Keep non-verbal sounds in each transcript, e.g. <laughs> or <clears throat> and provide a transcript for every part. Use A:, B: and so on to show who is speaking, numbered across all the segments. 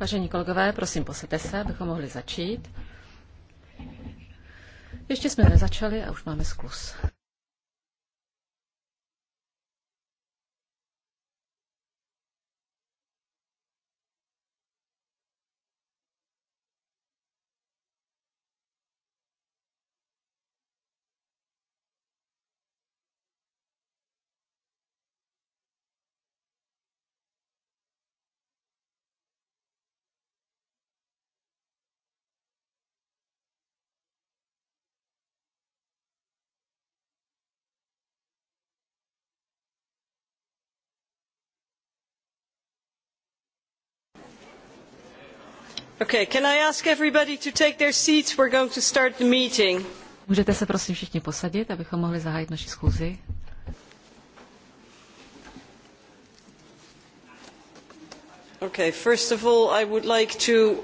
A: Vážení kolegové, prosím, posaďte se, abychom mohli začít. Ještě jsme nezačali a už máme skluz. Můžete se prosím všichni posadit, abychom mohli zahájit naši schůzi. Okay, first of all, I would like to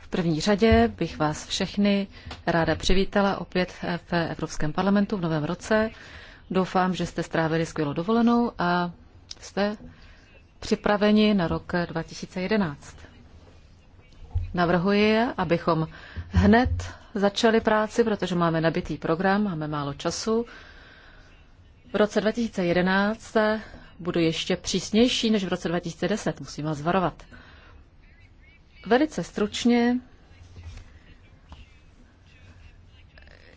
A: v první řadě bych vás všechny ráda přivítala opět v Evropském parlamentu v novém roce. Doufám, že jste strávili skvělou dovolenou a jste připraveni na rok 2011. Navrhuji, abychom hned začali práci, protože máme nabitý program, máme málo času. V roce 2011 budu ještě přísnější než v roce 2010, musím vás varovat. Velice stručně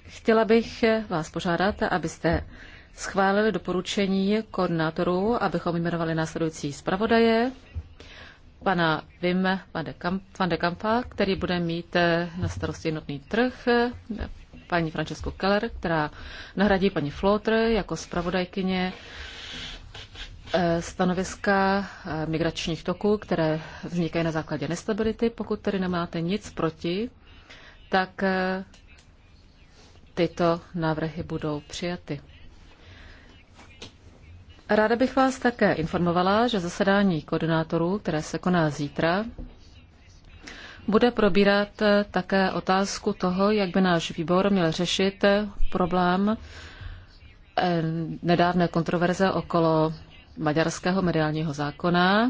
A: chtěla bych vás požádat, abyste schválili doporučení koordinátorů, abychom jmenovali následující zpravodaje pana Vim van de Kampa, který bude mít eh, na starosti jednotný trh, eh, paní Francesku Keller, která nahradí paní Flotr jako zpravodajkyně eh, stanoviska migračních toků, které vznikají na základě nestability. Pokud tedy nemáte nic proti, tak tyto návrhy budou přijaty. Ráda bych vás také informovala, že zasedání koordinátorů, které se koná zítra, bude probírat také otázku toho, jak by náš výbor měl řešit problém eh, nedávné kontroverze okolo maďarského mediálního zákona,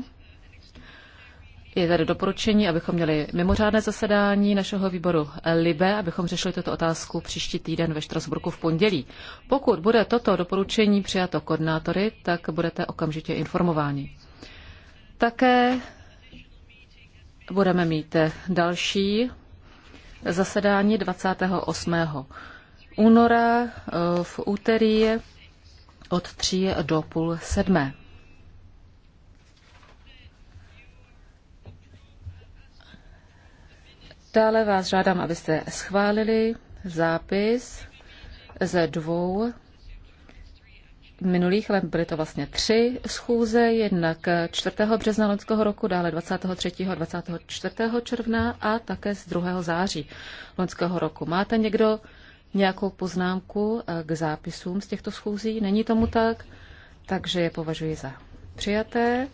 A: je tady doporučení, abychom měli mimořádné zasedání našeho výboru LIBE, abychom řešili tuto otázku příští týden ve Štrasburku v pondělí. Pokud bude toto doporučení přijato koordinátory, tak budete okamžitě informováni. Také budeme mít další zasedání 28. února eh, v úterý od 3 do půl sedmé. Dále vás žádám, abyste schválili zápis ze dvou minulých let, byly to vlastně tři schůze, jednak 4. března loňského roku, dále 23. a 24. června a také z 2. září loňského roku. Máte někdo nějakou poznámku eh, k zápisům z těchto schůzí? Není tomu tak, takže je považuji za přijaté.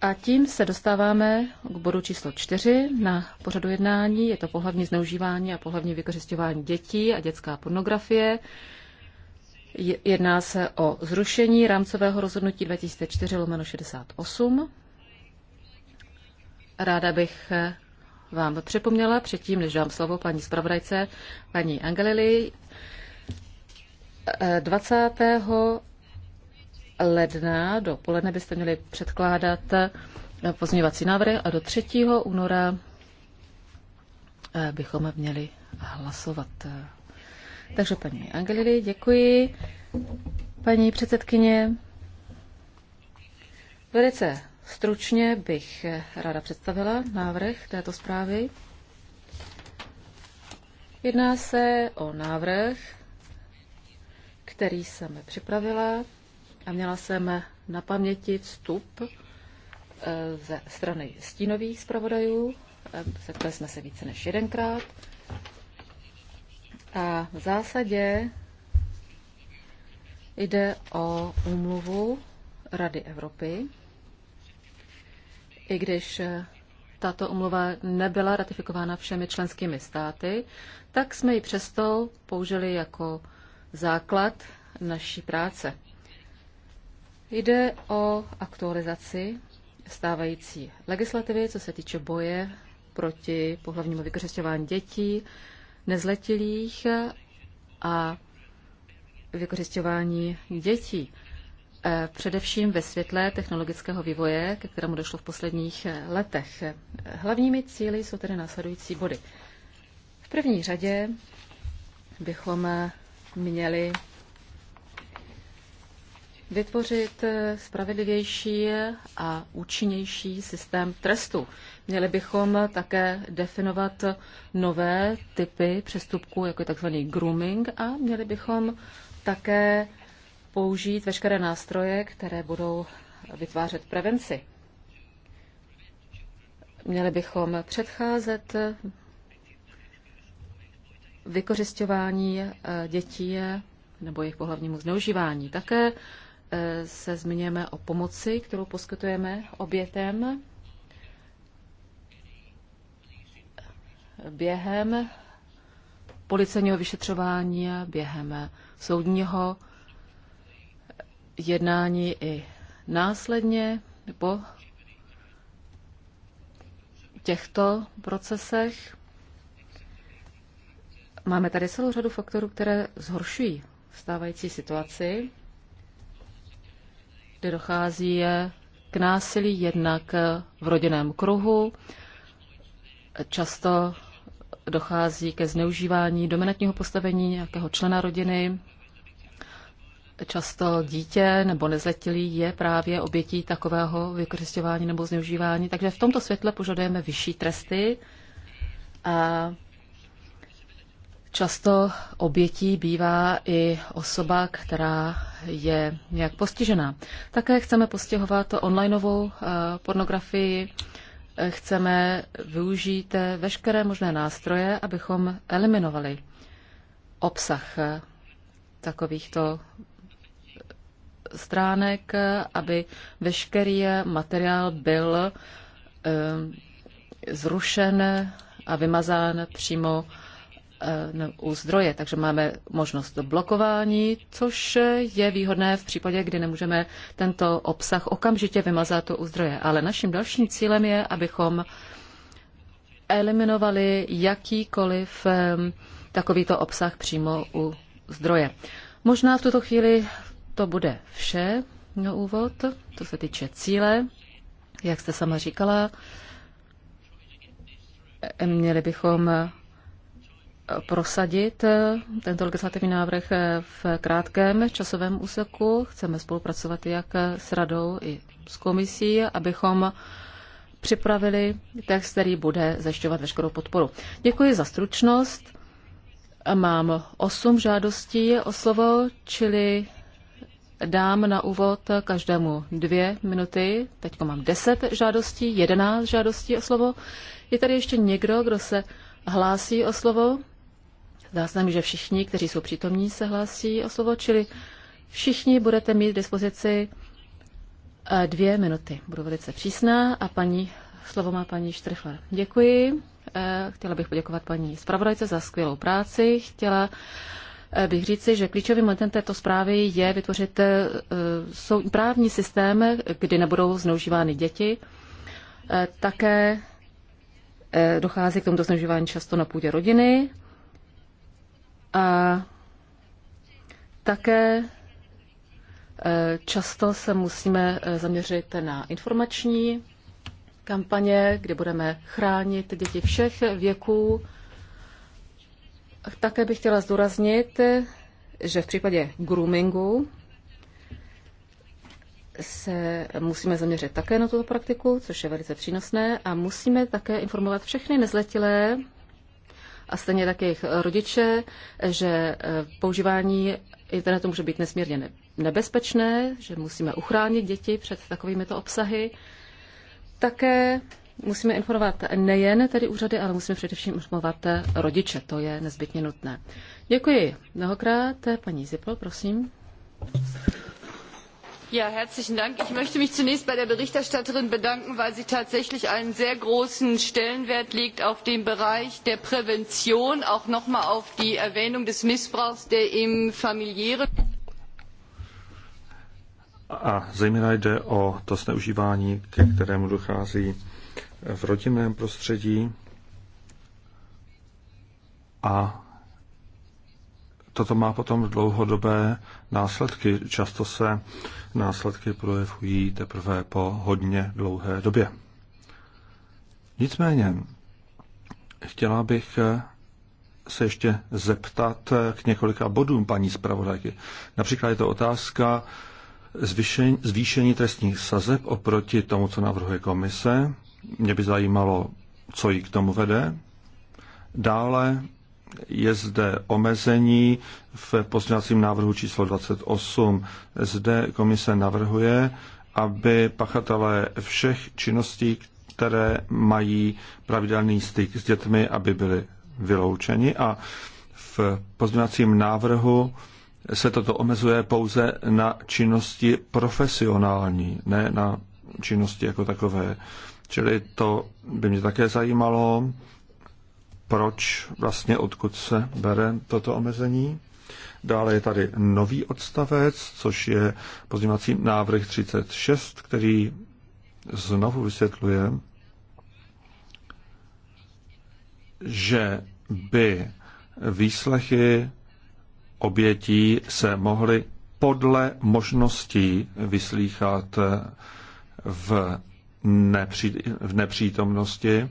A: A tím se dostáváme k bodu číslo čtyři na pořadu jednání. Je to pohlavní zneužívání a pohlavní vykořišťování dětí a dětská pornografie. Jedná se o zrušení rámcového rozhodnutí 2004 lomeno 68. Ráda bych vám připomněla předtím, než dám slovo paní zpravodajce, paní Angelili, 20 ledna dopoledne byste měli předkládat eh, pozměňovací návrhy a do 3. února eh, bychom měli hlasovat. Eh, takže paní Angelili, děkuji. Paní předsedkyně, velice stručně bych ráda představila návrh této zprávy. Jedná se o návrh, který jsem připravila a měla jsem na paměti vstup eh, ze strany stínových zpravodajů. Eh, Setkali jsme se více než jedenkrát. A v zásadě jde o úmluvu Rady Evropy, i když eh, tato umluva nebyla ratifikována všemi členskými státy, tak jsme ji přesto použili jako základ naší práce. Jde o aktualizaci stávající legislativy, co se týče boje proti pohlavnímu vykořišťování dětí, nezletilých a vykořišťování dětí. E, především ve světle technologického vývoje, ke kterému došlo v posledních e, letech. E, hlavními cíly jsou tedy následující body. V první řadě bychom měli vytvořit eh, spravedlivější a účinnější systém trestu. Měli bychom také definovat nové typy přestupků, jako je tzv. grooming, a měli bychom také použít veškeré nástroje, které budou vytvářet prevenci. Měli bychom předcházet eh, vykořišťování eh, dětí nebo jejich pohlavnímu zneužívání. Také se zmiňujeme o pomoci, kterou poskytujeme obětem během policejního vyšetřování, během soudního jednání i následně po těchto procesech. Máme tady celou řadu faktorů, které zhoršují stávající situaci kde dochází k násilí jednak v rodinném kruhu, často dochází ke zneužívání dominantního postavení nějakého člena rodiny. Často dítě nebo nezletilý je právě obětí takového vykořišťování nebo zneužívání. Takže v tomto světle požadujeme vyšší tresty a Často obětí bývá i osoba, která je nějak postižená. Také chceme postihovat onlineovou eh, pornografii, eh, chceme využít veškeré možné nástroje, abychom eliminovali obsah eh, takovýchto stránek, aby veškerý materiál byl zrušen a vymazán přímo Eh, no, u zdroje, takže máme možnost blokování, což je výhodné v případě, kdy nemůžeme tento obsah okamžitě vymazat u zdroje. Ale naším dalším cílem je, abychom eliminovali jakýkoliv takovýto obsah přímo u zdroje. Možná v tuto chvíli to bude vše na úvod, to se týče cíle, jak jste sama říkala. Měli bychom prosadit eh, tento legislativní návrh eh, v krátkém časovém úseku. Chceme spolupracovat jak s radou, i s komisí, abychom připravili text, který bude zajišťovat veškerou podporu. Děkuji za stručnost. Mám osm žádostí o slovo, čili dám na úvod každému dvě minuty. Teď mám deset žádostí, jedenáct žádostí o slovo. Je tady ještě někdo, kdo se hlásí o slovo? Zdá se mi, že všichni, kteří jsou přítomní, se hlásí o slovo, čili všichni budete mít k dispozici eh, dvě minuty. Budu velice přísná a paní, slovo má paní Štrifler. Děkuji. Eh, chtěla bych poděkovat paní zpravodajce za skvělou práci. Chtěla eh, bych říci, že klíčovým momentem této zprávy je vytvořit právní systém, kdy nebudou zneužívány děti. Také dochází k tomuto zneužívání často na půdě rodiny. A také e, často se musíme e, zaměřit na informační kampaně, kde budeme chránit děti všech věků. Také bych chtěla zdůraznit, že v případě groomingu se musíme zaměřit také na tuto praktiku, což je velice přínosné, a musíme také informovat všechny nezletilé a stejně tak jejich rodiče, že e, používání internetu může být nesmírně nebezpečné, že musíme uchránit děti před takovýmito obsahy. Také musíme informovat nejen tedy úřady, ale musíme především informovat rodiče. To je nezbytně nutné. Děkuji mnohokrát. Paní Zipl, prosím. Ja, herzlichen Ich möchte mich zunächst bei der Berichterstatterin bedanken, weil sie tatsächlich einen sehr großen Stellenwert auf den Bereich der Prävention, legt auch noch einmal auf die Erwähnung des Missbrauchs, der im familiären.
B: A zejména jde o to zneužívání, ke kterému dochází v rodinném prostředí a toto má potom dlouhodobé následky. Často se následky projevují teprve po hodně dlouhé době. Nicméně, chtěla bych se ještě zeptat k několika bodům paní zpravodajky. Například je to otázka zvýšení, zvýšení trestních sazeb oproti tomu, co navrhuje komise. Mě by zajímalo, co jí k tomu vede. Dále je zde omezení v pozměňovacím návrhu číslo 28. Zde komise navrhuje, aby pachatelé všech činností, které mají pravidelný styk s dětmi, aby byli vyloučeni a v pozměňovacím návrhu se toto omezuje pouze na činnosti profesionální, ne na činnosti jako takové. Čili to by mě také zajímalo, proč vlastně odkud se bere toto omezení. Dále je tady nový odstavec, což je pozdímací návrh 36, který znovu vysvětluje, že by výslechy obětí se mohly podle možností vyslýchat v, nepří, v nepřítomnosti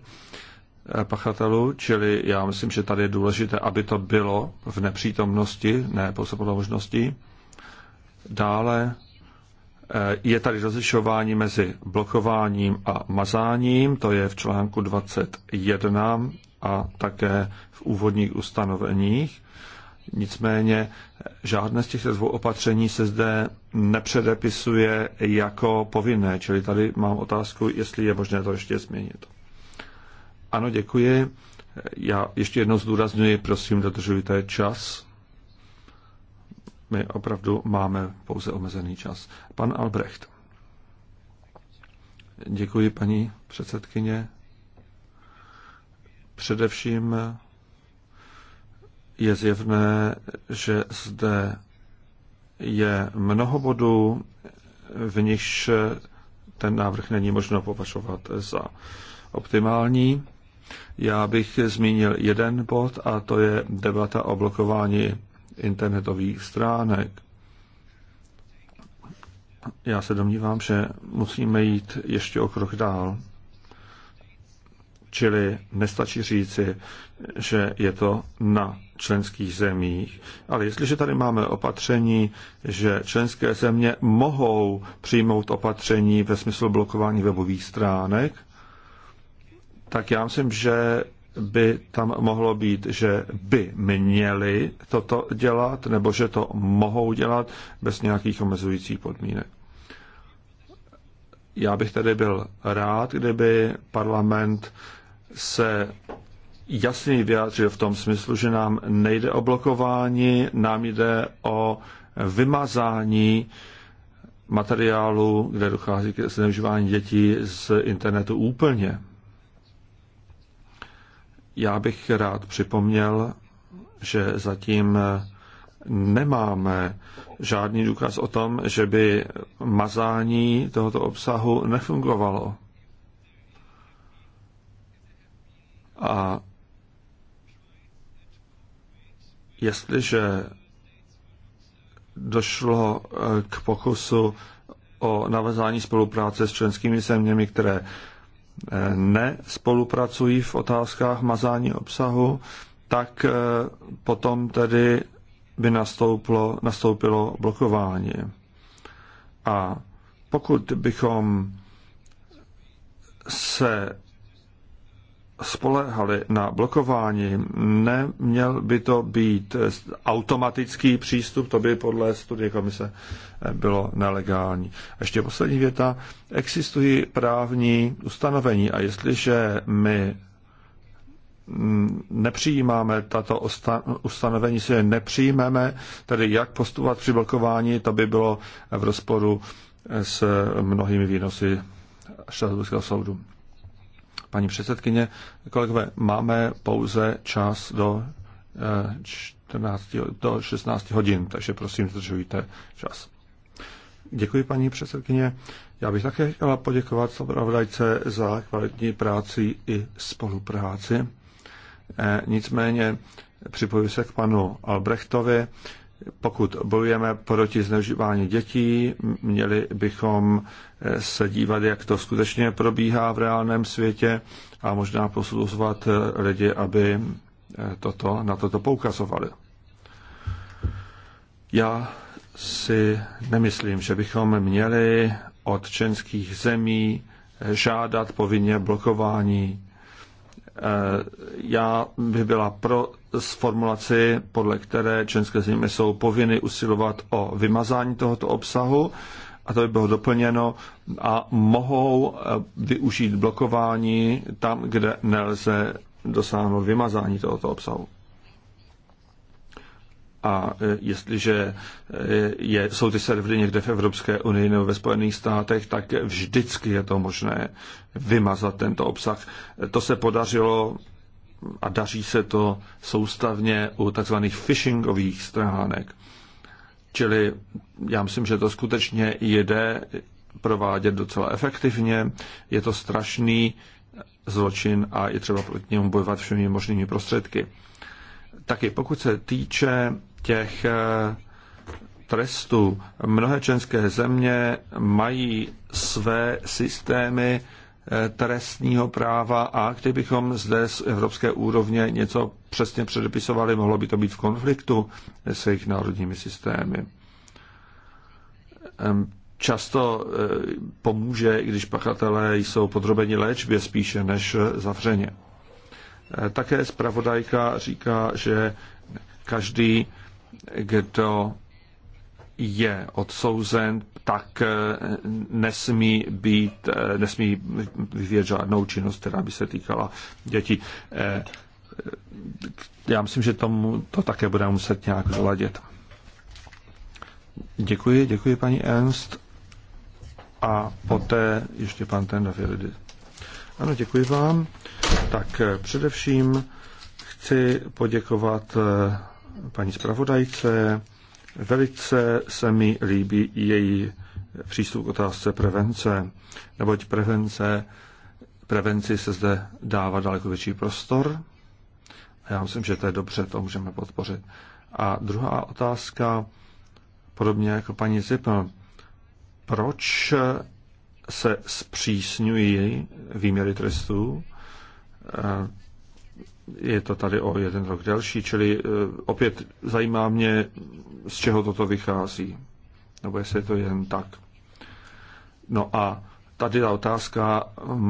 B: Eh, pachatelů, čili já myslím, že tady je důležité, aby to bylo v nepřítomnosti, ne po možností. Dále eh, je tady rozlišování mezi blokováním a mazáním, to je v článku 21 a také v úvodních ustanoveních. Nicméně žádné z těchto dvou opatření se zde nepředepisuje jako povinné, čili tady mám otázku, jestli je možné to ještě změnit. Ano, děkuji. Já ještě jednou zdůraznuju, prosím, dodržujte čas. My opravdu máme pouze omezený čas. Pan Albrecht. Děkuji, paní předsedkyně. Především je zjevné, že zde je mnoho bodů, v nichž ten návrh není možno považovat za optimální. Já bych zmínil jeden bod a to je debata o blokování internetových stránek. Já se domnívám, že musíme jít ještě o krok dál. Čili nestačí říci, že je to na členských zemích. Ale jestliže tady máme opatření, že členské země mohou přijmout opatření ve smyslu blokování webových stránek, tak já myslím, že by tam mohlo být, že by měli toto dělat, nebo že to mohou dělat bez nějakých omezujících podmínek. Já bych tedy byl rád, kdyby parlament se jasně vyjádřil v tom smyslu, že nám nejde o blokování, nám jde o vymazání materiálu, kde dochází k zneužívání dětí z internetu úplně. Já bych rád připomněl, že zatím nemáme žádný důkaz o tom, že by mazání tohoto obsahu nefungovalo. A jestliže došlo k pokusu o navazání spolupráce s členskými zeměmi, které Eh, nespolupracují v otázkách mazání obsahu, tak eh, potom tedy by nastoupilo, nastoupilo blokování. A pokud bychom se spolehali na blokování, neměl by to být automatický přístup, to by podle studie komise eh, bylo nelegální. A ještě poslední věta. Existují právní ustanovení a jestliže my mm, nepřijímáme tato ustanovení, si je nepřijmeme, tedy jak postupovat při blokování, to by bylo v rozporu eh, s mnohými výnosy Štrasburského soudu. Paní předsedkyně, kolegové, máme pouze čas do 14, eh, do 16 hodin, takže prosím, zdržujte čas. Děkuji, paní předsedkyně. Já bych také chtěla poděkovat zpravodajce za kvalitní práci i spolupráci. Eh, nicméně připojuji se k panu Albrechtovi pokud bojujeme proti zneužívání dětí, měli bychom eh, se dívat, jak to skutečně probíhá v reálném světě a možná posluzovat eh, lidi, aby eh, toto, na toto poukazovali. Já si nemyslím, že bychom měli od členských zemí žádat povinně blokování. Já bych byla pro s formulaci, podle které členské země jsou povinny usilovat o vymazání tohoto obsahu, a to by bylo doplněno, a mohou eh, využít blokování tam, kde nelze dosáhnout vymazání tohoto obsahu. A eh, jestliže eh, je, jsou ty servery někde v Evropské unii nebo ve Spojených státech, tak vždycky je to možné vymazat tento obsah. To se podařilo a daří se to soustavně u tzv. phishingových stránek. Čili já myslím, že to skutečně jde provádět docela efektivně. Je to strašný zločin a je třeba proti němu bojovat všemi možnými prostředky. Taky pokud se týče těch eh, trestů, mnohé členské země mají své systémy Eh, trestního práva a kdybychom zde z evropské úrovně něco přesně předepisovali, mohlo by to být v konfliktu s jejich národními systémy. Často eh, pomůže, když pachatelé jsou podrobeni léčbě spíše než zavřeně. Eh, také zpravodajka říká, že každý, kdo je odsouzen, tak eh, nesmí být, eh, nesmí vyvíjet žádnou činnost, která by se týkala dětí. Eh, já myslím, že tomu to také bude muset nějak zladit. Děkuji, děkuji paní Ernst. A poté ještě pan Tendavildy. Ano, děkuji vám. Tak především chci poděkovat paní zpravodajce, Velice se mi líbí její přístup k otázce prevence, neboť prevence, prevenci se zde dává daleko větší prostor. A já myslím, že to je dobře, to můžeme podpořit. A druhá otázka, podobně jako paní Zipl, proč se zpřísňují výměry trestů? je to tady o jeden rok delší, čili e, opět zajímá mě, z čeho toto vychází. Nebo jestli je to jen tak. No a tady ta otázka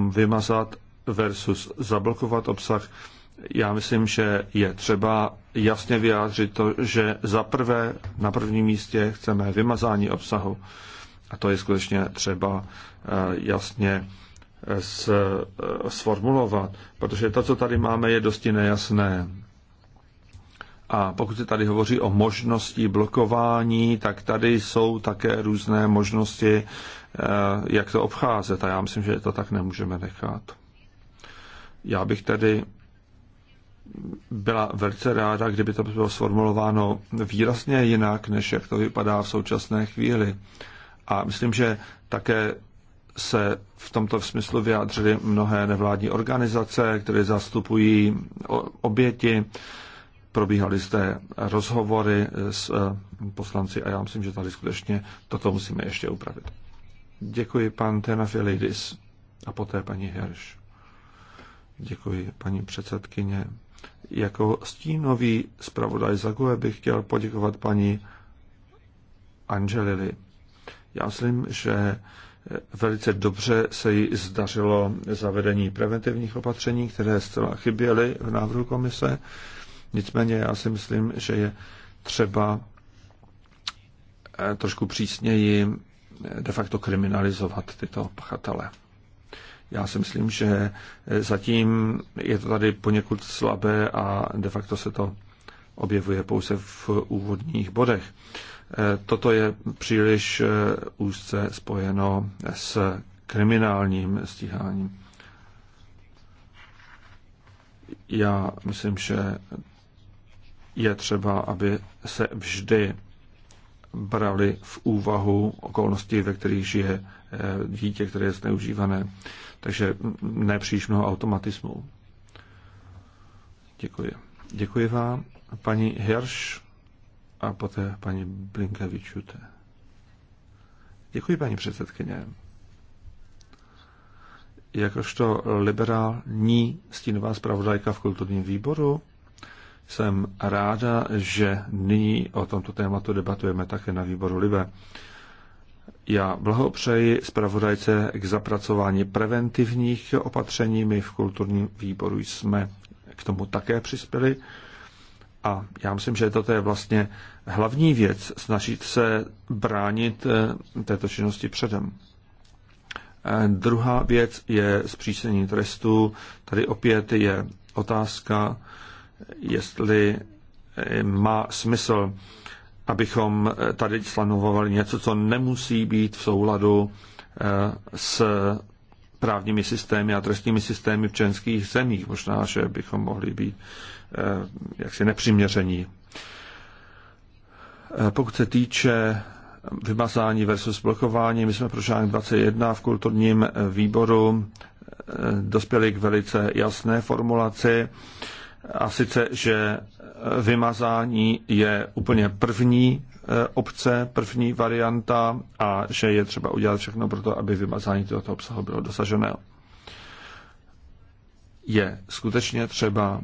B: vymazat versus zablokovat obsah. Já myslím, že je třeba jasně vyjádřit to, že za prvé na prvním místě chceme vymazání obsahu. A to je skutečně třeba e, jasně s, eh, sformulovat, protože to, co tady máme, je dosti nejasné. A pokud se tady hovoří o možnosti blokování, tak tady jsou také různé možnosti, eh, jak to obcházet. A já myslím, že to tak nemůžeme nechat. Já bych tedy byla velice ráda, kdyby to bylo sformulováno výrazně jinak, než jak to vypadá v současné chvíli. A myslím, že také se v tomto smyslu vyjádřily mnohé nevládní organizace, které zastupují oběti. Probíhaly zde rozhovory s eh, poslanci a já myslím, že tady skutečně toto musíme ještě upravit. Děkuji pan Tenafilidis a poté paní Hirš. Děkuji paní předsedkyně. Jako stínový zpravodaj Zague bych chtěl poděkovat paní Angelili. Já myslím, že Velice dobře se jí zdařilo zavedení preventivních opatření, které zcela chyběly v návrhu komise. Nicméně já si myslím, že je třeba eh, trošku přísněji eh, de facto kriminalizovat tyto pachatele. Já si myslím, že eh, zatím je to tady poněkud slabé a de facto se to objevuje pouze v úvodních bodech. Eh, toto je příliš eh, úzce spojeno s kriminálním stíháním. Já myslím, že je třeba, aby se vždy brali v úvahu okolnosti, ve kterých žije eh, dítě, které je zneužívané. Takže nepříliš mnoho automatismu. Děkuji. Děkuji vám. Paní Hirsch a poté paní Blinkevičute. Děkuji, paní předsedkyně. Jakožto liberální stínová zpravodajka v kulturním výboru jsem ráda, že nyní o tomto tématu debatujeme také na výboru Libe. Já blahopřeji zpravodajce k zapracování preventivních opatření. My v kulturním výboru jsme k tomu také přispěli. A já myslím, že toto je vlastně hlavní věc, snažit se bránit eh, této činnosti předem. Eh, druhá věc je zpřísnění trestu. Tady opět je otázka, jestli eh, má smysl, abychom tady slanovovali něco, co nemusí být v souladu s právními systémy a trestními systémy v členských zemích. Možná, že bychom mohli být Eh, jaksi nepřiměření. Eh, pokud se týče vymazání versus blokování, my jsme pro článek 21 v kulturním eh, výboru dospěli k velice jasné formulaci, a sice, že vymazání je úplně první obce, první varianta a že je třeba udělat všechno pro to, aby vymazání tohoto obsahu bylo dosaženo. Je skutečně třeba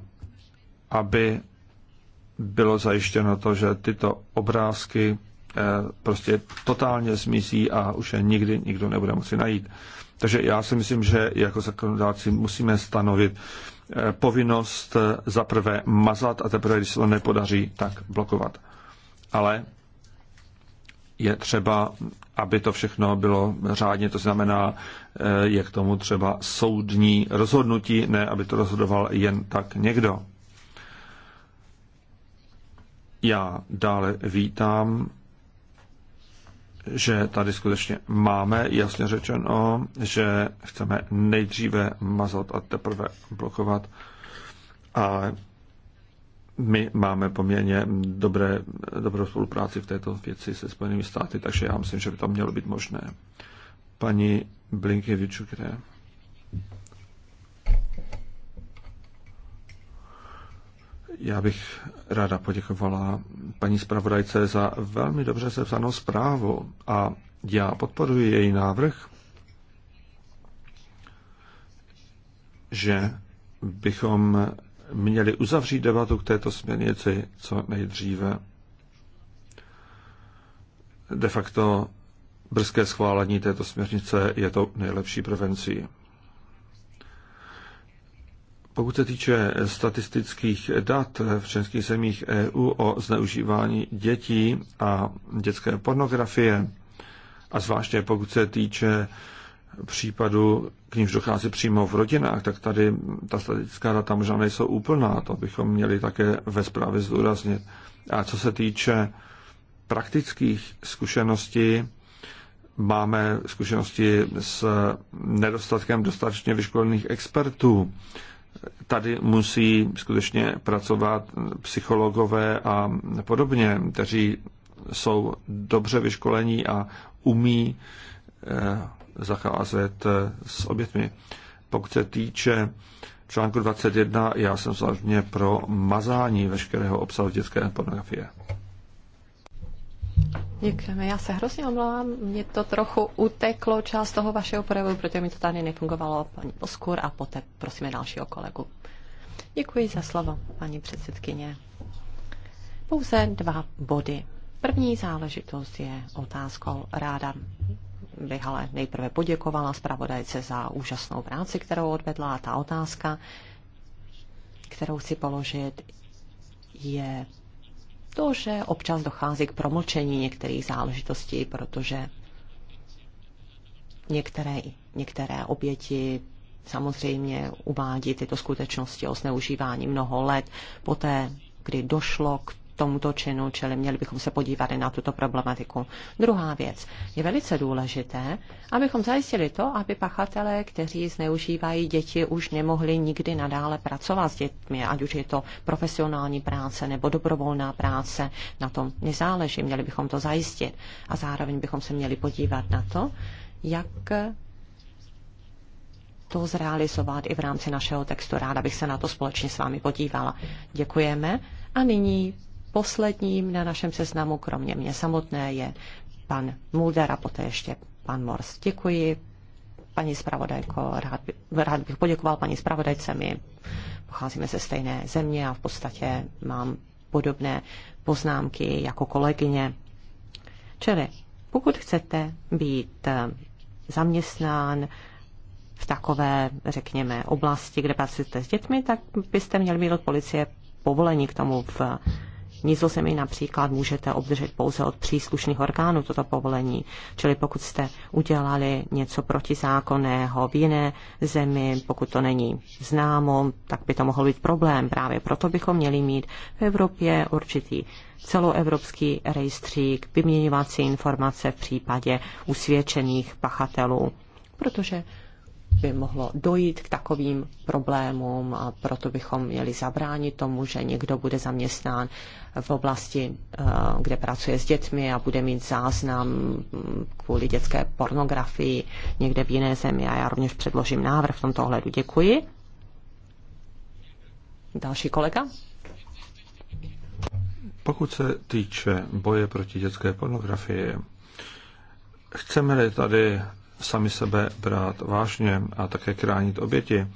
B: aby bylo zajištěno to, že tyto obrázky eh, prostě totálně zmizí a už je nikdy nikdo nebude moci najít. Takže já si myslím, že jako zakonodáci musíme stanovit eh, povinnost eh, zaprvé mazat a teprve, když se to nepodaří, tak blokovat. Ale je třeba, aby to všechno bylo řádně, to znamená, je k tomu třeba soudní rozhodnutí, ne aby to rozhodoval jen tak někdo. Já dále vítám, že tady skutečně máme jasně řečeno, že chceme nejdříve mazat a teprve blokovat, ale my máme poměrně dobré, dobrou spolupráci v této věci se Spojenými státy, takže já myslím, že by to mělo být možné. Paní Blinkeviču, které? Já bych ráda poděkovala paní zpravodajce za velmi dobře sepsanou zprávu a já podporuji její návrh, že bychom měli uzavřít debatu k této směrnici co nejdříve. De facto brzké schválení této směrnice je to nejlepší prevencí. Pokud se týče statistických dat v členských zemích EU o zneužívání dětí a dětské pornografie, a zvláště pokud se týče případu, k nímž dochází přímo v rodinách, tak tady ta statistická data možná nejsou úplná, to bychom měli také ve zprávě zdůraznit. A co se týče praktických zkušeností, máme zkušenosti s nedostatkem dostatečně vyškolených expertů tady musí skutečně pracovat psychologové a podobně, kteří jsou dobře vyškolení a umí eh, zacházet eh, s obětmi. Pokud se týče článku 21, já jsem samozřejmě pro mazání veškerého obsahu dětské pornografie.
C: Děkujeme. Já se hrozně omlouvám, mě to trochu uteklo část toho vašeho projevu, protože mi to tady nefungovalo paní Poskur a poté prosíme dalšího kolegu. Děkuji za slovo, paní předsedkyně. Pouze dva body. První záležitost je otázkou. Ráda bych ale nejprve poděkovala zpravodajce za úžasnou práci, kterou odvedla. A ta otázka, kterou chci položit, je to, že občas dochází k promlčení některých záležitostí, protože některé, některé oběti samozřejmě uvádí tyto skutečnosti o zneužívání mnoho let poté, kdy došlo k tomuto činu, čili měli bychom se podívat i na tuto problematiku. Druhá věc. Je velice důležité, abychom zajistili to, aby pachatelé, kteří zneužívají děti, už nemohli nikdy nadále pracovat s dětmi, ať už je to profesionální práce nebo dobrovolná práce. Na tom nezáleží, měli bychom to zajistit. A zároveň bychom se měli podívat na to, jak to zrealizovat i v rámci našeho textu. Ráda bych se na to společně s vámi podívala. Děkujeme. A nyní posledním na našem seznamu, kromě mě samotné, je pan Mulder a poté ještě pan Mors. Děkuji, paní zpravodajko, rád, by, rád bych poděkoval paní zpravodajce, my pocházíme ze stejné země a v podstatě mám podobné poznámky jako kolegyně. Čili pokud chcete být eh, zaměstnán v takové, řekněme, oblasti, kde pracujete s dětmi, tak byste měli mít od policie povolení k tomu v Nizozemí například můžete obdržet pouze od příslušných orgánů toto povolení. Čili pokud jste udělali něco protizákonného v jiné zemi, pokud to není známo, tak by to mohl být problém. Právě proto bychom měli mít v Evropě určitý celoevropský rejstřík, vyměňovací informace v případě usvědčených pachatelů. Protože by mohlo dojít k takovým problémům a proto bychom měli zabránit tomu, že někdo bude zaměstnán v oblasti, eh, kde pracuje s dětmi a bude mít záznam mm, kvůli dětské pornografii někde v jiné zemi. A já rovněž předložím návrh v tomto ohledu. Děkuji. Další kolega?
B: Pokud se týče boje proti dětské pornografii, chceme-li tady sami sebe brát vážně a také chránit oběti.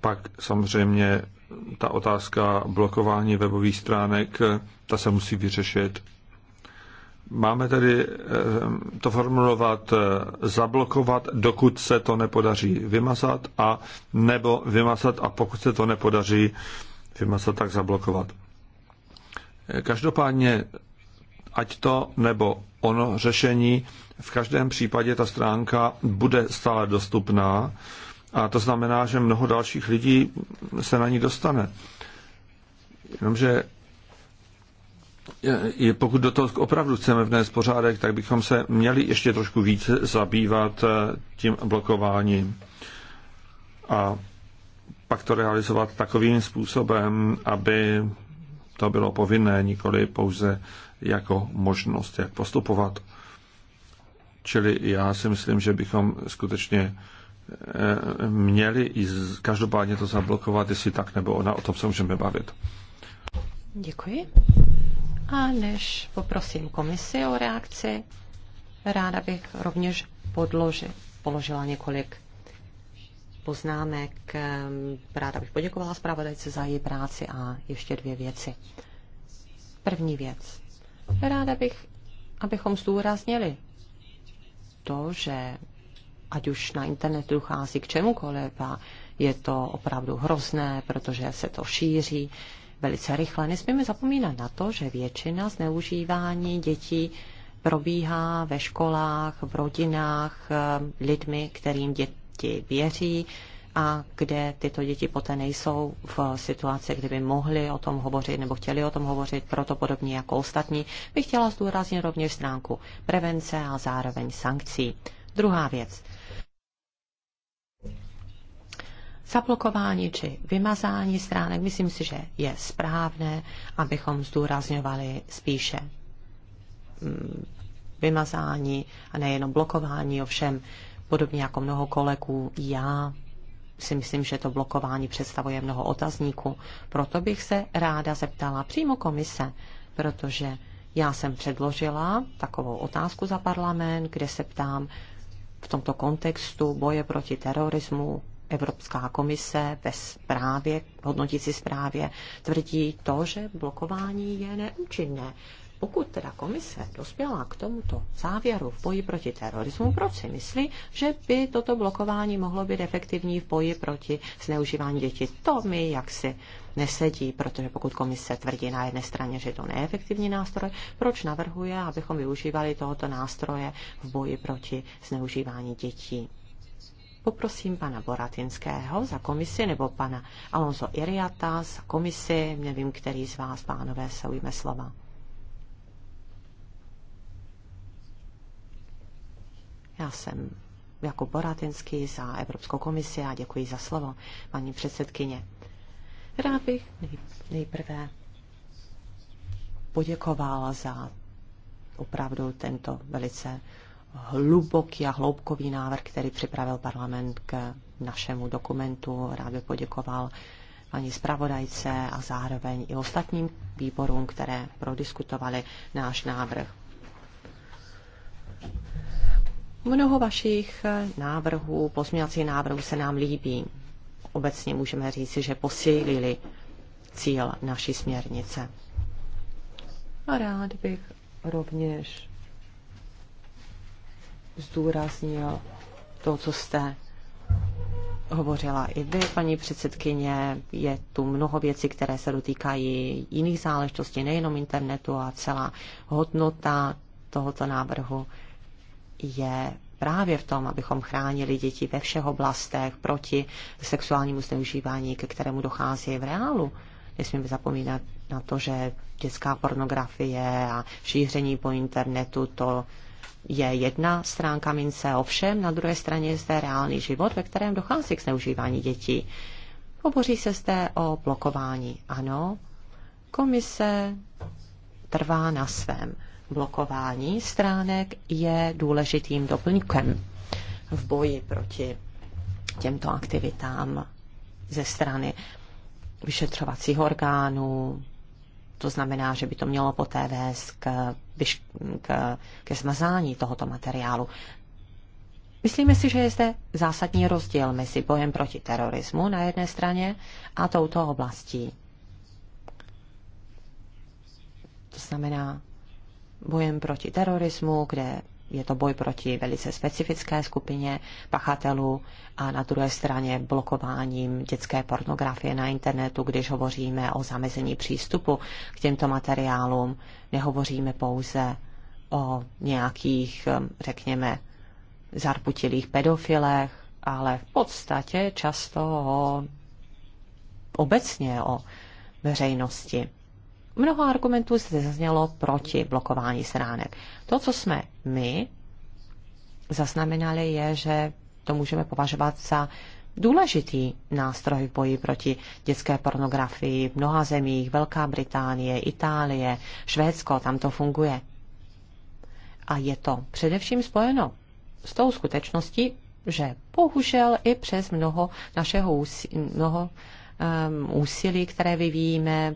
B: Pak samozřejmě ta otázka blokování webových stránek, ta se musí vyřešit. Máme tedy eh, to formulovat eh, zablokovat, dokud se to nepodaří vymazat, a nebo vymazat a pokud se to nepodaří vymazat, tak zablokovat. Eh, každopádně, ať to nebo ono řešení v každém případě ta stránka bude stále dostupná a to znamená, že mnoho dalších lidí se na ní dostane. Jenomže je, pokud do toho opravdu chceme vnést pořádek, tak bychom se měli ještě trošku více zabývat eh, tím blokováním a pak to realizovat takovým způsobem, aby to bylo povinné, nikoli pouze jako možnost, jak postupovat. Čili já si myslím, že bychom skutečně eh, měli i každopádně to zablokovat, jestli tak nebo ona, o tom se můžeme bavit.
C: Děkuji. A než poprosím komisi o reakci, ráda bych rovněž podloži, položila několik poznámek. Ehm, ráda bych poděkovala zpravodajce za její práci a ještě dvě věci. První věc. Ráda bych, abychom zdůraznili to, že ať už na internetu dochází k čemukoliv a je to opravdu hrozné, protože se to šíří velice rychle. Nesmíme zapomínat na to, že většina zneužívání dětí probíhá ve školách, v rodinách, eh, lidmi, kterým děti věří, a kde tyto děti poté nejsou v situaci, kdyby mohly o tom hovořit nebo chtěli o tom hovořit, proto podobně jako ostatní, bych chtěla zdůraznit rovněž stránku prevence a zároveň sankcí. Druhá věc. Zablokování či vymazání stránek, myslím si, že je správné, abychom zdůrazňovali spíše mm, vymazání a nejenom blokování, ovšem podobně jako mnoho kolegů, já si myslím, že to blokování představuje mnoho otazníků. Proto bych se ráda zeptala přímo komise, protože já jsem předložila takovou otázku za parlament, kde se ptám v tomto kontextu boje proti terorismu. Evropská komise ve zprávě, hodnotící zprávě, tvrdí to, že blokování je neúčinné pokud teda komise dospěla k tomuto závěru v boji proti terorismu, proč si myslí, že by toto blokování mohlo být efektivní v boji proti zneužívání dětí? To mi jaksi nesedí, protože pokud komise tvrdí na jedné straně, že je to neefektivní nástroj, proč navrhuje, abychom využívali tohoto nástroje v boji proti zneužívání dětí? poprosím pana Boratinského za komisi nebo pana Alonso Iriata za komisi, nevím, který z vás, pánové, se ujme slova. Já jsem jako Boratinský za Evropskou komisi a děkuji za slovo, paní předsedkyně. Rád bych nejprve poděkovala za opravdu tento velice hluboký a hloubkový návrh, který připravil parlament k našemu dokumentu. Rád bych poděkoval paní zpravodajce a zároveň i ostatním výborům, které prodiskutovali náš návrh. Mnoho vašich eh, návrhů, pozměňovacích návrhů se nám líbí. Obecně můžeme říci, že posílili cíl naší směrnice. A rád bych rovněž zdůraznil to, co jste hovořila i vy, paní předsedkyně. Je tu mnoho věcí, které se dotýkají jiných záležitostí, nejenom internetu a celá hodnota tohoto návrhu je právě v tom, abychom chránili děti ve všech oblastech proti sexuálnímu zneužívání, ke kterému dochází v reálu. Nesmíme zapomínat na to, že dětská pornografie a šíření po internetu to je jedna stránka mince, ovšem na druhé straně je zde reálný život, ve kterém dochází k zneužívání dětí. Hovoří se zde o blokování. Ano, komise trvá na svém blokování stránek je důležitým doplňkem v boji proti těmto aktivitám ze strany vyšetřovacích orgánů. To znamená, že by to mělo poté vést k, k, ke smazání tohoto materiálu. Myslíme si, že je zde zásadní rozdíl mezi bojem proti terorismu na jedné straně a touto oblastí. To znamená bojem proti terorismu, kde je to boj proti velice specifické skupině pachatelů a na druhé straně blokováním dětské pornografie na internetu, když hovoříme o zamezení přístupu k těmto materiálům. Nehovoříme pouze o nějakých, um, řekněme, zarputilých pedofilech, ale v podstatě často o, obecně o veřejnosti. Mnoho argumentů se zaznělo proti blokování stránek. To, co jsme my zaznamenali, je, že to můžeme považovat za důležitý nástroj v boji proti dětské pornografii v mnoha zemích, Velká Británie, Itálie, Švédsko, tam to funguje. A je to především spojeno s tou skutečností, že bohužel i přes mnoho našeho úsilí, mnoho um, úsilí, které vyvíjíme,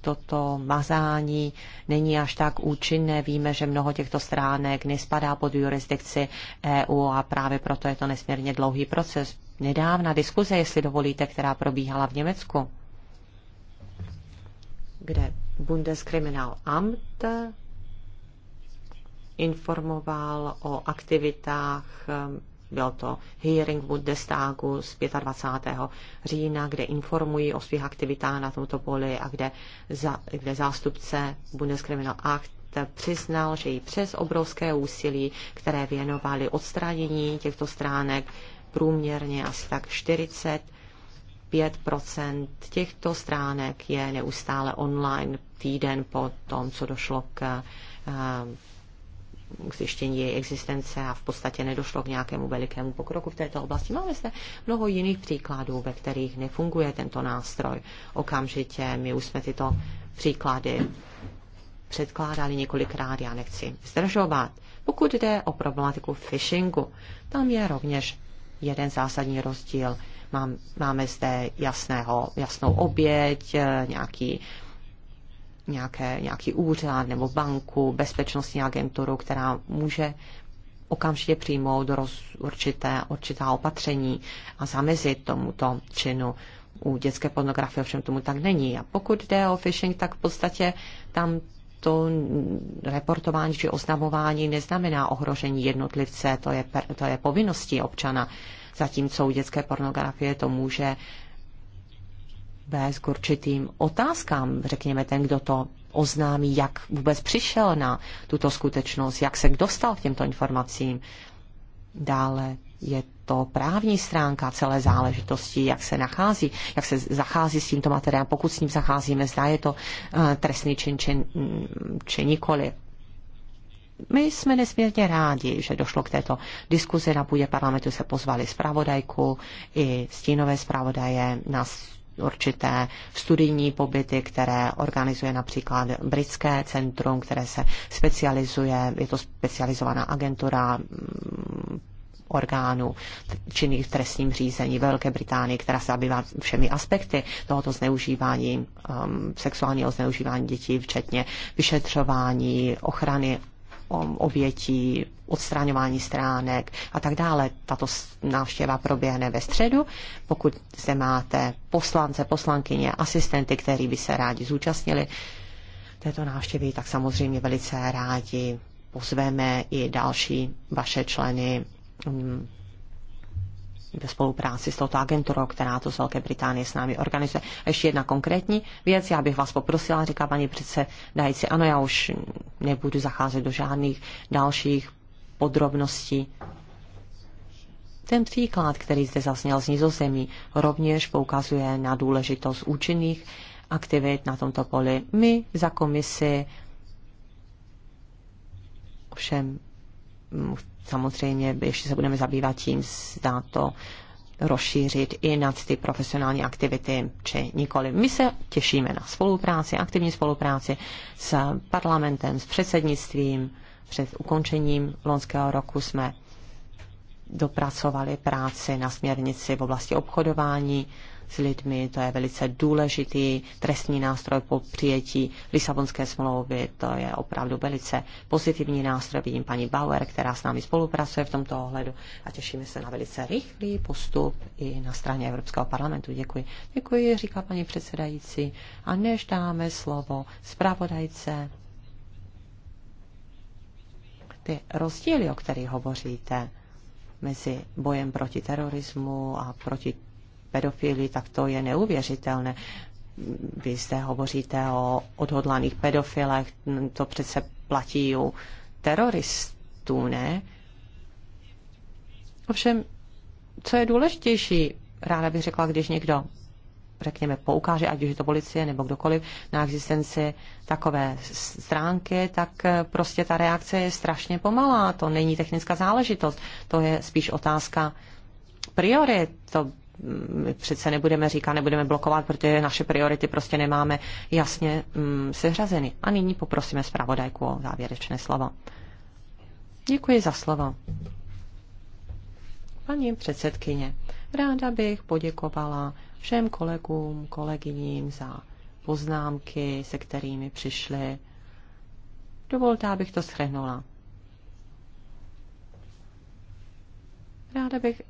C: toto mazání není až tak účinné. Víme, že mnoho těchto stránek nespadá pod jurisdikci EU a právě proto je to nesmírně dlouhý proces. Nedávna diskuze, jestli dovolíte, která probíhala v Německu, kde Bundeskriminalamt informoval o aktivitách byl to hearing v Bundestagu z 25. října, kde informují o svých aktivitách na tomto poli a kde, za, kde zástupce Bundeskriminal Act přiznal, že i přes obrovské úsilí, které věnovali odstranění těchto stránek, průměrně asi tak 45 těchto stránek je neustále online týden po tom, co došlo k eh, k zjištění její existence a v podstatě nedošlo k nějakému velikému pokroku v této oblasti. Máme zde mnoho jiných příkladů, ve kterých nefunguje tento nástroj okamžitě. My už jsme tyto příklady předkládali několikrát, já nechci zdržovat. Pokud jde o problematiku phishingu, tam je rovněž jeden zásadní rozdíl. Mám, máme zde jasného, jasnou oběť, eh, nějaký uh, nějaké, nějaký úřad nebo banku, bezpečnostní agenturu, která může okamžitě přijmout roz, určité, určitá opatření a zamezit tomuto činu. U dětské pornografie ovšem tomu tak není. A pokud jde o phishing, tak v podstatě tam to reportování či oznamování neznamená ohrožení jednotlivce, to je, to je povinností občana. Zatímco u dětské pornografie to může vést k určitým otázkám, řekněme ten, kdo to oznámí, jak vůbec přišel na tuto skutečnost, jak se dostal k těmto informacím. Dále je to právní stránka celé záležitosti, jak se nachází, jak se zachází s tímto materiálem, pokud s ním zacházíme, zda je to eh, trestný čin či, či nikoli. My jsme nesmírně rádi, že došlo k této diskuzi. Na půdě parlamentu se pozvali zpravodajku i stínové zpravodaje na určité studijní pobyty, které organizuje například Britské centrum, které se specializuje, je to specializovaná agentura mm, orgánů činných v trestním řízení Velké Británie, která se zabývá všemi aspekty tohoto zneužívání, um, sexuálního zneužívání dětí, včetně vyšetřování, ochrany obětí, odstraňování stránek a tak dále. Tato návštěva proběhne ve středu. Pokud se máte poslance, poslankyně, asistenty, kteří by se rádi zúčastnili této návštěvy, tak samozřejmě velice rádi pozveme i další vaše členy mm, ve spolupráci s touto agenturou, která to z Velké Británie s námi organizuje. A ještě jedna konkrétní věc, já bych vás poprosila, říká paní předsedající, ano, já už nebudu zacházet do žádných dalších podrobností. Ten příklad, který zde zazněl z Nizozemí, rovněž poukazuje na důležitost účinných aktivit na tomto poli. My za komisi ovšem samozřejmě ještě se budeme zabývat tím, zda to rozšířit i nad ty profesionální aktivity, či nikoli. My se těšíme na spolupráci, aktivní spolupráci s parlamentem, s předsednictvím. Před ukončením loňského roku jsme dopracovali práci na směrnici v oblasti obchodování s lidmi, to je velice důležitý trestní nástroj po přijetí Lisabonské smlouvy, to je opravdu velice pozitivní nástroj. Vidím paní Bauer, která s námi spolupracuje v tomto ohledu a těšíme se na velice rychlý postup i na straně Evropského parlamentu. Děkuji. Děkuji, říká paní předsedající. A než dáme slovo zpravodajce, ty rozdíly, o kterých hovoříte, mezi bojem proti terorismu a proti pedofily, tak to je neuvěřitelné. Vy zde hovoříte o odhodlaných pedofilech, to přece platí u teroristů, ne? Ovšem, co je důležitější, ráda bych řekla, když někdo řekněme, poukáže, ať už je to policie nebo kdokoliv, na existenci takové stránky, tak eh, prostě ta reakce je strašně pomalá. To není technická záležitost, to je spíš otázka priorit. To my přece nebudeme říkat, nebudeme blokovat, protože naše priority prostě nemáme jasně mm, seřazeny. A nyní poprosíme zpravodajku o závěrečné slovo. Děkuji za slovo. Paní předsedkyně, ráda bych poděkovala všem kolegům, kolegyním za poznámky, se kterými přišli. Dovolte, abych to shrnula. Ráda bych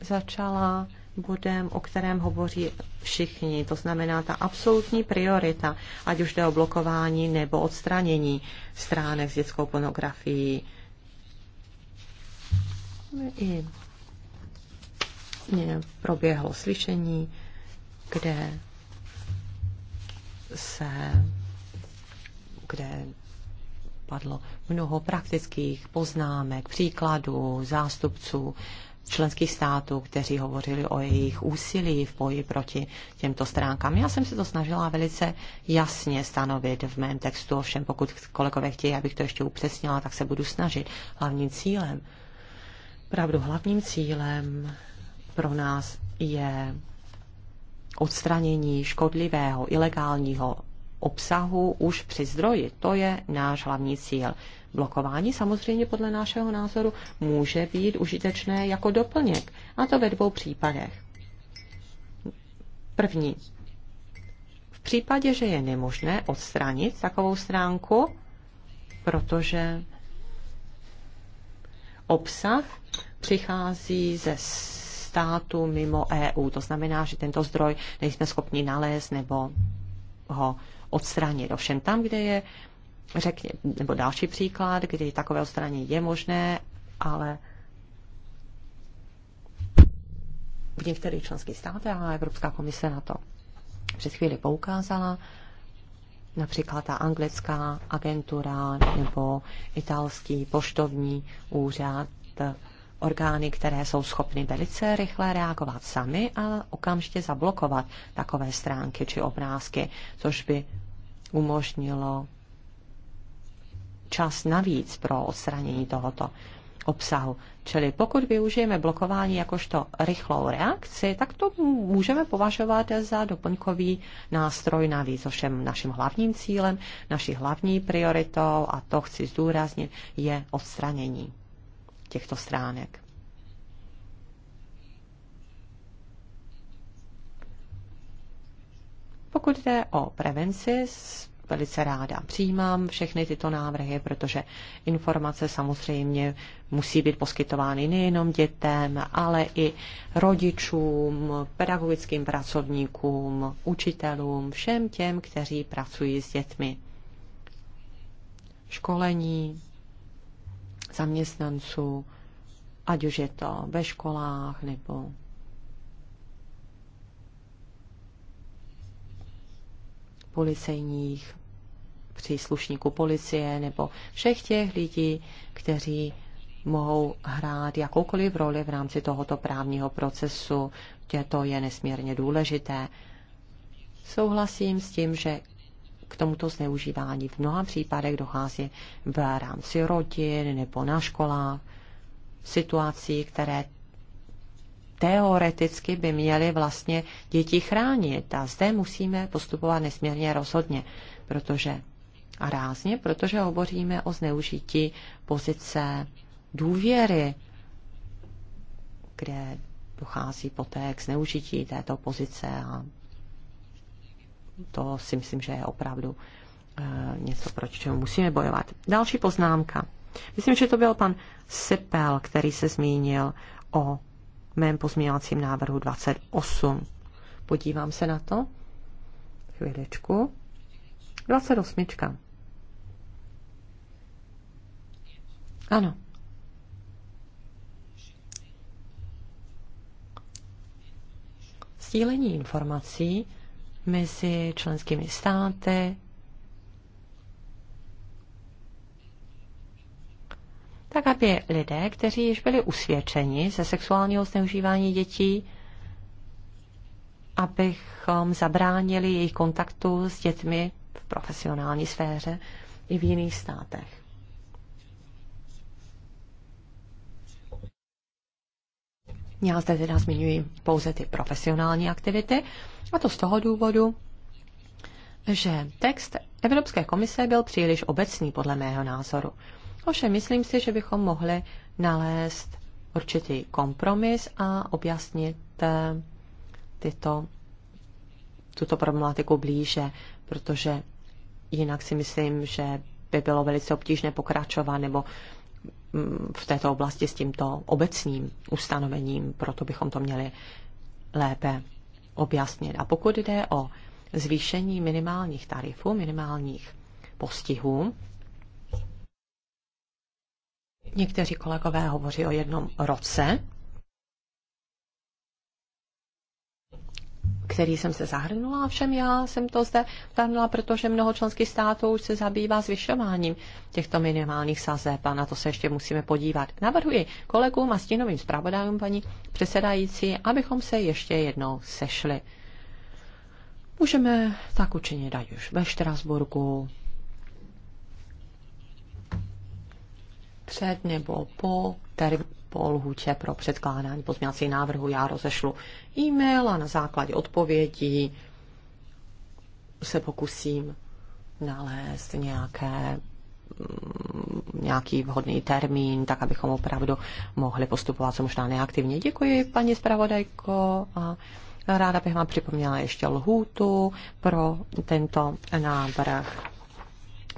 C: začala bodem, o kterém hovoří všichni, to znamená ta absolutní priorita, ať už jde o blokování nebo odstranění stránek s dětskou pornografií. I proběhlo slyšení, kde se kde padlo mnoho praktických poznámek, příkladů, zástupců členských států, kteří hovořili o jejich úsilí v boji proti těmto stránkám. Já jsem se to snažila velice jasně stanovit v mém textu, ovšem pokud kolegové chtějí, abych to ještě upřesnila, tak se budu snažit. Hlavním cílem, pravdu hlavním cílem pro nás je odstranění škodlivého, ilegálního obsahu už při zdroji. To je náš hlavní cíl. Blokování samozřejmě podle našeho názoru může být užitečné jako doplněk, a to ve dvou případech. První. V případě, že je nemožné odstranit takovou stránku, protože obsah přichází ze státu mimo EU. To znamená, že tento zdroj nejsme schopni nalézt nebo ho odstranit. Ovšem tam, kde je řekně, nebo další příklad, kdy takové odstranění je možné, ale v některých členských státech a Evropská komise na to před chvíli poukázala, například ta anglická agentura nebo italský poštovní úřad, orgány, které jsou schopny velice rychle reagovat sami a okamžitě zablokovat takové stránky či obrázky, což by umožnilo čas navíc pro odstranění tohoto obsahu. Čili pokud využijeme blokování jakožto rychlou reakci, tak to můžeme považovat za doplňkový nástroj navíc. Ovšem naším hlavním cílem, naší hlavní prioritou, a to chci zdůraznit, je odstranění těchto stránek. Pokud jde o prevenci, velice ráda přijímám všechny tyto návrhy, protože informace samozřejmě musí být poskytovány nejenom dětem, ale i rodičům, pedagogickým pracovníkům, učitelům, všem těm, kteří pracují s dětmi. Školení zaměstnanců, ať už je to ve školách nebo policejních příslušníků policie nebo všech těch lidí, kteří mohou hrát jakoukoliv roli v rámci tohoto právního procesu, kde to je nesmírně důležité. Souhlasím s tím, že k tomuto zneužívání v mnoha případech dochází v rámci rodin nebo na školách, situací, které teoreticky by měly vlastně děti chránit. A zde musíme postupovat nesmírně rozhodně, protože a rázně, protože hovoříme o zneužití pozice důvěry, kde dochází poté k zneužití této pozice a to si myslím, že je opravdu eh, něco, proč čemu musíme bojovat. Další poznámka. Myslím, že to byl pan Sipel, který se zmínil o mém pozměňovacím návrhu 28. Podívám se na to. chvíličku. 28. Ano. Sdílení informací mezi členskými státy tak aby lidé, kteří již byli usvědčeni ze sexuálního zneužívání dětí, abychom zabránili jejich kontaktu s dětmi v profesionální sféře i v jiných státech. Já zde teda zmiňuji pouze ty profesionální aktivity, a to z toho důvodu, že text Evropské komise byl příliš obecný podle mého názoru. Ovšem, myslím si, že bychom mohli nalézt určitý kompromis a objasnit eh, tyto, tuto problematiku blíže, protože jinak si myslím, že by bylo velice obtížné pokračovat nebo v této oblasti s tímto obecným ustanovením, proto bychom to měli lépe objasnit. A pokud jde o zvýšení minimálních tarifů, minimálních postihů, někteří kolegové hovoří o jednom roce který jsem se zahrnula, všem já jsem to zde zahrnula, protože mnoho členských států už se zabývá zvyšováním těchto minimálních sazeb a na to se ještě musíme podívat. Navrhuji kolegům a stínovým zpravodajům, paní předsedající, abychom se ještě jednou sešli. Můžeme tak učinit ať už ve Štrasburgu, před nebo po ter- po lhůče pro předkládání pozměňovacích návrhu. Já rozešlu e-mail a na základě odpovědí se pokusím nalézt nějaké mm, nějaký vhodný termín, tak abychom opravdu mohli postupovat co možná neaktivně. Děkuji, paní zpravodajko. A ráda bych vám připomněla ještě lhůtu pro tento návrh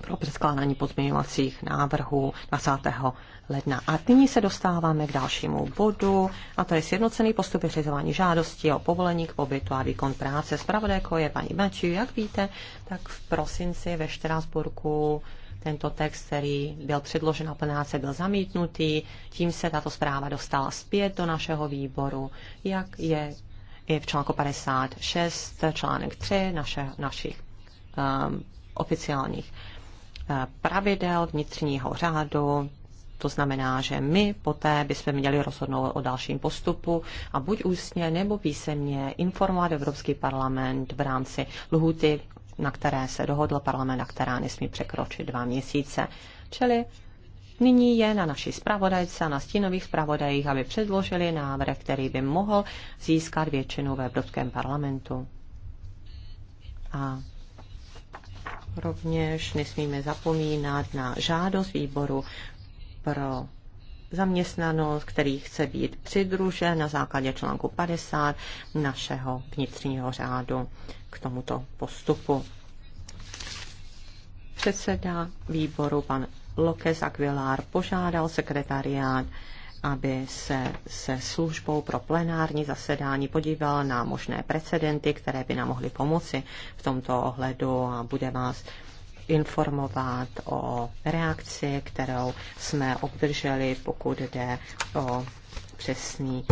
C: pro předkládání pozměňovacích návrhů 20 ledna. A nyní se dostáváme k dalšímu bodu, a to je sjednocený postup vyřizování žádosti o povolení k pobytu a výkon práce. Spravodajko je paní Mači, jak víte, tak v prosinci ve Štrásburku tento text, který byl předložen na plenáce, byl zamítnutý. Tím se tato zpráva dostala zpět do našeho výboru, jak je i v článku 56, článek 3 naše, našich um, oficiálních uh, pravidel vnitřního řádu. To znamená, že my poté bychom měli rozhodnout o dalším postupu a buď ústně nebo písemně informovat Evropský parlament v rámci lhuty, na které se dohodl parlament a která nesmí překročit dva měsíce. Čili Nyní je na naší zpravodajce a na stínových zpravodajích, aby předložili návrh, který by mohl získat většinu v Evropském parlamentu. A rovněž nesmíme zapomínat na žádost výboru pro zaměstnanost, který chce být přidružen na základě článku 50 našeho vnitřního řádu k tomuto postupu. Předseda výboru pan Lokes Aquilar požádal sekretariát, aby se se službou pro plenární zasedání podíval na možné precedenty, které by nám mohly pomoci v tomto ohledu a bude vás informovat o reakci, kterou jsme obdrželi, pokud jde o přesný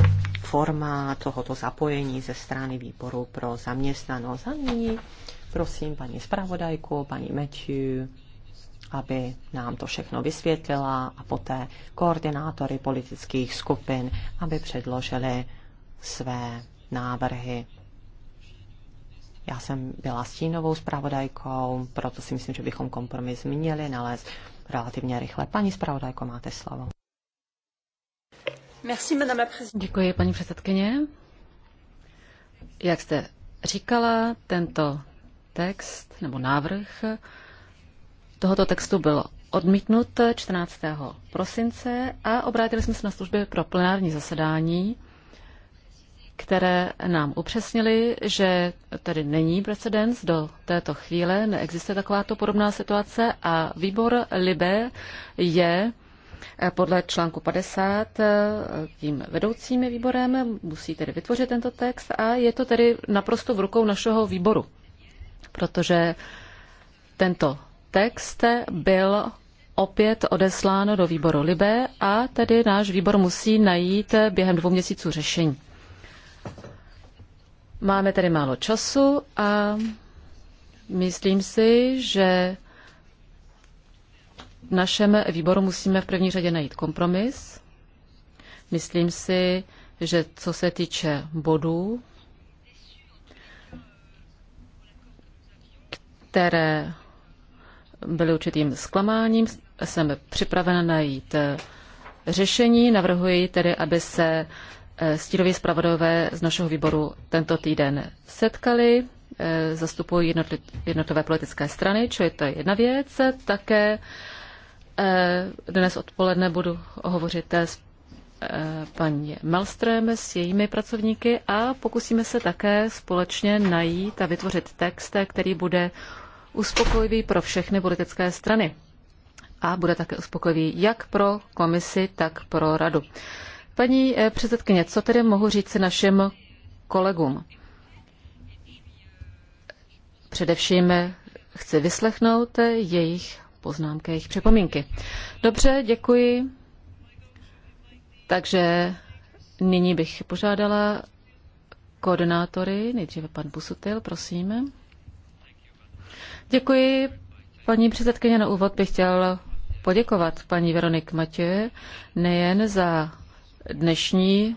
C: forma tohoto zapojení ze strany výboru pro zaměstnanost. A nyní prosím paní zpravodajku, paní Metiu, aby nám to všechno vysvětlila a poté koordinátory politických skupin, aby předložili své návrhy já jsem byla stínovou zpravodajkou, proto si myslím, že bychom kompromis měli nalézt relativně rychle. Paní zpravodajko, máte slovo.
A: Děkuji, paní předsedkyně. Jak jste říkala, tento text nebo návrh tohoto textu byl odmítnut 14. prosince a obrátili jsme se na služby pro plenární zasedání které nám upřesnili, že tady není precedens do této chvíle, neexistuje takováto podobná situace a výbor Libe je eh, podle článku 50 eh, tím vedoucím výborem, musí tedy vytvořit tento text a je to tedy naprosto v rukou našeho výboru, protože tento text byl opět odesláno do výboru Libe a tedy náš výbor musí najít během dvou měsíců řešení. Máme tady málo času a myslím si, že v našem výboru musíme v první řadě najít kompromis. Myslím si, že co se týče bodů, které byly určitým zklamáním, jsem připravena najít řešení. Navrhuji tedy, aby se Eh, stíroví zpravodajové z našeho výboru tento týden setkali. Eh, zastupují jednotlivé politické strany, čili to je jedna věc. Také eh, dnes odpoledne budu hovořit s paní Malström, s jejími pracovníky a pokusíme se také společně najít a vytvořit text, který bude uspokojivý pro všechny politické strany a bude také uspokojivý jak pro komisi, tak pro radu. Paní eh, předsedkyně, co tedy mohu říct našim kolegům? Především eh, chci vyslechnout eh, jejich poznámky, jejich připomínky. Dobře, děkuji. Takže nyní bych požádala koordinátory, nejdříve pan Busutil, prosím. Děkuji, paní předsedkyně, na úvod bych chtěl poděkovat paní Veronik Matěje nejen za dnešní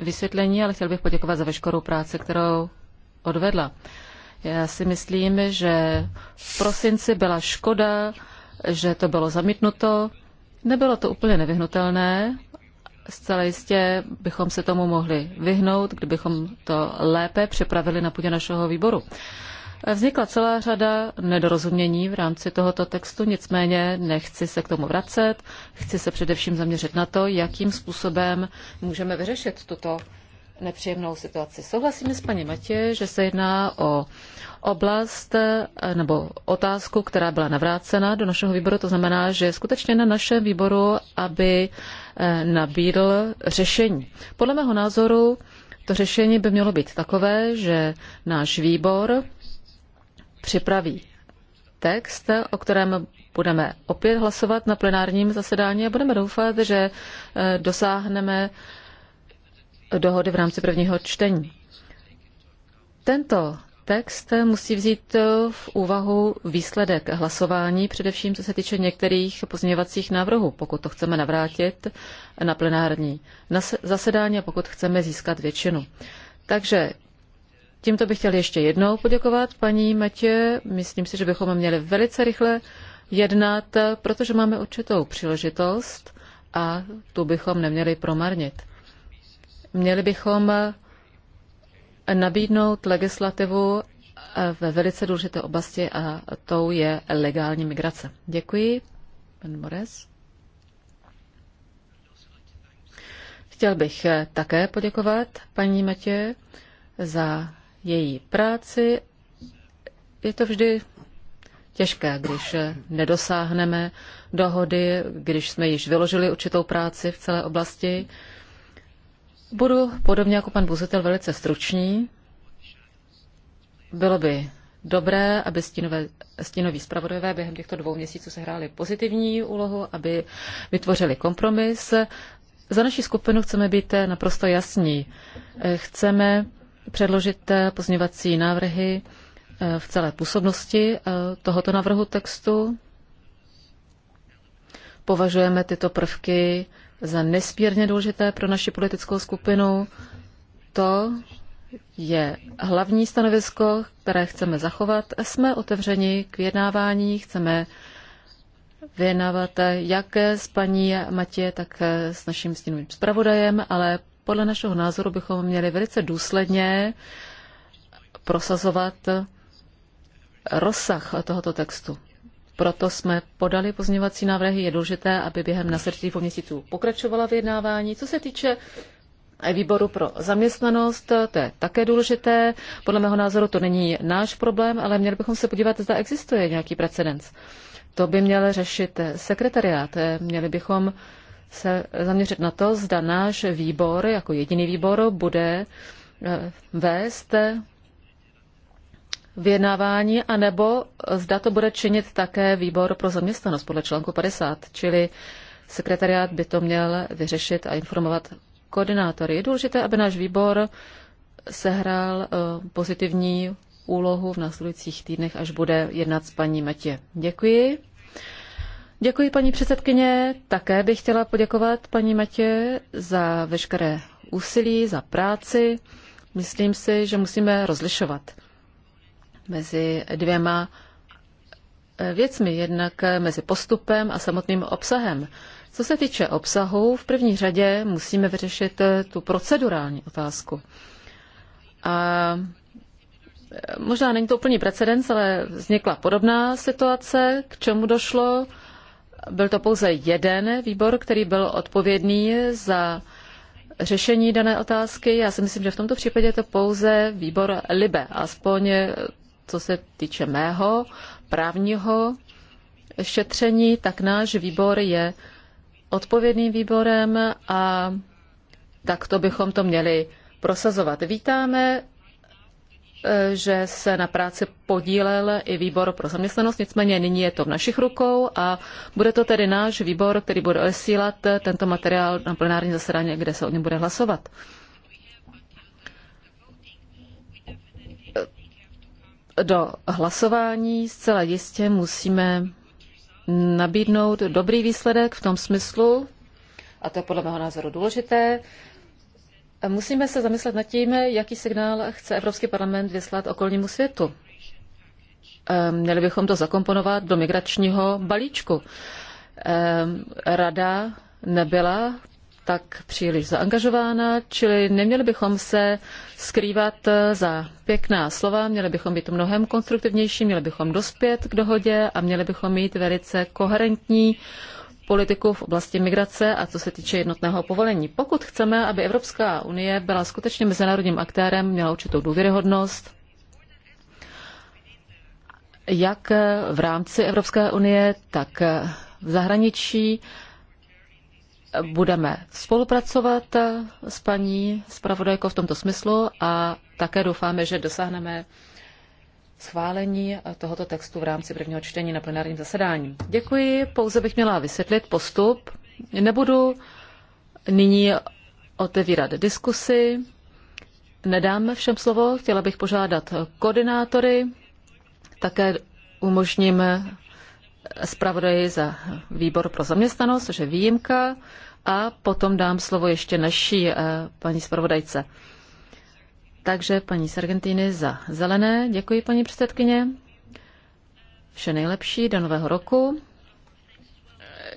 A: vysvětlení, ale chtěl bych poděkovat za veškerou práci, kterou odvedla. Já si myslím, že v prosinci byla škoda, že to bylo zamítnuto. Nebylo to úplně nevyhnutelné. Zcela jistě bychom se tomu mohli vyhnout, kdybychom to lépe připravili na půdě našeho výboru. Vznikla celá řada nedorozumění v rámci tohoto textu, nicméně nechci se k tomu vracet. Chci se především zaměřit na to, jakým způsobem můžeme vyřešit tuto nepříjemnou situaci. Souhlasíme s paní Matě, že se jedná o oblast eh, nebo otázku, která byla navrácena do našeho výboru. To znamená, že skutečně na našem výboru, aby eh, nabídl řešení. Podle mého názoru to řešení by mělo být takové, že náš výbor připraví text, o kterém budeme opět hlasovat na plenárním zasedání a budeme doufat, že eh, dosáhneme dohody v rámci prvního čtení. Tento text musí vzít eh, v úvahu výsledek hlasování, především co se týče některých pozměňovacích návrhů, pokud to chceme navrátit na plenární zasedání a pokud chceme získat většinu. Takže Tímto bych chtěl ještě jednou poděkovat paní Matě. Myslím si, že bychom měli velice rychle jednat, protože máme určitou příležitost a tu bychom neměli promarnit. Měli bychom nabídnout legislativu ve velice důležité oblasti a tou je legální migrace. Děkuji. Pan Mores. Chtěl bych také poděkovat paní Matě za její práci. Je to vždy těžké, když nedosáhneme dohody, když jsme již vyložili určitou práci v celé oblasti. Budu podobně jako pan Buzetel velice stručný. Bylo by dobré, aby stínové, stínoví zpravodajové během těchto dvou měsíců sehráli pozitivní úlohu, aby vytvořili kompromis. Za naši skupinu chceme být naprosto jasní. Chceme předložit eh, pozměvací návrhy eh, v celé působnosti eh, tohoto návrhu textu. Považujeme tyto prvky za nespírně důležité pro naši politickou skupinu. To je hlavní stanovisko, které chceme zachovat. Jsme otevřeni k vyjednávání, chceme vyjednávat jak s paní Matě, tak s naším stínovým zpravodajem, ale podle našeho názoru bychom měli velice důsledně prosazovat rozsah tohoto textu. Proto jsme podali pozměňovací návrhy. Je důležité, aby během následujících měsíců pokračovala vyjednávání. Co se týče výboru pro zaměstnanost, to je také důležité. Podle mého názoru to není náš problém, ale měli bychom se podívat, zda existuje nějaký precedens. To by měl řešit sekretariát. Měli bychom se zaměřit na to, zda náš výbor, jako jediný výbor, bude eh, vést eh, vyjednávání, anebo zda to bude činit také výbor pro zaměstnanost podle článku 50, čili sekretariát by to měl vyřešit a informovat koordinátory. Je důležité, aby náš výbor sehrál eh, pozitivní úlohu v následujících týdnech, až bude jednat s paní Matě. Děkuji. Děkuji, paní předsedkyně. Také bych chtěla poděkovat paní Matě za veškeré úsilí, za práci. Myslím si, že musíme rozlišovat mezi dvěma eh, věcmi, jednak eh, mezi postupem a samotným obsahem. Co se týče obsahu, v první řadě musíme vyřešit eh, tu procedurální otázku. A možná není to úplný precedens, ale vznikla podobná situace, k čemu došlo byl to pouze jeden výbor, který byl odpovědný za řešení dané otázky. Já si myslím, že v tomto případě je to pouze výbor LIBE, aspoň eh, co se týče mého právního šetření, tak náš výbor je odpovědným výborem a takto bychom to měli prosazovat. Vítáme Eh, že se na práci podílel i výbor pro zaměstnanost, nicméně nyní je to v našich rukou a bude to tedy náš výbor, který bude odesílat tento materiál na plenární zasedání, kde se o něm bude hlasovat. Eh, do hlasování zcela jistě musíme nabídnout dobrý výsledek v tom smyslu, a to je podle mého názoru důležité, Musíme se zamyslet nad tím, jaký signál chce Evropský parlament vyslat okolnímu světu. Ehm, měli bychom to zakomponovat do migračního balíčku. Ehm, rada nebyla tak příliš zaangažována, čili neměli bychom se skrývat eh, za pěkná slova, měli bychom být mnohem konstruktivnější, měli bychom dospět k dohodě a měli bychom mít velice koherentní politiku v oblasti migrace a co se týče jednotného povolení. Pokud chceme, aby Evropská unie byla skutečně mezinárodním aktérem, měla určitou důvěryhodnost, jak v rámci Evropské unie, tak v zahraničí, budeme spolupracovat s paní zpravodajkou v tomto smyslu a také doufáme, že dosáhneme schválení tohoto textu v rámci prvního čtení na plenárním zasedání. Děkuji, pouze bych měla vysvětlit postup. Nebudu nyní otevírat diskusy, nedám všem slovo, chtěla bych požádat koordinátory, také umožním zpravodaji za výbor pro zaměstnanost, což je výjimka, a potom dám slovo ještě naší eh, paní zpravodajce. Takže paní Sargentini za zelené. Děkuji, paní předsedkyně. Vše nejlepší do nového roku.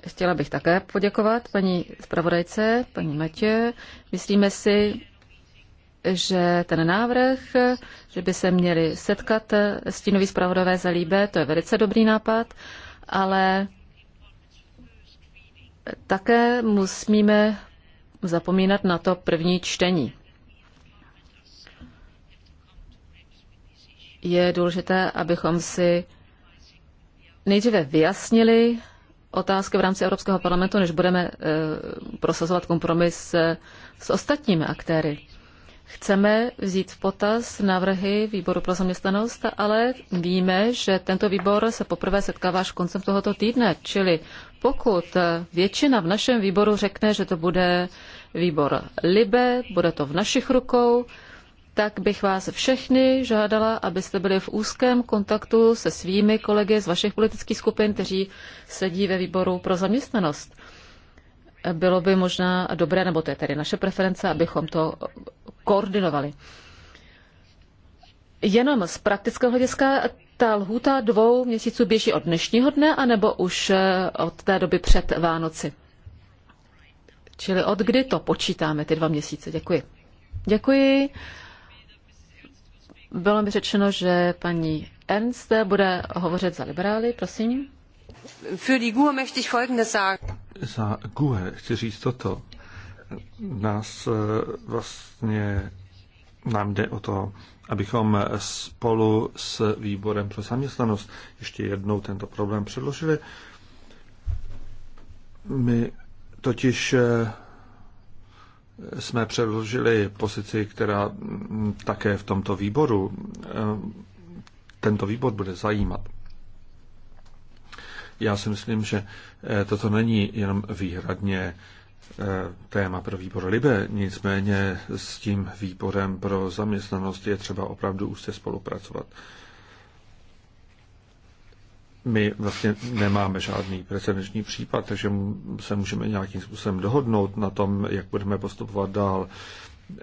A: Chtěla bych také poděkovat paní zpravodajce, paní Matě. Myslíme si, že ten návrh, že by se měli setkat stínoví zpravodové za líbe, to je velice dobrý nápad, ale také musíme zapomínat na to první čtení. je důležité, abychom si nejdříve vyjasnili otázky v rámci Evropského parlamentu, než budeme eh, prosazovat kompromis eh, s ostatními aktéry. Chceme vzít v potaz návrhy výboru pro zaměstnanost, ale víme, že tento výbor se poprvé setkává až koncem tohoto týdne, čili pokud většina v našem výboru řekne, že to bude výbor Libe, bude to v našich rukou, tak bych vás všechny žádala, abyste byli v úzkém kontaktu se svými kolegy z vašich politických skupin, kteří sedí ve výboru pro zaměstnanost. Bylo by možná dobré, nebo to je tedy naše preference, abychom to koordinovali. Jenom z praktického hlediska ta lhůta dvou měsíců běží od dnešního dne, anebo už eh, od té doby před Vánoci? Čili od kdy to počítáme, ty dva měsíce? Děkuji. Děkuji. Bylo mi řečeno, že paní Ernst bude hovořit za liberály, prosím.
C: Für die GUE möchte ich folgendes sagen.
B: Za GUE chci říct toto. Nás eh, vlastně, nám jde o to, abychom spolu s výborem pro zaměstnanost ještě jednou tento problém předložili. My totiž eh, jsme předložili pozici, která také v tomto výboru eh, tento výbor bude zajímat. Já si myslím, že eh, toto není jenom výhradně eh, téma pro výbor Libe, nicméně s tím výborem pro zaměstnanost je třeba opravdu už se spolupracovat my vlastně nemáme žádný precedenční případ, takže se můžeme nějakým způsobem dohodnout na tom, jak budeme postupovat dál.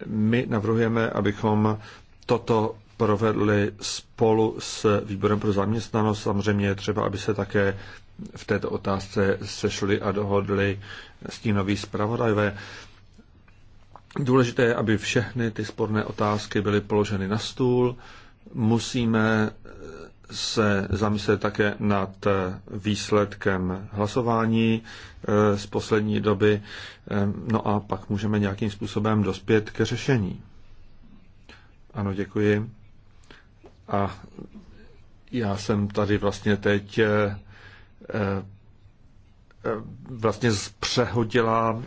B: My navrhujeme, abychom toto provedli spolu s výborem pro zaměstnanost. Samozřejmě je třeba, aby se také v této otázce sešli a dohodli stínoví zpravodajové. Důležité je, aby všechny ty sporné otázky byly položeny na stůl. Musíme se zamyslet také nad eh, výsledkem hlasování eh, z poslední doby, eh, no a pak můžeme nějakým způsobem dospět k řešení. Ano, děkuji. A já jsem tady vlastně teď vlastně přehodila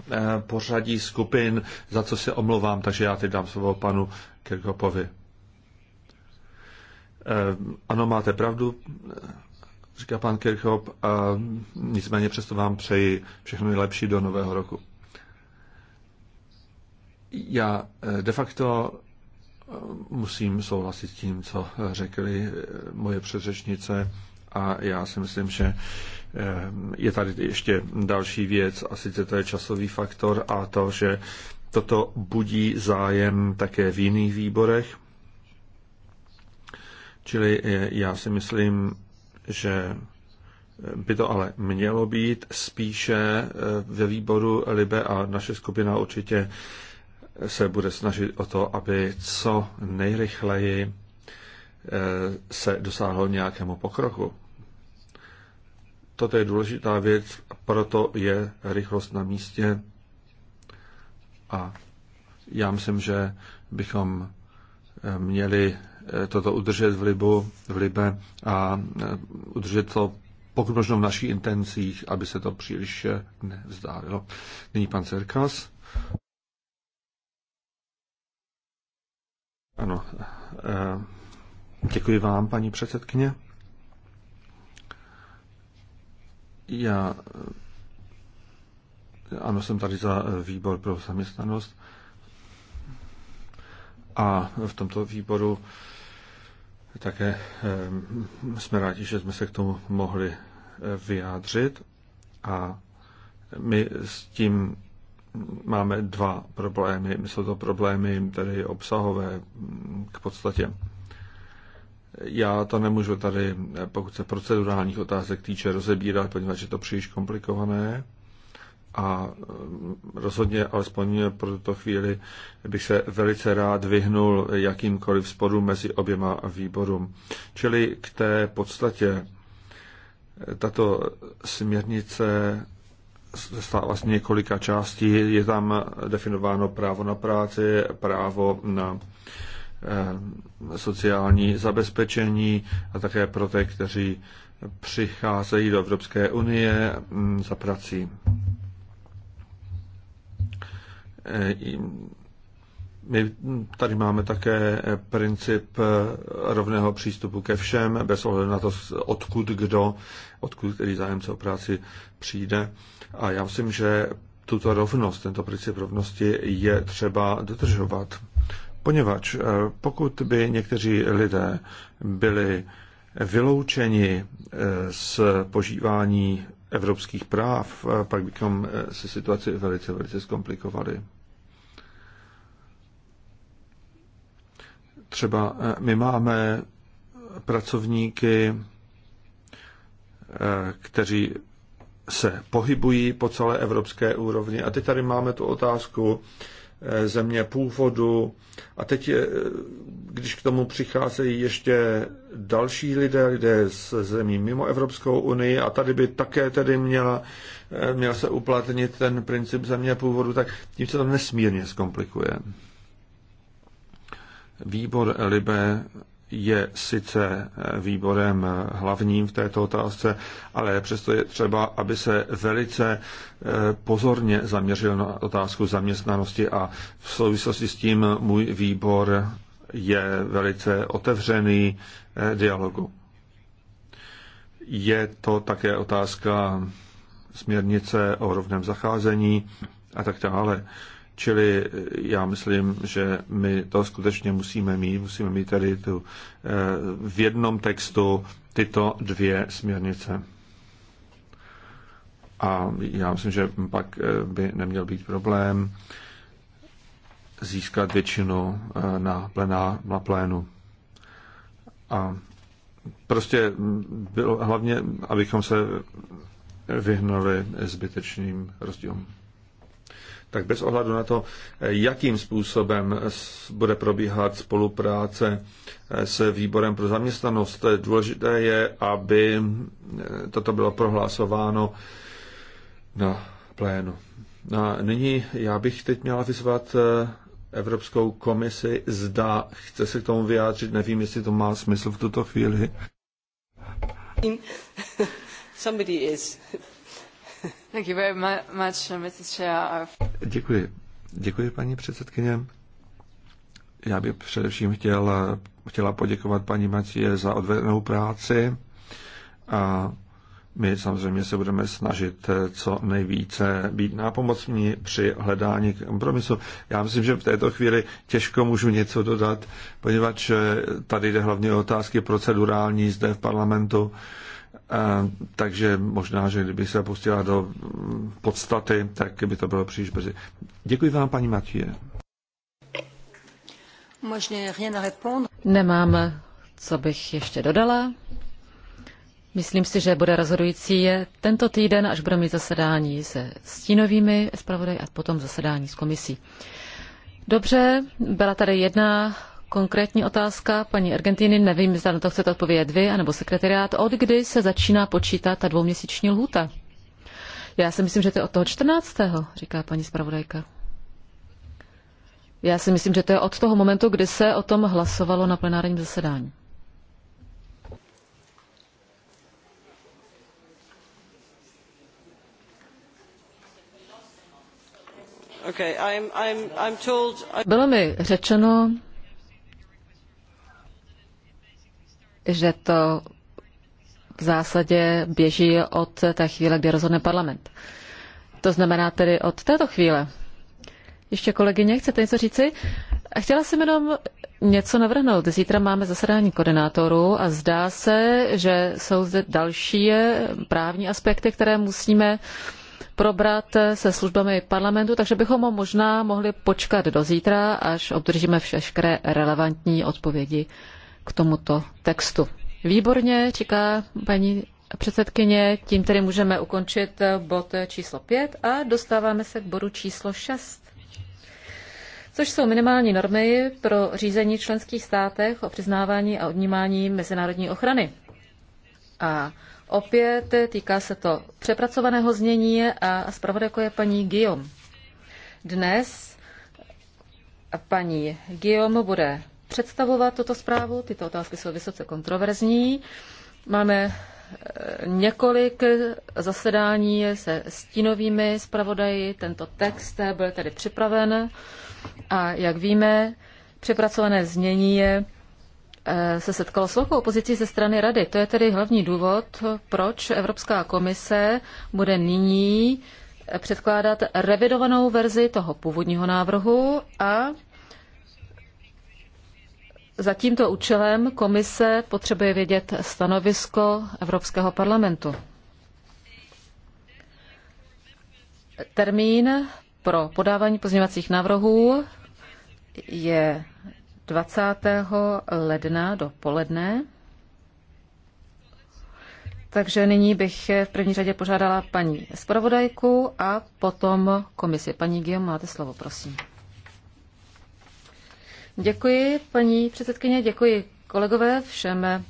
B: pořadí skupin, za co se omlouvám, takže já teď dám slovo panu Kirkopovi. Eh, ano, máte pravdu, říká pan Kirchhoff, a nicméně přesto vám přeji všechno nejlepší do nového roku. Já eh, de facto eh, musím souhlasit s tím, co řekly moje předřečnice a já si myslím, že je tady ještě další věc a sice to je časový faktor a to, že toto budí zájem také v jiných výborech Čili eh, já si myslím, že eh, by to ale mělo být spíše eh, ve výboru Libe a naše skupina určitě se bude snažit o to, aby co nejrychleji se dosáhlo nějakému pokroku. Toto je důležitá věc, proto je rychlost na místě. A já myslím, že bychom měli Eh, toto udržet v, libu, v libe a eh, udržet to pokud možno v našich intencích, aby se to příliš eh, nevzdálilo. Nyní pan Cerkas. Ano, děkuji vám, paní předsedkyně. Já ano, jsem tady za výbor pro zaměstnanost a v tomto výboru také eh, jsme rádi, že jsme se k tomu mohli eh, vyjádřit a my s tím máme dva problémy. Jsou to problémy tedy obsahové mm, k podstatě. Já to nemůžu tady, eh, pokud se procedurálních otázek týče, rozebírat, poněvadž je to příliš komplikované a e, rozhodně alespoň pro tuto chvíli bych se velice rád vyhnul jakýmkoliv sporům mezi oběma výborům. Čili k té podstatě tato směrnice stává z vlastně několika částí. Je tam definováno právo na práci, právo na e, sociální zabezpečení a také pro ty, kteří přicházejí do Evropské unie za prací. Eh, my tady máme také eh, princip eh, rovného přístupu ke všem, bez ohledu na to, odkud kdo, odkud který zájemce o práci přijde. A já myslím, že tuto rovnost, tento princip rovnosti je třeba dodržovat. Poněvadž pokud by někteří lidé byli vyloučeni z požívání evropských práv, pak bychom si situaci velice, velice zkomplikovali. Třeba eh, my máme pracovníky, eh, kteří se pohybují po celé evropské úrovni. A teď tady máme tu otázku eh, země původu. A teď, když k tomu přicházejí ještě další lidé, lidé z zemí mimo Evropskou unii, a tady by také tedy měla, měl se uplatnit ten princip země původu, tak tím se to nesmírně zkomplikuje. Výbor Libe je sice eh, výborem eh, hlavním v této otázce, ale přesto je třeba, aby se velice eh, pozorně zaměřil na otázku zaměstnanosti a v souvislosti s tím můj výbor je velice otevřený dialogu. Je to také otázka směrnice o rovném zacházení a tak dále. Čili eh, já myslím, že my to skutečně musíme mít, musíme mít tady tu, eh, v jednom textu tyto dvě směrnice. A já myslím, že pak eh, by neměl být problém získat většinu na, plená, na plénu. A prostě mm, bylo hlavně, abychom se vyhnuli zbytečným rozdílům tak bez ohledu na to, jakým způsobem bude probíhat spolupráce eh, se výborem pro zaměstnanost, důležité je, aby eh, toto bylo prohlásováno na plénu. A nyní já bych teď měla vyzvat eh, Evropskou komisi, zda chce se k tomu vyjádřit. Nevím, jestli to má smysl v tuto chvíli.
A: Somebody is. <laughs> Uh,
B: Děkuji. Děkuji, paní předsedkyně. Já bych především chtěl, chtěla poděkovat paní Matěje za odvedenou práci a my samozřejmě se budeme snažit eh, co nejvíce být nápomocní při hledání kompromisu. Já myslím, že v této chvíli těžko můžu něco dodat, poněvadž eh, tady jde hlavně o otázky procedurální zde v parlamentu takže možná, že kdyby se pustila do podstaty, tak by to bylo příliš brzy. Děkuji vám, paní Matěje.
A: Nemám, co bych ještě dodala. Myslím si, že bude rozhodující je tento týden, až budeme mít zasedání se stínovými zpravodaj a potom zasedání s komisí. Dobře, byla tady jedna konkrétní otázka paní Argentiny, nevím, zda na to chcete odpovědět vy, anebo sekretariát. Od kdy se začíná počítat ta dvouměsíční lhůta? Já si myslím, že to je od toho 14. říká paní zpravodajka. Já si myslím, že to je od toho momentu, kdy se o tom hlasovalo na plenárním zasedání. Bylo mi řečeno, že to v zásadě běží od té chvíle, kdy rozhodne parlament. To znamená tedy od této chvíle. Ještě kolegyně, chcete něco říci? Chtěla jsem jenom něco navrhnout. Zítra máme zasedání koordinátorů a zdá se, že jsou zde další právní aspekty, které musíme probrat se službami parlamentu, takže bychom ho možná mohli počkat do zítra, až obdržíme všechny relevantní odpovědi k tomuto textu. Výborně, říká paní předsedkyně, tím tedy můžeme ukončit bod číslo 5 a dostáváme se k bodu číslo 6 což jsou minimální normy pro řízení členských státech o přiznávání a odnímání mezinárodní ochrany. A opět týká se to přepracovaného znění a zpravodajko je paní Guillaume. Dnes paní Guillaume bude představovat tuto zprávu. Tyto otázky jsou vysoce kontroverzní. Máme eh, několik zasedání se stínovými zpravodaji. Tento text byl tedy připraven a jak víme, přepracované znění je eh, se setkalo s velkou opozicí ze strany Rady. To je tedy hlavní důvod, proč Evropská komise bude nyní předkládat revidovanou verzi toho původního návrhu a za tímto účelem komise potřebuje vědět stanovisko Evropského parlamentu. Termín pro podávání pozměňovacích návrhů je 20. ledna do poledne. Takže nyní bych v první řadě požádala paní zpravodajku a potom komisi. Paní Gio, máte slovo, prosím. Děkuji, paní předsedkyně, děkuji kolegové, všem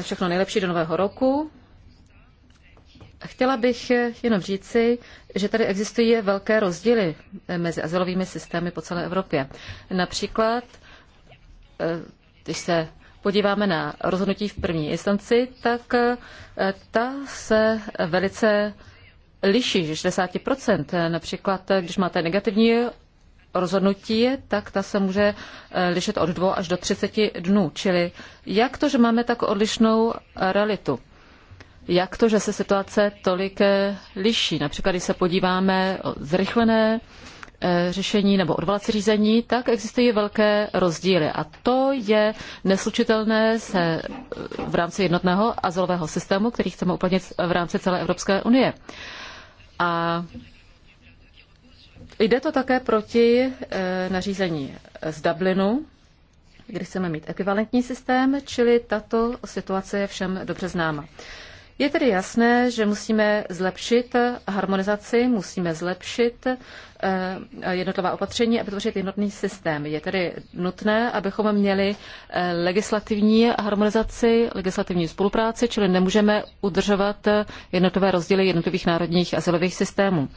A: všechno nejlepší do nového roku. Chtěla bych jenom říci, že tady existují velké rozdíly mezi azylovými systémy po celé Evropě. Například, eh, když se podíváme na rozhodnutí v první instanci, tak eh, ta se velice liší, že 60%. Například, eh, když máte negativní rozhodnutí, tak ta se může eh, lišit od dvou až do třiceti dnů. Čili jak to, že máme tak odlišnou realitu? Jak to, že se situace tolik eh, liší? Například, když se podíváme o zrychlené eh, řešení nebo odvolací řízení, tak existují velké rozdíly. A to je neslučitelné se v rámci jednotného azylového systému, který chceme uplatnit v rámci celé Evropské unie. A Jde to také proti eh, nařízení z Dublinu, kdy chceme mít ekvivalentní systém, čili tato situace je všem dobře známa. Je tedy jasné, že musíme zlepšit harmonizaci, musíme zlepšit eh, jednotlivá opatření a vytvořit jednotný systém. Je tedy nutné, abychom měli eh, legislativní harmonizaci, legislativní spolupráci, čili nemůžeme udržovat jednotlivé rozdíly jednotlivých národních azylových systémů.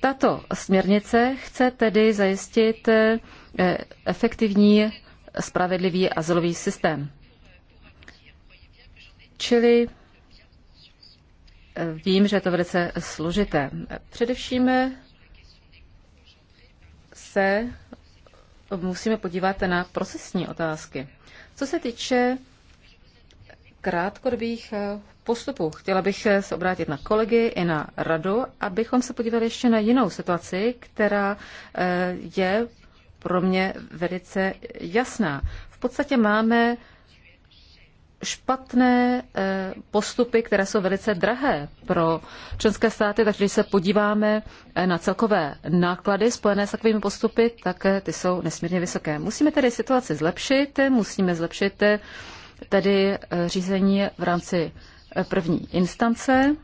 A: Tato směrnice chce tedy zajistit eh, efektivní, spravedlivý azylový systém. Čili eh, vím, že je to velice složité. Především eh, se musíme podívat na procesní otázky. Co se týče krátkodobých eh, postupů. Chtěla bych eh, se obrátit na kolegy i na radu, abychom se podívali ještě na jinou situaci, která eh, je pro mě velice jasná. V podstatě máme špatné postupy, které jsou velice drahé pro členské státy, takže když se podíváme na celkové náklady spojené s takovými postupy, tak ty jsou nesmírně vysoké. Musíme tedy situaci zlepšit, musíme zlepšit tedy eh, řízení v rámci eh, první instance,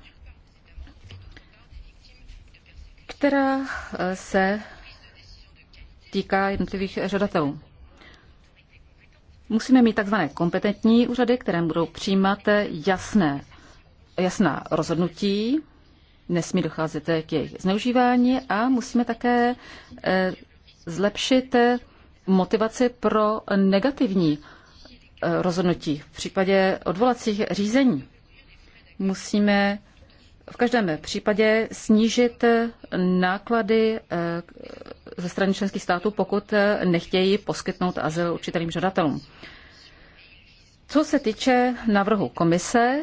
A: která eh, se týká jednotlivých žadatelů. Musíme mít tzv. kompetentní úřady, které budou přijímat jasné, jasná rozhodnutí, nesmí docházet k jejich zneužívání a musíme také zlepšit motivaci pro negativní Eh, rozhodnutí. V případě odvolacích řízení musíme v každém případě snížit náklady eh, ze strany členských států, pokud eh, nechtějí poskytnout azyl určitým žadatelům. Co se týče návrhu komise,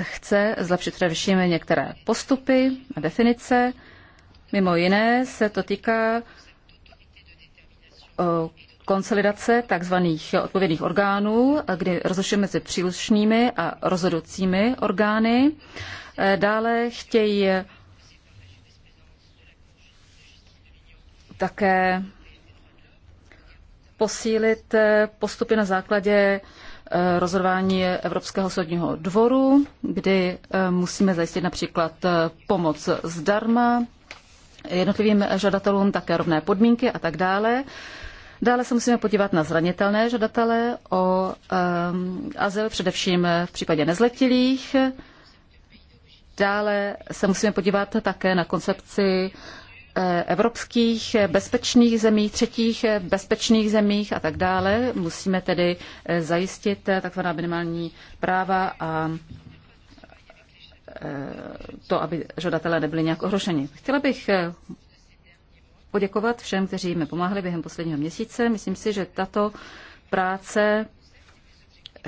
A: chce zlepšit především některé postupy a definice. Mimo jiné se to týká konsolidace tzv. odpovědných orgánů, kdy rozlišujeme mezi příslušnými a rozhodujícími orgány. Dále chtějí také posílit postupy na základě eh, rozhodování Evropského soudního dvoru, kdy eh, musíme zajistit například eh, pomoc zdarma, jednotlivým žadatelům také rovné podmínky a tak dále. Dále se musíme podívat na zranitelné žadatele o um, azyl, především v případě nezletilých. Dále se musíme podívat také na koncepci eh, evropských bezpečných zemí, třetích bezpečných zemích a tak dále. Musíme tedy eh, zajistit eh, takzvaná minimální práva a to, aby žadatelé nebyli nějak ohroženi. Chtěla bych poděkovat všem, kteří mi pomáhali během posledního měsíce. Myslím si, že tato práce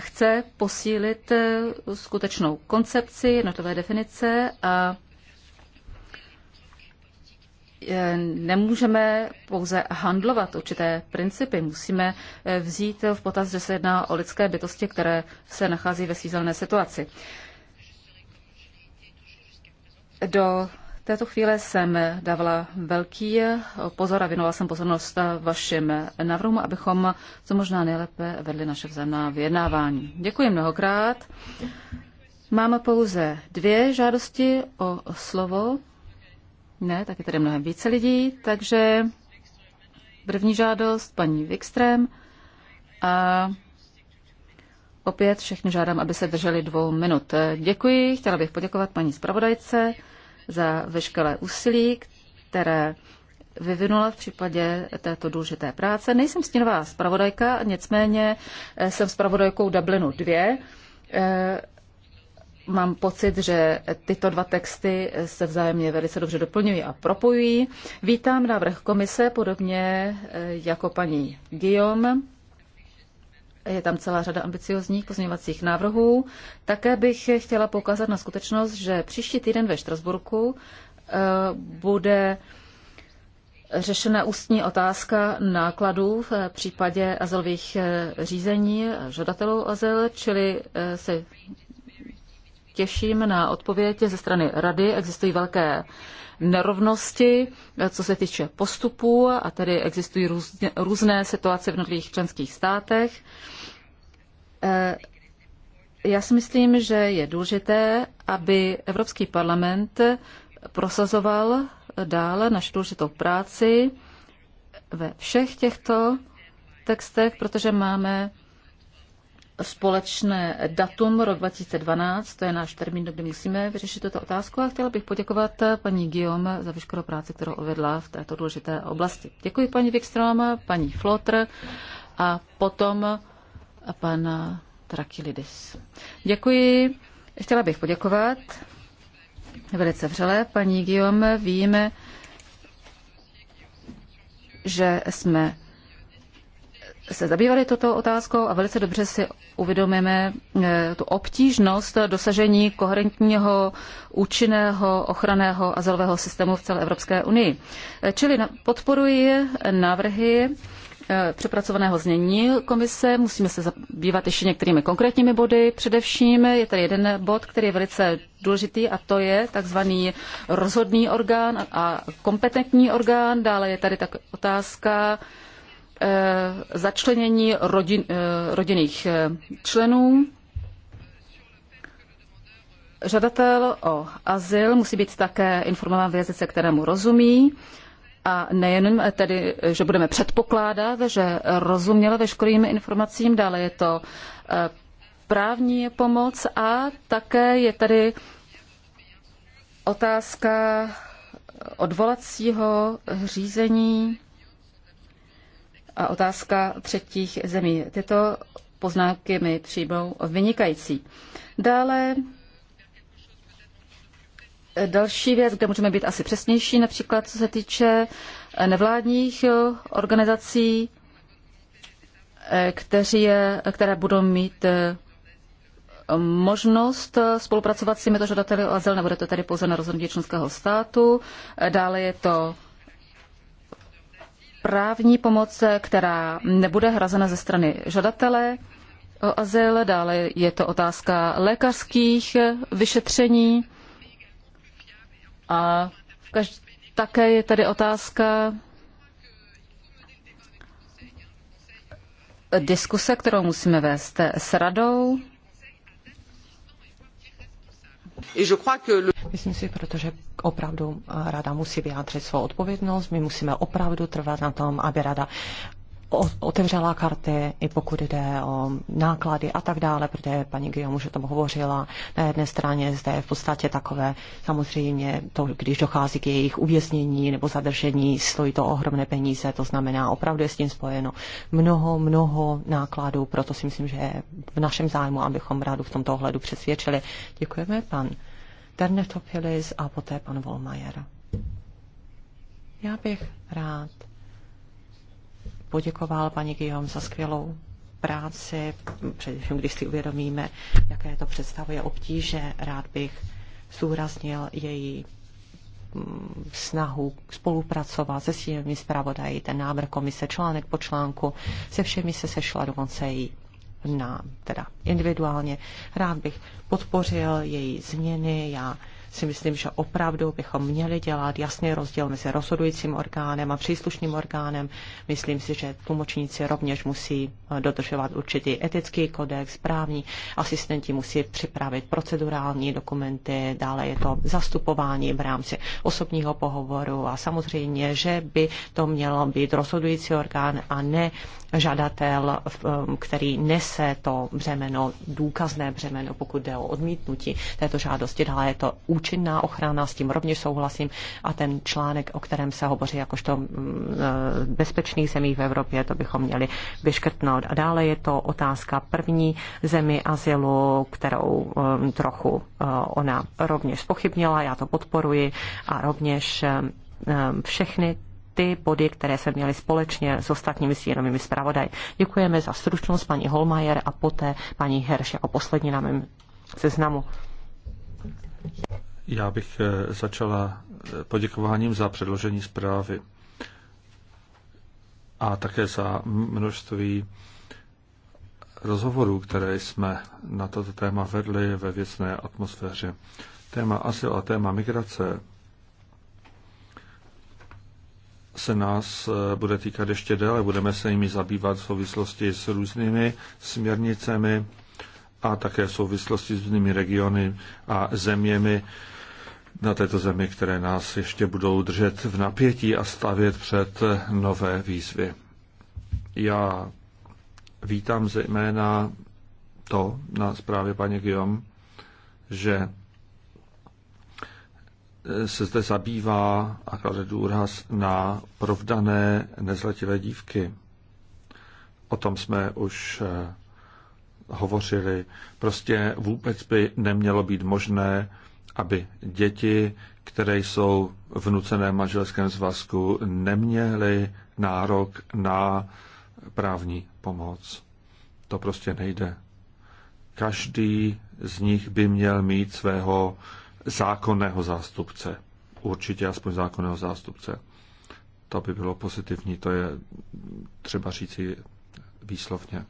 A: chce posílit eh, skutečnou koncepci, jednotové definice a eh, nemůžeme pouze handlovat určité principy. Musíme eh, vzít v potaz, že se jedná o lidské bytosti, které se nachází ve svízelné situaci. Do v této chvíli jsem dávala velký pozor a věnovala jsem pozornost vašim návrhům, abychom co možná nejlépe vedli naše vzájemná vyjednávání. Děkuji mnohokrát. Mám pouze dvě žádosti o slovo. Ne, tak je tady mnohem více lidí, takže první žádost paní Wikström a opět všechny žádám, aby se drželi dvou minut. Děkuji, chtěla bych poděkovat paní zpravodajce za veškeré úsilí, které vyvinula v případě této důležité práce. Nejsem stínová zpravodajka, nicméně eh, jsem zpravodajkou Dublinu 2. Eh, mám pocit, že tyto dva texty se vzájemně velice dobře doplňují a propojují. Vítám návrh komise, podobně eh, jako paní Guillaume je tam celá řada ambiciozních pozměňovacích návrhů. Také bych chtěla poukázat na skutečnost, že příští týden ve Štrasburku eh, bude řešena ústní otázka nákladů v případě azylových eh, řízení žadatelů azyl, čili eh, se těším na odpověď ze strany rady. Existují velké nerovnosti, co se týče postupů a tedy existují různé situace v jednotlivých členských státech. Eh, já si myslím, že je důležité, aby Evropský parlament prosazoval dále naši důležitou práci ve všech těchto textech, protože máme společné datum rok 2012, to je náš termín, kdy musíme vyřešit tuto otázku a chtěla bych poděkovat eh, paní Guillaume za veškerou práci, kterou odvedla v této důležité oblasti. Děkuji paní Wikström, paní Flotr a potom a pan Trakilidis. Děkuji. Chtěla bych poděkovat velice vřele. Paní Guillaume, víme, že jsme se zabývali toto otázkou a velice dobře si uvědomíme eh, tu obtížnost dosažení koherentního, účinného, ochranného azylového systému v celé Evropské unii. Eh, čili podporuji návrhy Eh, přepracovaného znění komise. Musíme se zabývat ještě některými konkrétními body. Především je tady jeden bod, který je velice důležitý a to je takzvaný rozhodný orgán a kompetentní orgán. Dále je tady tak otázka eh, začlenění rodin, eh, rodinných členů. Žadatel o azyl musí být také informován v jazyce, kterému rozumí a nejenom tedy, že budeme předpokládat, že rozuměla veškerým informacím, dále je to eh, právní pomoc a také je tady otázka odvolacího řízení a otázka třetích zemí. Tyto poznámky mi přijmou vynikající. Dále Další věc, kde můžeme být asi přesnější, například co se týče eh, nevládních organizací, eh, kteří, které budou mít eh, možnost spolupracovat s těmito žadateli o azyl, nebude to tady pouze na rozhodnutí členského státu. Dále je to právní pomoc, která nebude hrazena ze strany žadatele o azyl. Dále je to otázka lékařských vyšetření a také je tady otázka diskuse, kterou musíme vést s radou.
C: Myslím si, protože opravdu rada musí vyjádřit svou odpovědnost. My musíme opravdu trvat na tom, aby rada otevřela karty, i pokud jde o náklady a tak dále, protože paní Guillaume už o tom hovořila. Na jedné straně zde je v podstatě takové, samozřejmě, to, když dochází k jejich uvěznění nebo zadržení, stojí to ohromné peníze, to znamená, opravdu je s tím spojeno mnoho, mnoho nákladů, proto si myslím, že je v našem zájmu, abychom rádu v tomto ohledu přesvědčili. Děkujeme, pan Ternetopilis a poté pan Volmajer. Já bych rád poděkoval paní Guillaume za skvělou práci, především když si uvědomíme, jaké to představuje obtíže. Rád bych zúraznil její mm, snahu spolupracovat se svými zpravodají, ten návrh komise článek po článku, se všemi se sešla dokonce i na, teda individuálně. Rád bych podpořil její změny, já si myslím, že opravdu bychom měli dělat jasný rozdíl mezi rozhodujícím orgánem a příslušným orgánem. Myslím si, že tlumočníci rovněž musí eh, dodržovat určitý etický kodex, právní asistenti musí připravit procedurální dokumenty, dále je to zastupování v rámci osobního pohovoru a samozřejmě, že by to mělo být rozhodující orgán a ne žadatel, um, který nese to břemeno, důkazné břemeno, pokud jde o odmítnutí této žádosti. Dále je to účinná ochrana, s tím rovněž souhlasím. A ten článek, o kterém se hovoří jakožto mm, eh, bezpečných zemí v Evropě, to bychom měli vyškrtnout. A dále je to otázka první zemi azylu, kterou um, trochu eh, ona rovněž spochybnila, já to podporuji a rovněž eh, všechny ty body, které jsme měli společně s ostatními stínovými zpravodaj. Děkujeme za stručnost paní Holmajer a poté paní Herš jako poslední na mém seznamu.
B: Já bych eh, začala eh, poděkováním za předložení zprávy a také za množství rozhovorů, které jsme na toto téma vedli ve věcné atmosféře. Téma azyl a téma migrace se nás eh, bude týkat ještě déle. Budeme se jimi zabývat v souvislosti s různými směrnicemi a také v souvislosti s různými regiony a zeměmi na této zemi, které nás ještě budou držet v napětí a stavět před eh, nové výzvy. Já vítám zejména to na zprávě paní Guillaume, že Eh, se zde zabývá a klade důraz na provdané nezletilé dívky. O tom jsme už eh, hovořili. Prostě vůbec by nemělo být možné, aby děti, které jsou v nuceném manželském svazku, neměly nárok na právní pomoc. To prostě nejde. Každý z nich by měl mít svého zákonného zástupce. Určitě aspoň zákonného zástupce. To by bylo pozitivní, to je třeba říci výslovně.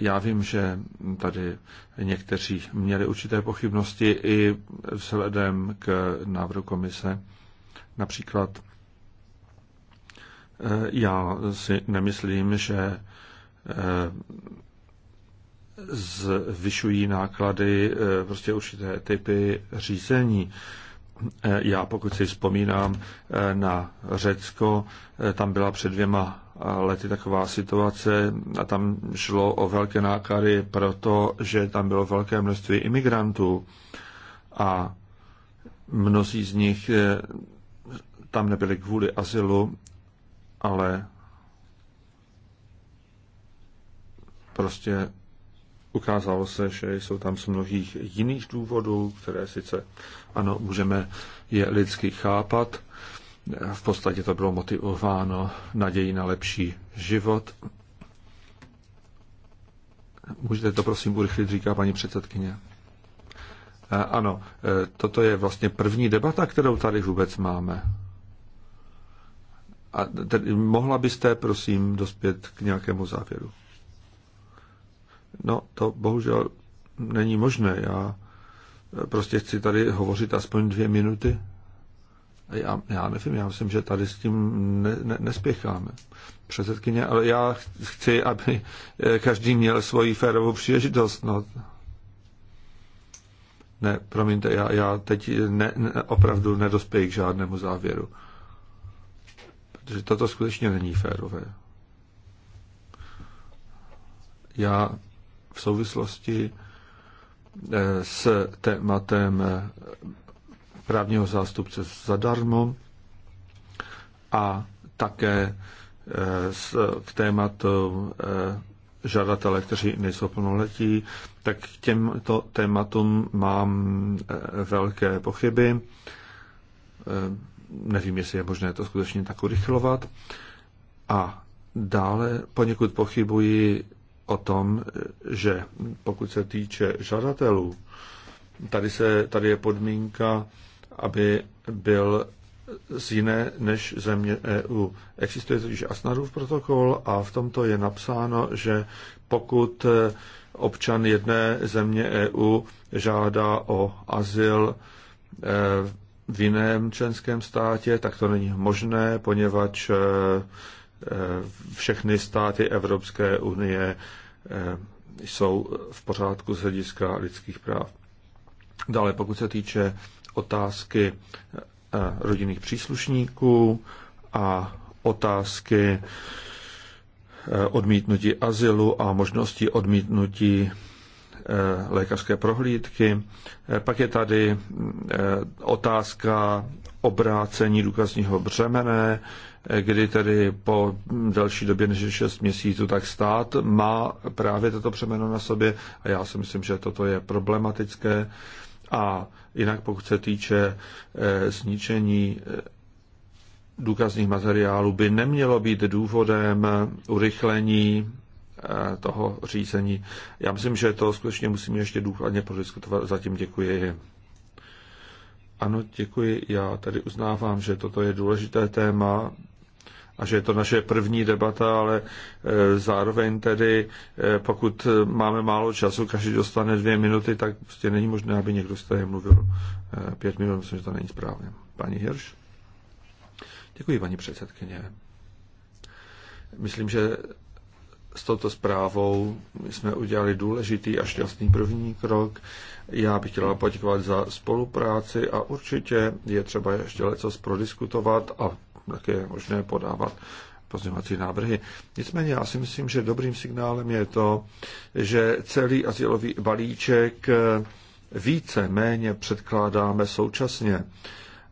B: Já vím, že tady někteří měli určité pochybnosti i vzhledem k návrhu komise. Například eh, já si nemyslím, že eh, zvyšují náklady eh, prostě určité typy řízení. Eh, já pokud si vzpomínám eh, na Řecko, tam byla před dvěma lety taková situace a tam šlo o velké náklady, protože tam bylo velké množství imigrantů a mnozí z nich tam nebyli kvůli asilu, ale prostě Ukázalo se, že jsou tam z mnohých jiných důvodů, které sice, ano, můžeme je lidsky chápat. V podstatě to bylo motivováno naději na lepší život. Můžete to prosím urychlit, říká paní předsedkyně. Eh, ano, eh, toto je vlastně první debata, kterou tady vůbec máme. A tedy mohla byste, prosím, dospět k nějakému závěru. No, to bohužel není možné. Já prostě chci tady hovořit aspoň dvě minuty. Já, já nevím, já myslím, že tady s tím ne, ne, nespěcháme. Předsedkyně, ale já chci, aby eh, každý měl svoji férovou příležitost. No. Ne, promiňte, já, já teď ne, ne, opravdu nedospěji k žádnému závěru. Protože toto skutečně není férové. Já v souvislosti eh, s tématem eh, právního zástupce zadarmo a také eh, k tématu žadatele, kteří nejsou plnoletí, tak k těmto tématům mám velké pochyby. Nevím, jestli je možné to skutečně tak urychlovat. A dále poněkud pochybuji o tom, že pokud se týče žadatelů, tady, se, tady je podmínka, aby byl z jiné než země EU. Existuje totiž Asnarův protokol a v tomto je napsáno, že pokud občan jedné země EU žádá o azyl eh, v jiném členském státě, tak to není možné, poněvadž eh, Eh, všechny státy Evropské unie eh, jsou v pořádku z hlediska lidských práv. Dále, pokud se týče otázky eh, rodinných příslušníků a otázky odmítnutí azylu a možnosti odmítnutí lékařské prohlídky. Pak je tady otázka obrácení důkazního břemene, kdy tedy po další době než 6 měsíců, tak stát má právě toto přeměno na sobě a já si myslím, že toto je problematické. A jinak pokud se týče eh, zničení eh, důkazních materiálů, by nemělo být důvodem urychlení eh, toho řízení. Já myslím, že to skutečně musíme ještě důkladně prodiskutovat. Zatím děkuji. Ano, děkuji. Já tady uznávám, že toto je důležité téma, a že je to naše první debata, ale e, zároveň tedy, e, pokud máme málo času, každý dostane dvě minuty, tak prostě není možné, aby někdo z toho mluvil e, pět minut, myslím, že to není správně. Pani Hirš? Děkuji, paní předsedkyně. Myslím, že s touto zprávou jsme udělali důležitý a šťastný první krok. Já bych chtěla poděkovat za spolupráci a určitě je třeba ještě leco prodiskutovat a také je možné podávat pozměňovací návrhy. Nicméně já si myslím, že dobrým signálem je to, že celý asilový balíček eh, více méně předkládáme současně.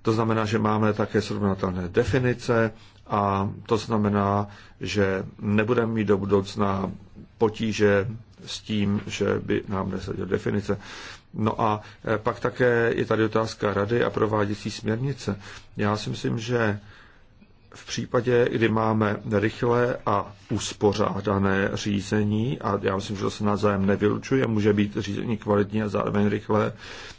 B: To znamená, že máme také srovnatelné definice a to znamená, že nebudeme mít do budoucna potíže s tím, že by nám nesadil definice. No a eh, pak také je tady otázka rady a prováděcí směrnice. Já si myslím, že v případě, kdy máme rychlé a uspořádané řízení, a já myslím, že to se navzájem nevylučuje, může být řízení kvalitní a zároveň rychlé,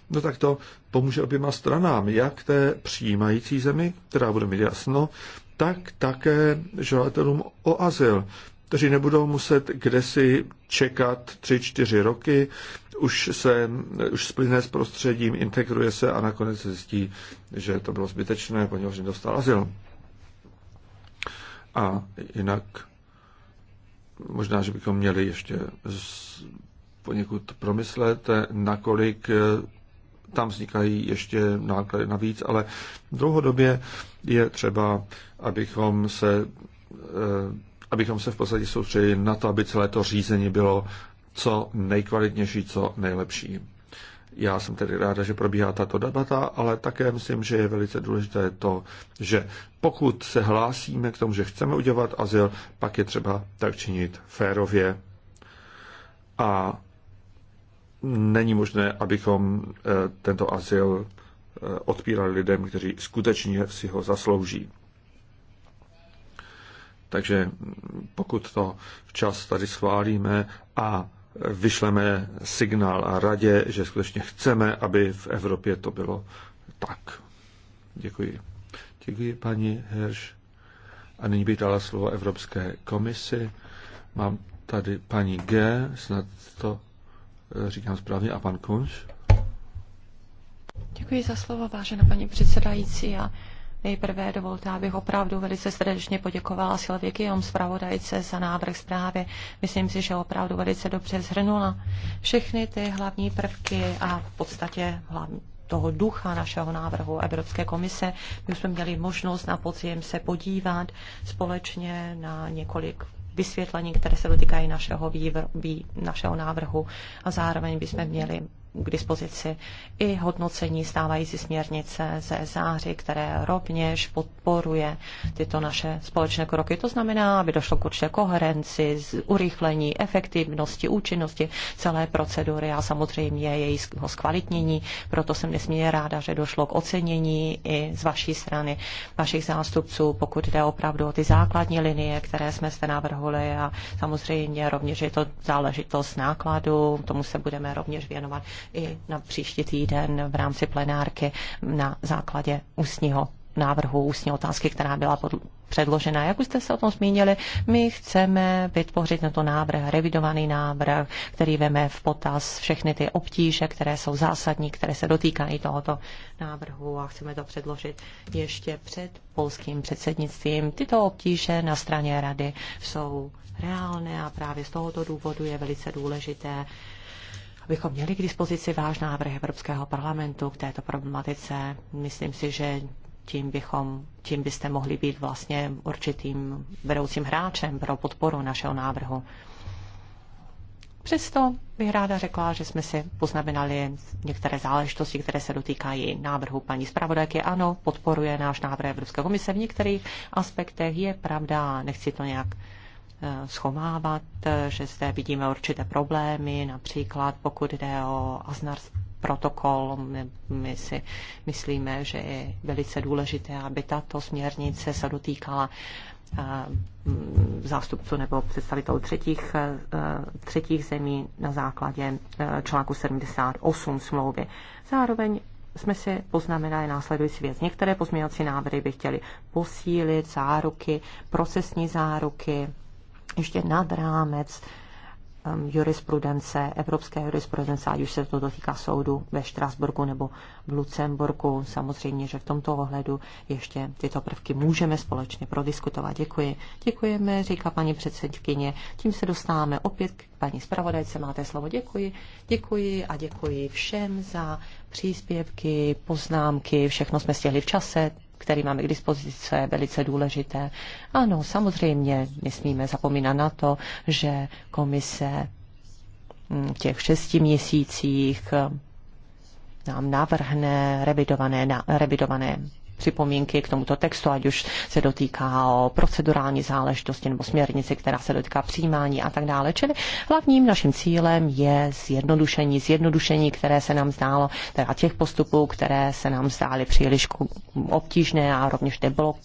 B: no tak to pomůže oběma stranám, jak té přijímající zemi, která bude mít jasno, tak také žadatelům o azyl, kteří nebudou muset kdesi čekat 3-4 roky, už se už splyne s prostředím, integruje se a nakonec zjistí, že to bylo zbytečné, poněvadž nedostal azyl. A jinak možná, že bychom měli ještě poněkud promyslet, nakolik eh, tam vznikají ještě náklady navíc, ale dlouhodobě je třeba, abychom se, eh, abychom se v podstatě soustředili na to, aby celé to řízení bylo co nejkvalitnější, co nejlepší. Já jsem tedy ráda, že probíhá tato debata, ale také myslím, že je velice důležité to, že pokud se hlásíme k tomu, že chceme udělat azyl, pak je třeba tak činit férově. A není možné, abychom eh, tento azyl eh, odpírali lidem, kteří skutečně si ho zaslouží. Takže mm, pokud to včas tady schválíme a vyšleme signál a radě, že skutečně chceme, aby v Evropě to bylo tak. Děkuji. Děkuji, paní Herš. A nyní bych dala slovo Evropské komisi. Mám tady paní G, snad to eh, říkám správně, a pan Kunš.
C: Děkuji za slovo, vážená paní předsedající. A Nejprve dovolte, abych opravdu velice srdečně poděkovala Silvě Kijom zpravodajce za návrh zprávy. Myslím si, že opravdu velice dobře zhrnula všechny ty hlavní prvky a v podstatě hlavní toho ducha našeho návrhu Evropské komise. My jsme měli možnost na podzim se podívat společně na několik vysvětlení, které se dotýkají našeho, vývr, vý, našeho návrhu a zároveň bychom měli k dispozici i hodnocení stávající směrnice ze září, které rovněž podporuje tyto naše společné kroky. To znamená, aby došlo k určité koherenci, urychlení, efektivnosti, účinnosti celé procedury a samozřejmě jejího zkvalitnění. Proto jsem nesmírně ráda, že došlo k ocenění i z vaší strany, vašich zástupců, pokud jde opravdu o ty základní linie, které jsme zde navrhli a samozřejmě rovněž je to záležitost nákladů, tomu se budeme rovněž věnovat i na příští týden v rámci plenárky na základě ústního návrhu, ústní otázky, která byla pod, předložena. Jak už jste se o tom zmínili, my chceme vytvořit na to návrh, revidovaný návrh, který veme v potaz všechny ty obtíže, které jsou zásadní, které se dotýkají tohoto návrhu a chceme to předložit ještě před polským předsednictvím. Tyto obtíže na straně rady jsou reálné a právě z tohoto důvodu je velice důležité abychom měli k dispozici váš návrh Evropského parlamentu k této problematice. Myslím si, že tím, bychom, tím byste mohli být vlastně určitým vedoucím hráčem pro podporu našeho návrhu. Přesto bych ráda řekla, že jsme si poznamenali některé záležitosti, které se dotýkají návrhu paní zpravodajky. Ano, podporuje náš návrh Evropské komise v některých aspektech. Je pravda, nechci to nějak uh, schovávat, že zde vidíme určité problémy, například pokud jde o aznar protokol. My, my si myslíme, že je velice důležité, aby tato směrnice se dotýkala eh, zástupců nebo představitelů třetích, eh, třetích zemí na základě eh, článku 78 smlouvy. Zároveň jsme si poznamenali následující věc. Některé pozměňovací návrhy by chtěly posílit záruky, procesní záruky, ještě nad rámec um, jurisprudence, evropské jurisprudence, ať už se to dotýká soudu ve Štrasburku nebo v Lucemburku. Samozřejmě, že v tomto ohledu ještě tyto prvky můžeme společně prodiskutovat. Děkuji. Děkujeme, říká paní předsedkyně. Tím se dostáváme opět k paní zpravodajce. Máte slovo. Děkuji. Děkuji a děkuji všem za příspěvky, poznámky. Všechno jsme stihli v čase který máme k dispozici, co je velice důležité. Ano, samozřejmě nesmíme zapomínat na to, že komise mm, v těch šesti měsících mm, nám navrhne revidované, na, revidované připomínky k tomuto textu, ať už se dotýká o procedurální záležitosti nebo směrnici, která se dotýká přijímání a tak dále. Čili hlavním naším cílem je zjednodušení, zjednodušení, které se nám zdálo, teda těch postupů, které se nám zdály příliš obtížné a rovněž deblok,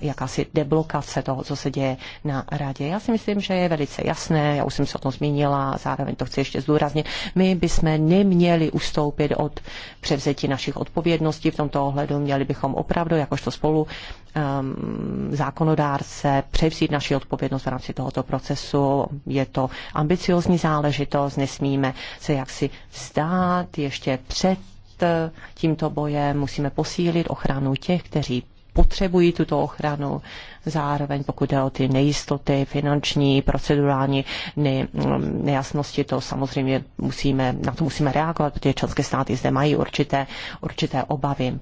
C: jakási deblokace toho, co se děje na radě. Já si myslím, že je velice jasné, já už jsem se o tom zmínila, zároveň to chci ještě zdůraznit, my bychom neměli ustoupit od převzetí našich odpovědností v tomto ohledu, měli bychom opravdu opravdu jakožto spolu um, zákonodárce převzít naši odpovědnost v rámci tohoto procesu. Je to ambiciozní záležitost, nesmíme se jaksi vzdát ještě před eh, tímto bojem, musíme posílit ochranu těch, kteří potřebují tuto ochranu. Zároveň pokud jde o ty nejistoty, finanční, procedurální ne, mm, nejasnosti, to samozřejmě musíme, na to musíme reagovat, protože členské státy zde mají určité, určité obavy.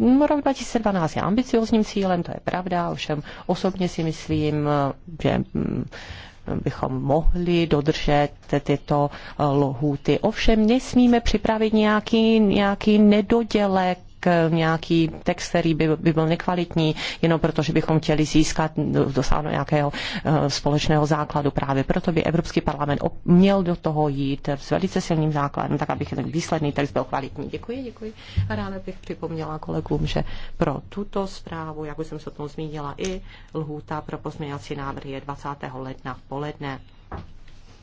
C: No, rok 2012 je ambiciozním cílem, to je pravda, ovšem osobně si myslím, že mm, bychom mohli dodržet tyto eh, lohuty. Ovšem nesmíme připravit nějaký, nějaký nedodělek nějaký text, který by, by byl nekvalitní, jenom protože bychom chtěli získat, dosáhnout nějakého eh, společného základu. Právě proto by Evropský parlament měl do toho jít s velice silným základem, tak aby ten výsledný text byl kvalitní. Děkuji, děkuji. A ráda bych připomněla kolegům, že pro tuto zprávu, jak už jsem se o tom zmínila, i lhůta pro pozměňovací návrhy je 20. ledna v poledne.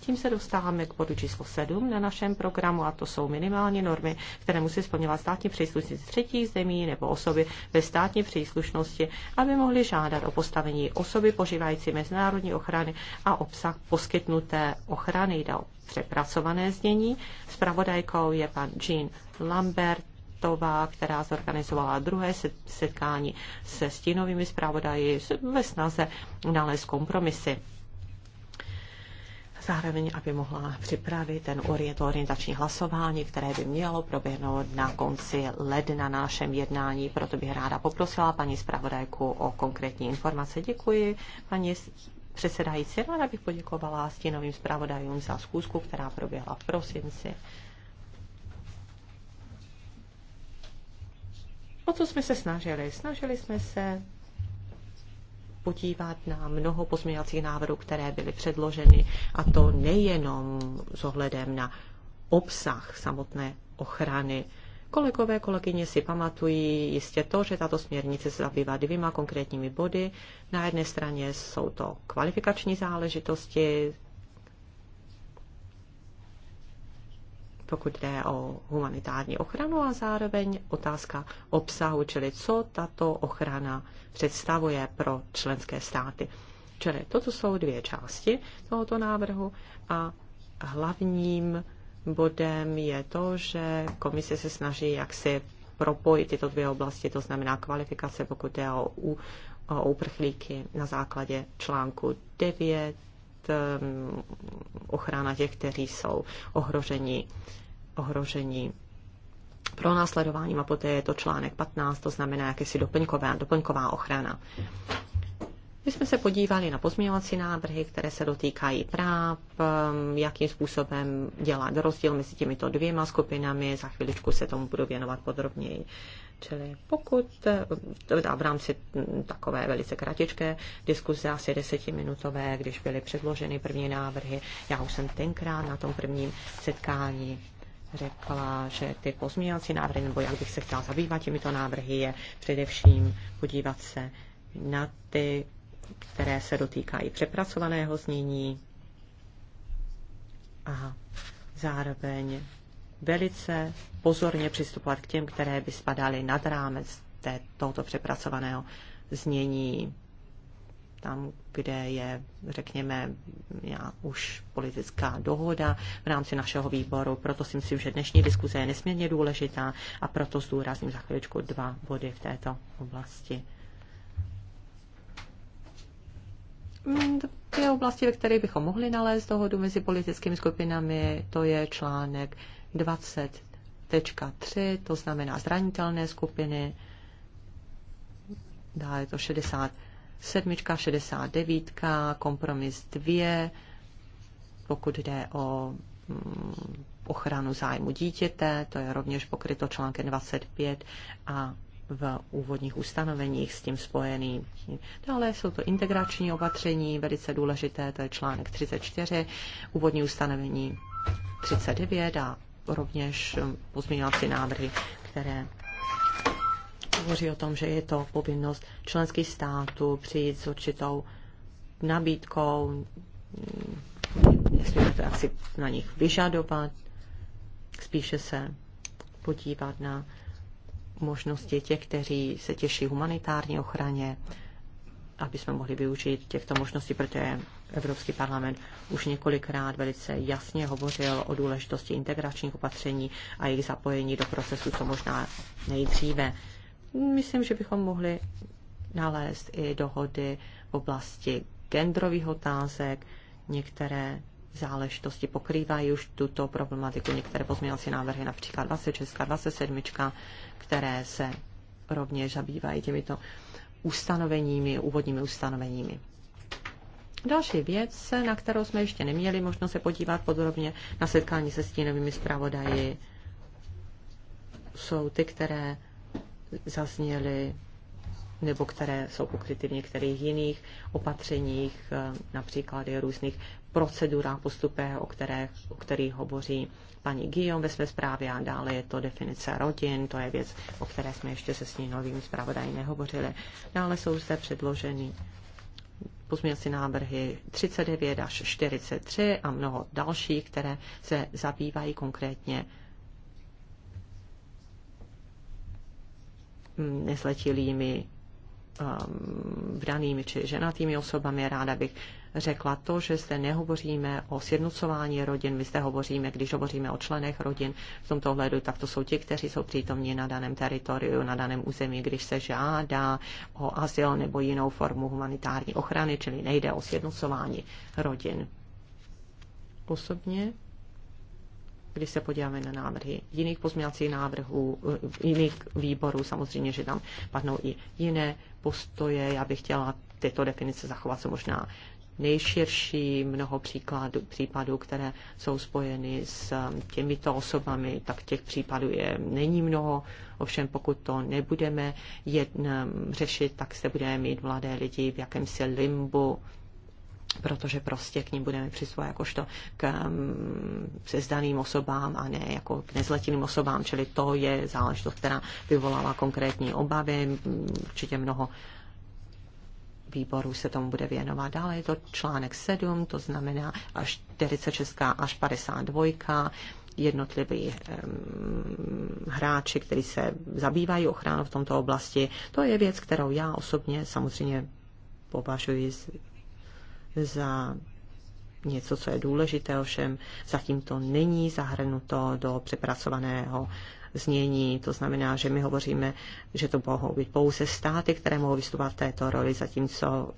C: Tím se dostáváme k bodu číslo 7 na našem programu a to jsou minimální normy, které musí splňovat státní příslušníci třetích zemí nebo osoby ve státní příslušnosti, aby mohli žádat o postavení osoby požívající mezinárodní ochrany a obsah poskytnuté ochrany. Jde přepracované znění. Spravodajkou je pan Jean Lambert která zorganizovala druhé setkání se stínovými zpravodaji ve snaze nalézt kompromisy zároveň, aby mohla připravit ten orient, orientační hlasování, které by mělo proběhnout na konci ledna na našem jednání. Proto bych ráda poprosila paní zpravodajku o konkrétní informace. Děkuji, paní předsedající. Ráda bych poděkovala stínovým zpravodajům za schůzku, která proběhla v prosinci. O co jsme se snažili? Snažili jsme se podívat na mnoho pozměňovacích návrhů, které byly předloženy, a to nejenom s ohledem na obsah samotné ochrany. Kolegové, kolegyně si pamatují jistě to, že tato směrnice se zabývá dvěma konkrétními body. Na jedné straně jsou to kvalifikační záležitosti, pokud jde o humanitární ochranu a zároveň otázka obsahu, čili co tato ochrana představuje pro členské státy. Čili toto jsou dvě části tohoto návrhu a hlavním bodem je to, že komise se snaží jaksi propojit tyto dvě oblasti, to znamená kvalifikace, pokud jde o, o uprchlíky na základě článku 9 Eh, ochrana těch, kteří jsou ohroženi, ohroženi pro následováním a poté je to článek 15, to znamená jakési doplňková, doplňková ochrana. My jsme se podívali na pozměňovací návrhy, které se dotýkají práv, ehm, jakým způsobem dělat rozdíl mezi těmito dvěma skupinami. Za chviličku se tomu budu věnovat podrobněji. Čili pokud eh, v rámci hm, takové velice kratičké diskuze, asi desetiminutové, když byly předloženy první návrhy, já už jsem tenkrát na tom prvním setkání řekla, že ty pozměňovací návrhy, nebo jak bych se chtěla zabývat těmito návrhy, je především podívat se na ty, které se dotýkají přepracovaného znění a zároveň velice pozorně přistupovat k těm, které by spadaly nad rámec té, tohoto přepracovaného znění tam, kde je, řekněme, já, už politická dohoda v rámci našeho výboru. Proto si myslím, že dnešní diskuze je nesmírně důležitá a proto zdůrazním za chviličku dva body v této oblasti. Hmm, dvě oblasti, ve kterých bychom mohli nalézt dohodu mezi politickými skupinami, to je článek 20.3, to znamená zranitelné skupiny, dále je to 67, 69, kompromis 2, pokud jde o mm, ochranu zájmu dítěte, to je rovněž pokryto článkem 25 a v úvodních ustanoveních s tím spojený. Dále jsou to integrační opatření, velice důležité, to je článek 34, úvodní ustanovení 39 a rovněž um, pozměňovací návrhy, které hovoří o tom, že je to povinnost členských států přijít s určitou nabídkou, mm, nesmíme to asi na nich vyžadovat, spíše se podívat na možnosti těch, kteří se těší humanitární ochraně, aby jsme mohli využít těchto možností, protože Evropský parlament už několikrát velice jasně hovořil o důležitosti integračních opatření a jejich zapojení do procesu, co možná nejdříve. Myslím, že bychom mohli nalézt i dohody v oblasti genderových otázek. Některé záležitosti pokrývají už tuto problematiku, některé pozměňovací návrhy, například 26, 27, které se rovněž zabývají těmito ustanoveními, úvodními ustanoveními. Další věc, na kterou jsme ještě neměli možnost se podívat podrobně na setkání se stínovými zpravodaji, jsou ty, které zazněly nebo které jsou pokryty v některých jiných opatřeních, eh, například i různých procedurách, postupech, o, které, o kterých hovoří paní Guillaume ve své zprávě a dále je to definice rodin, to je věc, o které jsme ještě se s ní novým zpravodajem nehovořili. Dále jsou zde předloženy pozměňovací návrhy 39 až 43 a mnoho dalších, které se zabývají konkrétně mm, nezletilými um, vdanými či ženatými osobami. Ráda bych řekla to, že zde nehovoříme o sjednocování rodin, my zde hovoříme, když hovoříme o členech rodin v tomto ohledu, tak to jsou ti, kteří jsou přítomní na daném teritoriu, na daném území, když se žádá o azyl nebo jinou formu humanitární ochrany, čili nejde o sjednocování rodin. Osobně když se podíváme na návrhy jiných pozměňovacích návrhů, eh, jiných výborů, samozřejmě, že tam padnou i jiné postoje. Já bych chtěla tyto definice zachovat co možná nejširší, mnoho příkladů, případů, které jsou spojeny s um, těmito osobami, tak těch případů je není mnoho. Ovšem, pokud to nebudeme jedn, um, řešit, tak se budeme mít mladé lidi v jakémsi limbu, protože prostě k ním budeme přistupovat jakožto k um, sezdaným osobám a ne jako k nezletilým osobám, čili to je záležitost, která vyvolává konkrétní obavy, určitě mnoho Výboru se tomu bude věnovat. Dále je to článek 7, to znamená až 46 až 52 jednotliví um, hráči, kteří se zabývají ochranou v tomto oblasti. To je věc, kterou já osobně samozřejmě považuji za něco, co je důležité, ovšem zatím to není zahrnuto do přepracovaného znění. To znamená, že my hovoříme, že to mohou být pouze státy, které mohou vystupovat v této roli, zatímco,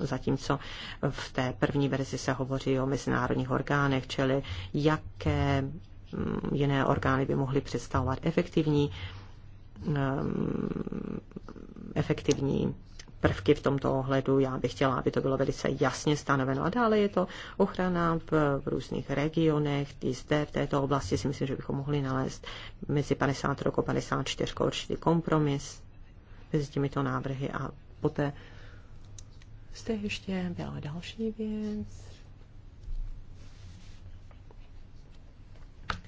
C: zatímco v té první verzi se hovoří o mezinárodních orgánech, čili jaké mm, jiné orgány by mohly představovat efektivní mm, efektivní prvky v tomto ohledu. Já bych chtěla, aby to bylo velice jasně stanoveno. A dále je to ochrana v, v různých regionech, i zde v této oblasti si myslím, že bychom mohli nalézt mezi 50 roku a 54 určitý kompromis mezi těmito návrhy a poté zde ještě byla další věc,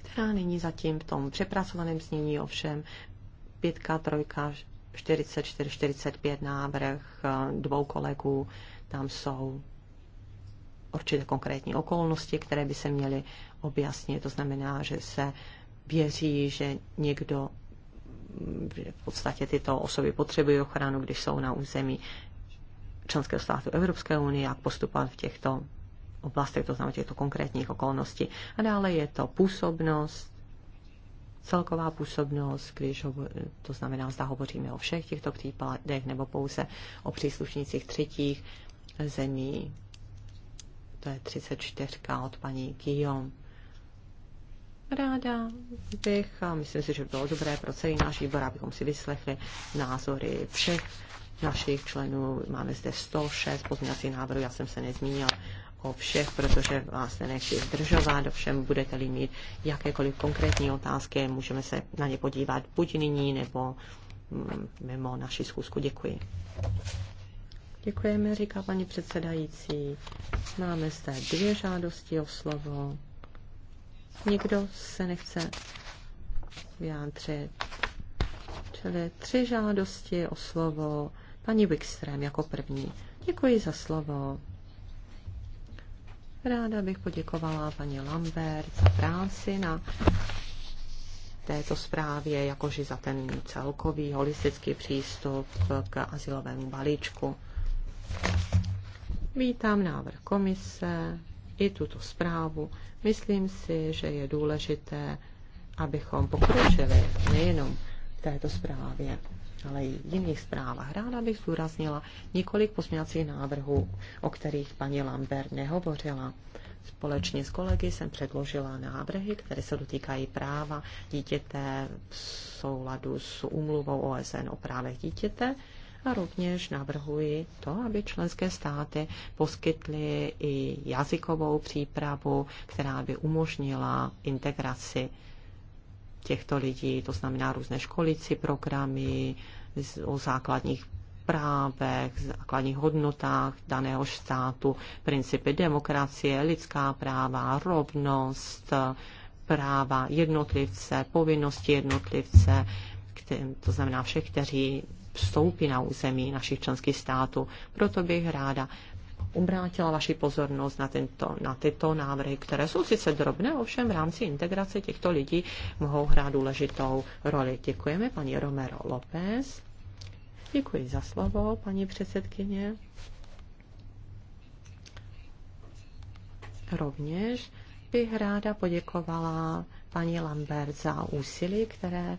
C: která není zatím v tom přepracovaném znění, ovšem pětka, trojka, 44-45 návrh eh, dvou kolegů, tam jsou určité konkrétní okolnosti, které by se měly objasnit. To znamená, že se věří, že někdo že v podstatě tyto osoby potřebují ochranu, když jsou na území členského státu Evropské unie, jak postupovat v těchto oblastech, to znamená těchto konkrétních okolností. A dále je to působnost, celková působnost, když ho, to znamená, zda hovoříme o všech těchto případech nebo pouze o příslušnících třetích zemí. To je 34 od paní Guillaume. Ráda bych, a myslím si, že bylo dobré pro celý náš výbor, abychom si vyslechli názory všech našich členů. Máme zde 106 pozměňovacích návrhů, já jsem se nezmínila o všech, protože vás nechci zdržovat, ovšem budete-li mít jakékoliv konkrétní otázky, můžeme se na ně podívat buď nyní, nebo mm, mimo naši schůzku. Děkuji. Děkujeme, říká paní předsedající. Máme zde dvě žádosti o slovo. Nikdo se nechce vyjádřit. Čili tři žádosti o slovo. Paní Wikström jako první. Děkuji za slovo. Ráda bych poděkovala paní Lambert za práci na této zprávě, jakož i za ten celkový holistický přístup k asilovému balíčku. Vítám návrh komise i tuto zprávu. Myslím si, že je důležité, abychom pokročili nejenom v této zprávě, ale i jiných zprávách. Ráda bych zúraznila několik pozměňovacích návrhů, o kterých paní Lambert nehovořila. Společně s kolegy jsem předložila návrhy, které se dotýkají práva dítěte v souladu s úmluvou OSN o právech dítěte a rovněž navrhuji to, aby členské státy poskytly i jazykovou přípravu, která by umožnila integraci těchto lidí, to znamená různé školicí programy o základních právech, základních hodnotách daného státu, principy demokracie, lidská práva, rovnost, práva jednotlivce, povinnosti jednotlivce, to znamená všech, kteří vstoupí na území našich členských států. Proto bych ráda obrátila vaši pozornost na, tento, na tyto návrhy, které jsou sice drobné, ovšem v rámci integrace těchto lidí mohou hrát důležitou roli. Děkujeme paní Romero López. Děkuji za slovo, paní předsedkyně. Rovněž bych ráda poděkovala paní Lambert za úsilí, které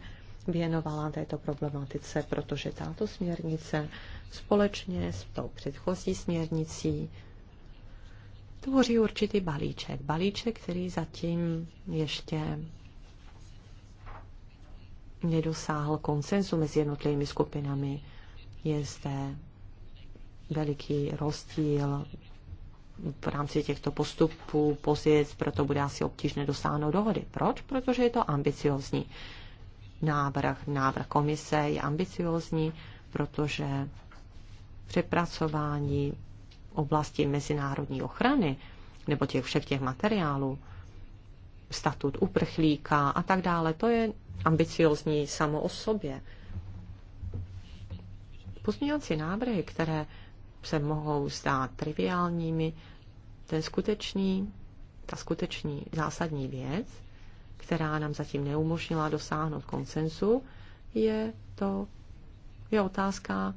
C: věnovala této problematice, protože tato směrnice společně s tou předchozí směrnicí tvoří určitý balíček. Balíček, který zatím ještě nedosáhl konsenzu mezi jednotlivými skupinami. Je zde veliký rozdíl v rámci těchto postupů, pozic, proto bude asi obtížné dosáhnout dohody. Proč? Protože je to ambiciozní návrh. Návrh komise je ambiciozní, protože přepracování oblasti mezinárodní ochrany nebo těch všech těch materiálů, statut uprchlíka a tak dále, to je ambiciozní samo o sobě. Pozměňovací návrhy, které se mohou zdát triviálními, ten skutečný, ta skutečný zásadní věc, která nám zatím neumožnila dosáhnout konsenzu, je to je otázka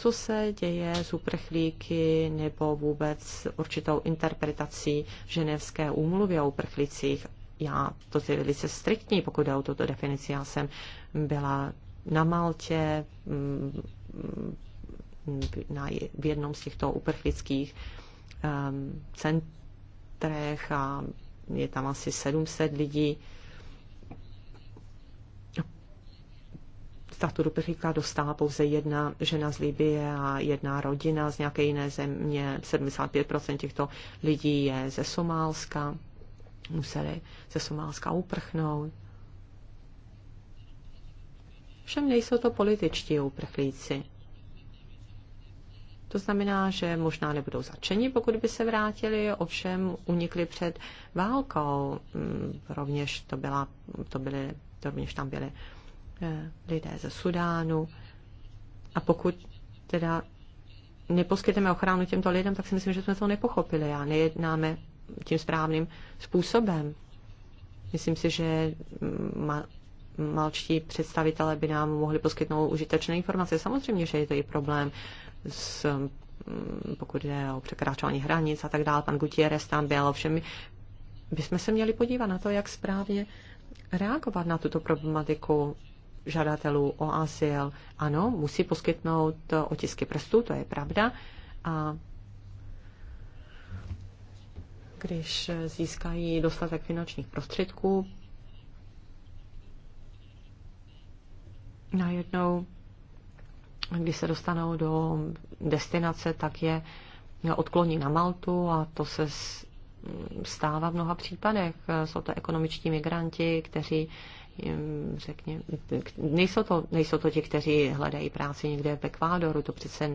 C: co se děje s uprchlíky nebo vůbec určitou interpretací ženevské úmluvy o uprchlících. Já to je velice striktní, pokud jde o tuto definici. Já jsem byla na Maltě, mm, mm, na, v jednom z těchto uprchlických um, centrech a je tam asi 700 lidí, diktatury například dostala pouze jedna žena z Libie a jedna rodina z nějaké jiné země. 75% těchto lidí je ze Somálska. Museli ze Somálska uprchnout. Všem nejsou to političtí uprchlíci. To znamená, že možná nebudou začeni, pokud by se vrátili, ovšem unikli před válkou. Mm, rovněž to, byla, to byly, to rovněž tam byly Eh, lidé ze Sudánu. A pokud teda neposkytneme ochranu těmto lidem, tak si myslím, že jsme to nepochopili a nejednáme tím správným způsobem. Myslím si, že ma, malčtí představitelé by nám mohli poskytnout užitečné informace. Samozřejmě, že je to i problém s mm, pokud je o překračování hranic a tak dále. Pan Gutierrez tam byl, ovšem bychom se měli podívat na to, jak správně reagovat na tuto problematiku žadatelů o ASIL Ano, musí poskytnout eh, otisky prstů, to je pravda. A když eh, získají dostatek finančních prostředků, najednou, když se dostanou do destinace, tak je eh, odkloní na Maltu a to se mm, stává v mnoha případech. Jsou to ekonomičtí migranti, kteří řekně, nejsou to, nejsou to ti, kteří hledají práci někde v Ekvádoru, to přece,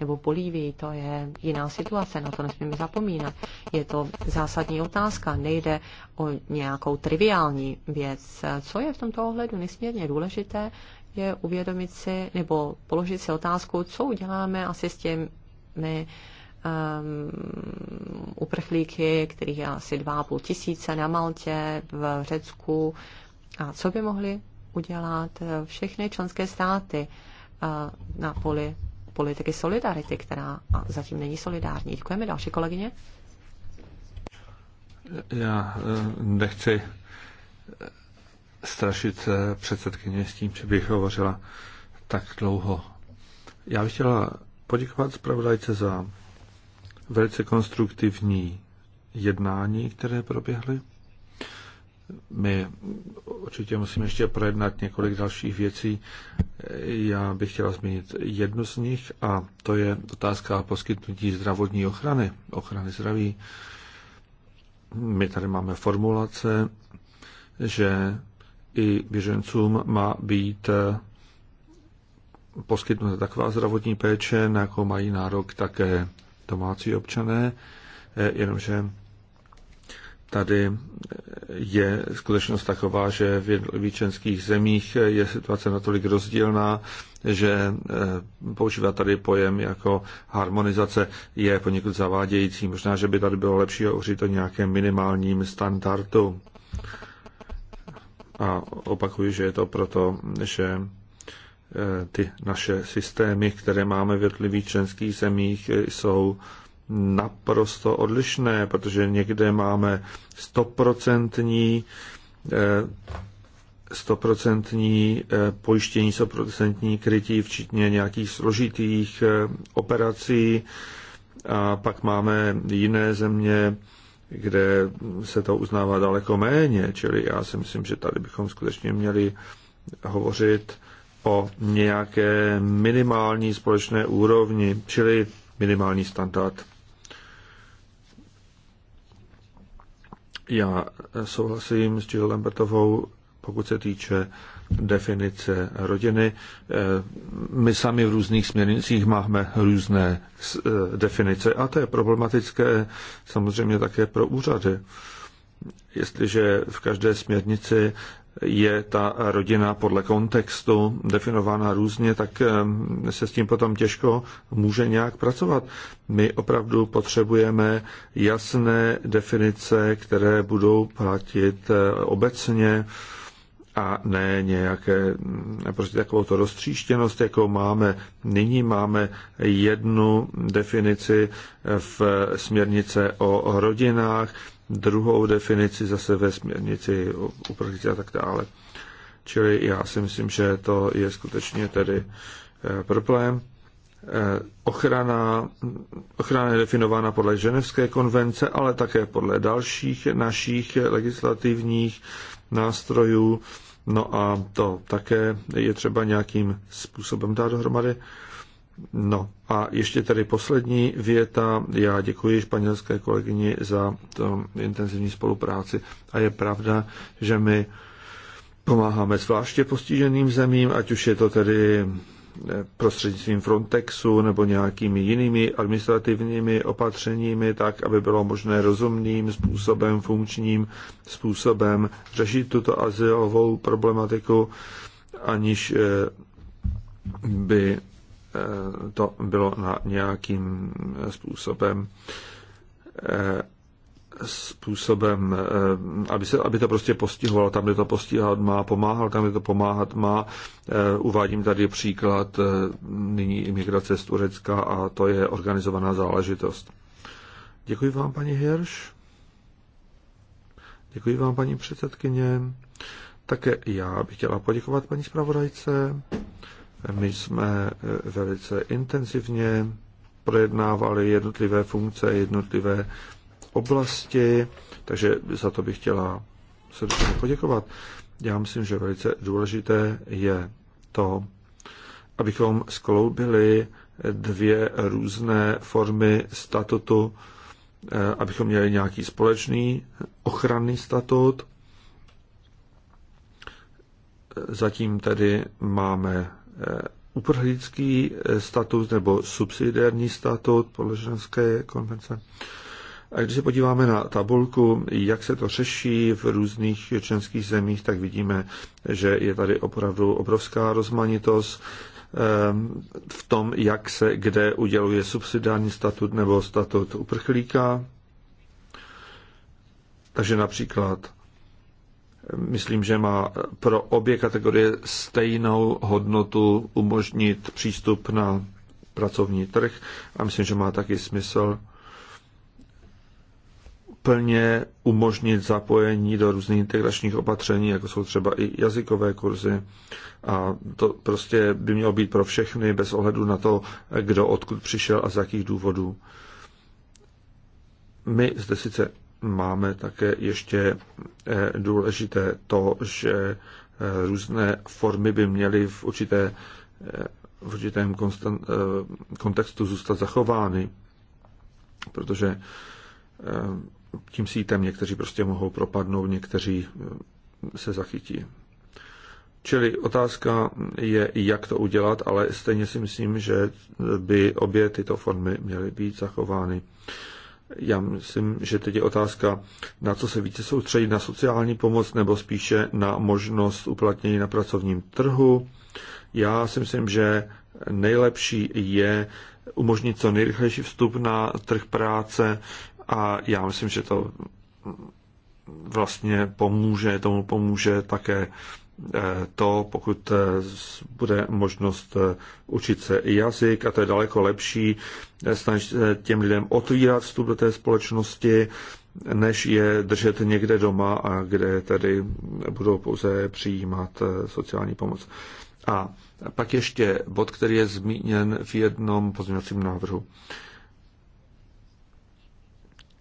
C: nebo v Bolívii, to je jiná situace, na to nesmíme zapomínat. Je to zásadní otázka, nejde o nějakou triviální věc. Co je v tomto ohledu nesmírně důležité, je uvědomit si nebo položit si otázku, co uděláme asi s těmi um, uprchlíky, kterých je asi 2,5 tisíce na Maltě, v Řecku, a co by mohly udělat eh, všechny členské státy eh, na poli politiky solidarity, která zatím není solidární? Děkujeme další kolegyně.
B: Já eh, nechci strašit předsedkyně s tím, že bych hovořila tak dlouho. Já bych chtěla poděkovat zpravodajce za velice konstruktivní jednání, které proběhly. My určitě musíme ještě projednat několik dalších věcí. Já bych chtěla zmínit jednu z nich a to je otázka poskytnutí zdravotní ochrany, ochrany zdraví. My tady máme formulace, že i běžencům má být poskytnuta taková zdravotní péče, na jakou mají nárok také domácí občané, jenomže tady je skutečnost taková, že v jednotlivých členských zemích je situace natolik rozdílná, že e, používat tady pojem jako harmonizace je poněkud zavádějící. Možná, že by tady bylo lepší hovořit o nějakém minimálním standardu. A opakuju, že je to proto, že e, ty naše systémy, které máme v jednotlivých členských zemích, jsou naprosto odlišné, protože někde máme stoprocentní eh, stoprocentní eh, pojištění, stoprocentní krytí, včetně nějakých složitých eh, operací. A pak máme jiné země, kde se to uznává daleko méně, čili já si myslím, že tady bychom skutečně měli hovořit o nějaké minimální společné úrovni, čili minimální standard. Já souhlasím s Jill Lambertovou, pokud se týče definice rodiny. Eh, my sami v různých směrnicích máme různé eh, definice a to je problematické samozřejmě také pro úřady. Jestliže v každé směrnici je ta rodina podle kontextu definována různě, tak se s tím potom těžko může nějak pracovat. My opravdu potřebujeme jasné definice, které budou platit eh, obecně a ne nějaké prostě takovou to roztříštěnost, jakou máme. Nyní máme jednu definici v směrnice o rodinách, druhou definici zase ve směrnici uprchlíci a tak dále. Čili já si myslím, že to je skutečně tedy eh, problém. Eh, ochrana, ochrana je definována podle Ženevské konvence, ale také podle dalších našich legislativních nástrojů. No a to také je třeba nějakým způsobem dát dohromady. No a ještě tady poslední věta. Já děkuji španělské kolegyni za to intenzivní spolupráci a je pravda, že my pomáháme zvláště postiženým zemím, ať už je to tedy eh, prostřednictvím Frontexu nebo nějakými jinými administrativními opatřeními, tak, aby bylo možné rozumným způsobem, funkčním způsobem řešit tuto azylovou problematiku, aniž eh, by Eh, to bylo na nějakým eh, způsobem eh, způsobem, aby, se, aby to prostě postihovalo tam, kde to postihovat má, pomáhal tam, kde to pomáhat má. Uvádím tady příklad nyní imigrace z Turecka a to je organizovaná záležitost. Děkuji vám, paní Hirš. Děkuji vám, paní předsedkyně. Také já bych chtěla poděkovat paní zpravodajce my jsme eh, velice intenzivně projednávali jednotlivé funkce, jednotlivé oblasti, takže za to bych chtěla srdečně poděkovat. Já myslím, že velice důležité je to, abychom skloubili dvě různé formy statutu, eh, abychom měli nějaký společný ochranný statut. Zatím tedy máme Eh, uprchlický eh, status nebo subsidiární statut podle ženské konvence. A když se podíváme na tabulku, jak se to řeší v různých členských zemích, tak vidíme, že je tady opravdu obrovská rozmanitost eh, v tom, jak se kde uděluje subsidiární statut nebo statut uprchlíka. Takže například myslím, že má pro obě kategorie stejnou hodnotu umožnit přístup na pracovní trh a myslím, že má taky smysl plně umožnit zapojení do různých integračních opatření, jako jsou třeba i jazykové kurzy. A to prostě by mělo být pro všechny, bez ohledu na to, kdo odkud přišel a z jakých důvodů. My zde sice máme také ještě eh, důležité to, že eh, různé formy by měly v, určité, eh, v určitém konstant, kontextu zůstat zachovány, protože tím sítem někteří prostě mohou propadnout, někteří se zachytí. Čili otázka je, jak to udělat, ale stejně si myslím, že by obě tyto formy měly být zachovány. Já myslím, že teď je otázka, na co se více soustředit, na sociální pomoc nebo spíše na možnost uplatnění na pracovním trhu. Já si myslím, že nejlepší je umožnit co nejrychlejší vstup na trh práce a já myslím, že to vlastně pomůže, tomu pomůže také to, pokud eh, bude možnost eh, učit se jazyk, a to je daleko lepší, eh, snaží se těm lidem otvírat vstup do té společnosti, než je držet někde doma a kde tedy budou pouze přijímat sociální pomoc. A pak ještě bod, který je zmíněn v jednom pozměňovacím návrhu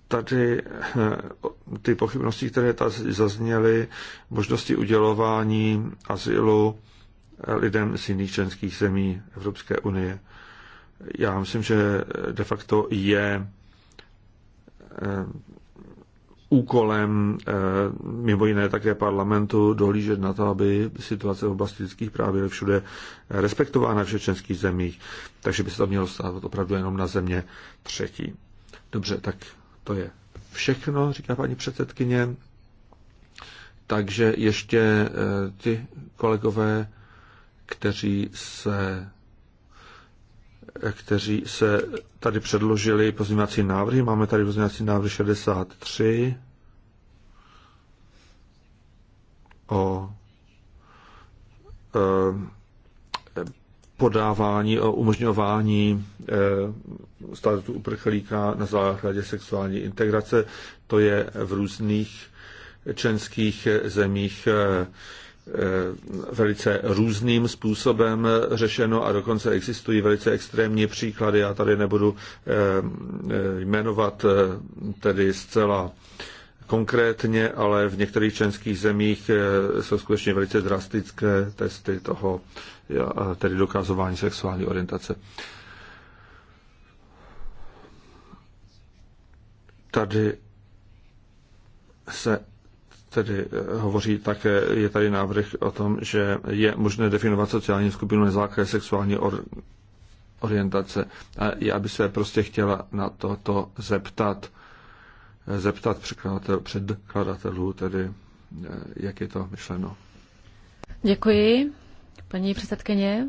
B: tady eh, ty pochybnosti, které tady zazněly, možnosti udělování azylu eh, lidem z jiných členských zemí Evropské unie. Já myslím, že de facto je eh, úkolem mimo jiné také parlamentu dohlížet na to, aby situace v oblasti lidských práv byla všude respektována všech členských zemích, takže by se to mělo stát opravdu jenom na země třetí. Dobře, tak to je všechno, říká paní předsedkyně. Takže ještě eh, ty kolegové, kteří se eh, kteří se tady předložili pozměňovací návrhy. Máme tady pozměňovací návrh 63 o eh, podávání a umožňování eh, státu uprchlíka na základě sexuální integrace. To je v různých členských zemích eh, eh, velice různým způsobem řešeno a dokonce existují velice extrémní příklady. Já tady nebudu jmenovat tedy zcela konkrétně, ale v některých členských zemích eh, jsou skutečně velice drastické testy toho, eh, tedy dokazování sexuální orientace. Tady se tedy eh, hovoří také, je tady návrh o tom, že je možné definovat sociální skupinu na sexuální or- orientace. A já bych se prostě chtěla na toto zeptat zeptat předkladatelů, tedy eh, jak je to myšleno.
A: Děkuji, paní předsedkyně.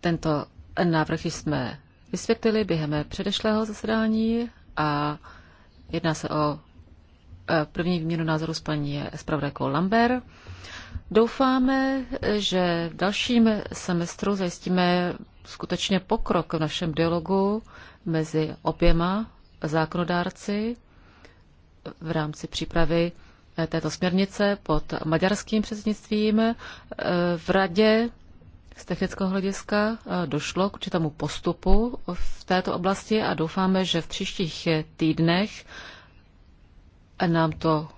A: Tento návrh jsme vysvětlili během předešlého zasedání a jedná se o eh, první výměnu názoru s paní zpravodajkou Lambert. Doufáme, že v dalším semestru zajistíme skutečně pokrok v našem dialogu mezi oběma zákonodárci v rámci přípravy eh, této směrnice pod maďarským předsednictvím. Eh, v radě z technického hlediska eh, došlo k určitému postupu v této oblasti a doufáme, že v příštích týdnech nám to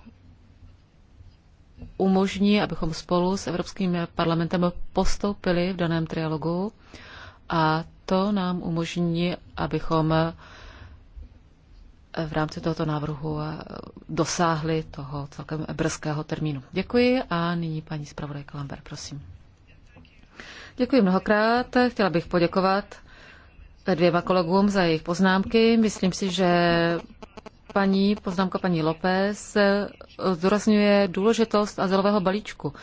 A: umožní, abychom spolu s Evropským parlamentem postoupili v daném trialogu a to nám umožní, abychom v rámci tohoto návrhu dosáhli toho celkem brzkého termínu. Děkuji a nyní paní zpravodajka Lambert, prosím. Děkuji mnohokrát. Chtěla bych poděkovat dvěma kolegům za jejich poznámky. Myslím si, že paní, poznámka paní López zdůrazňuje důležitost azylového balíčku.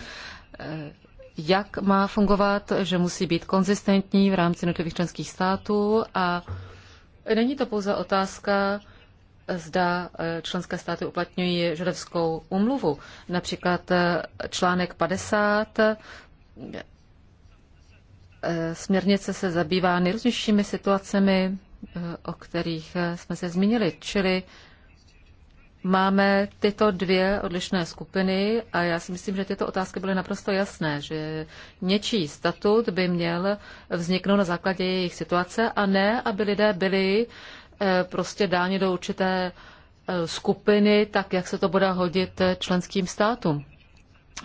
A: Jak má fungovat, že musí být konzistentní v rámci jednotlivých členských států a není to pouze otázka zda e, členské státy uplatňují židovskou umluvu. Například e, článek 50 e, směrnice se zabývá nejrůznějšími situacemi, o kterých jsme se zmínili, čili máme tyto dvě odlišné skupiny a já si myslím, že tyto otázky byly naprosto jasné, že něčí statut by měl vzniknout na základě jejich situace a ne, aby lidé byli uh, Eh, prostě dáni do určité eh, skupiny, tak jak se to bude hodit eh, členským státům.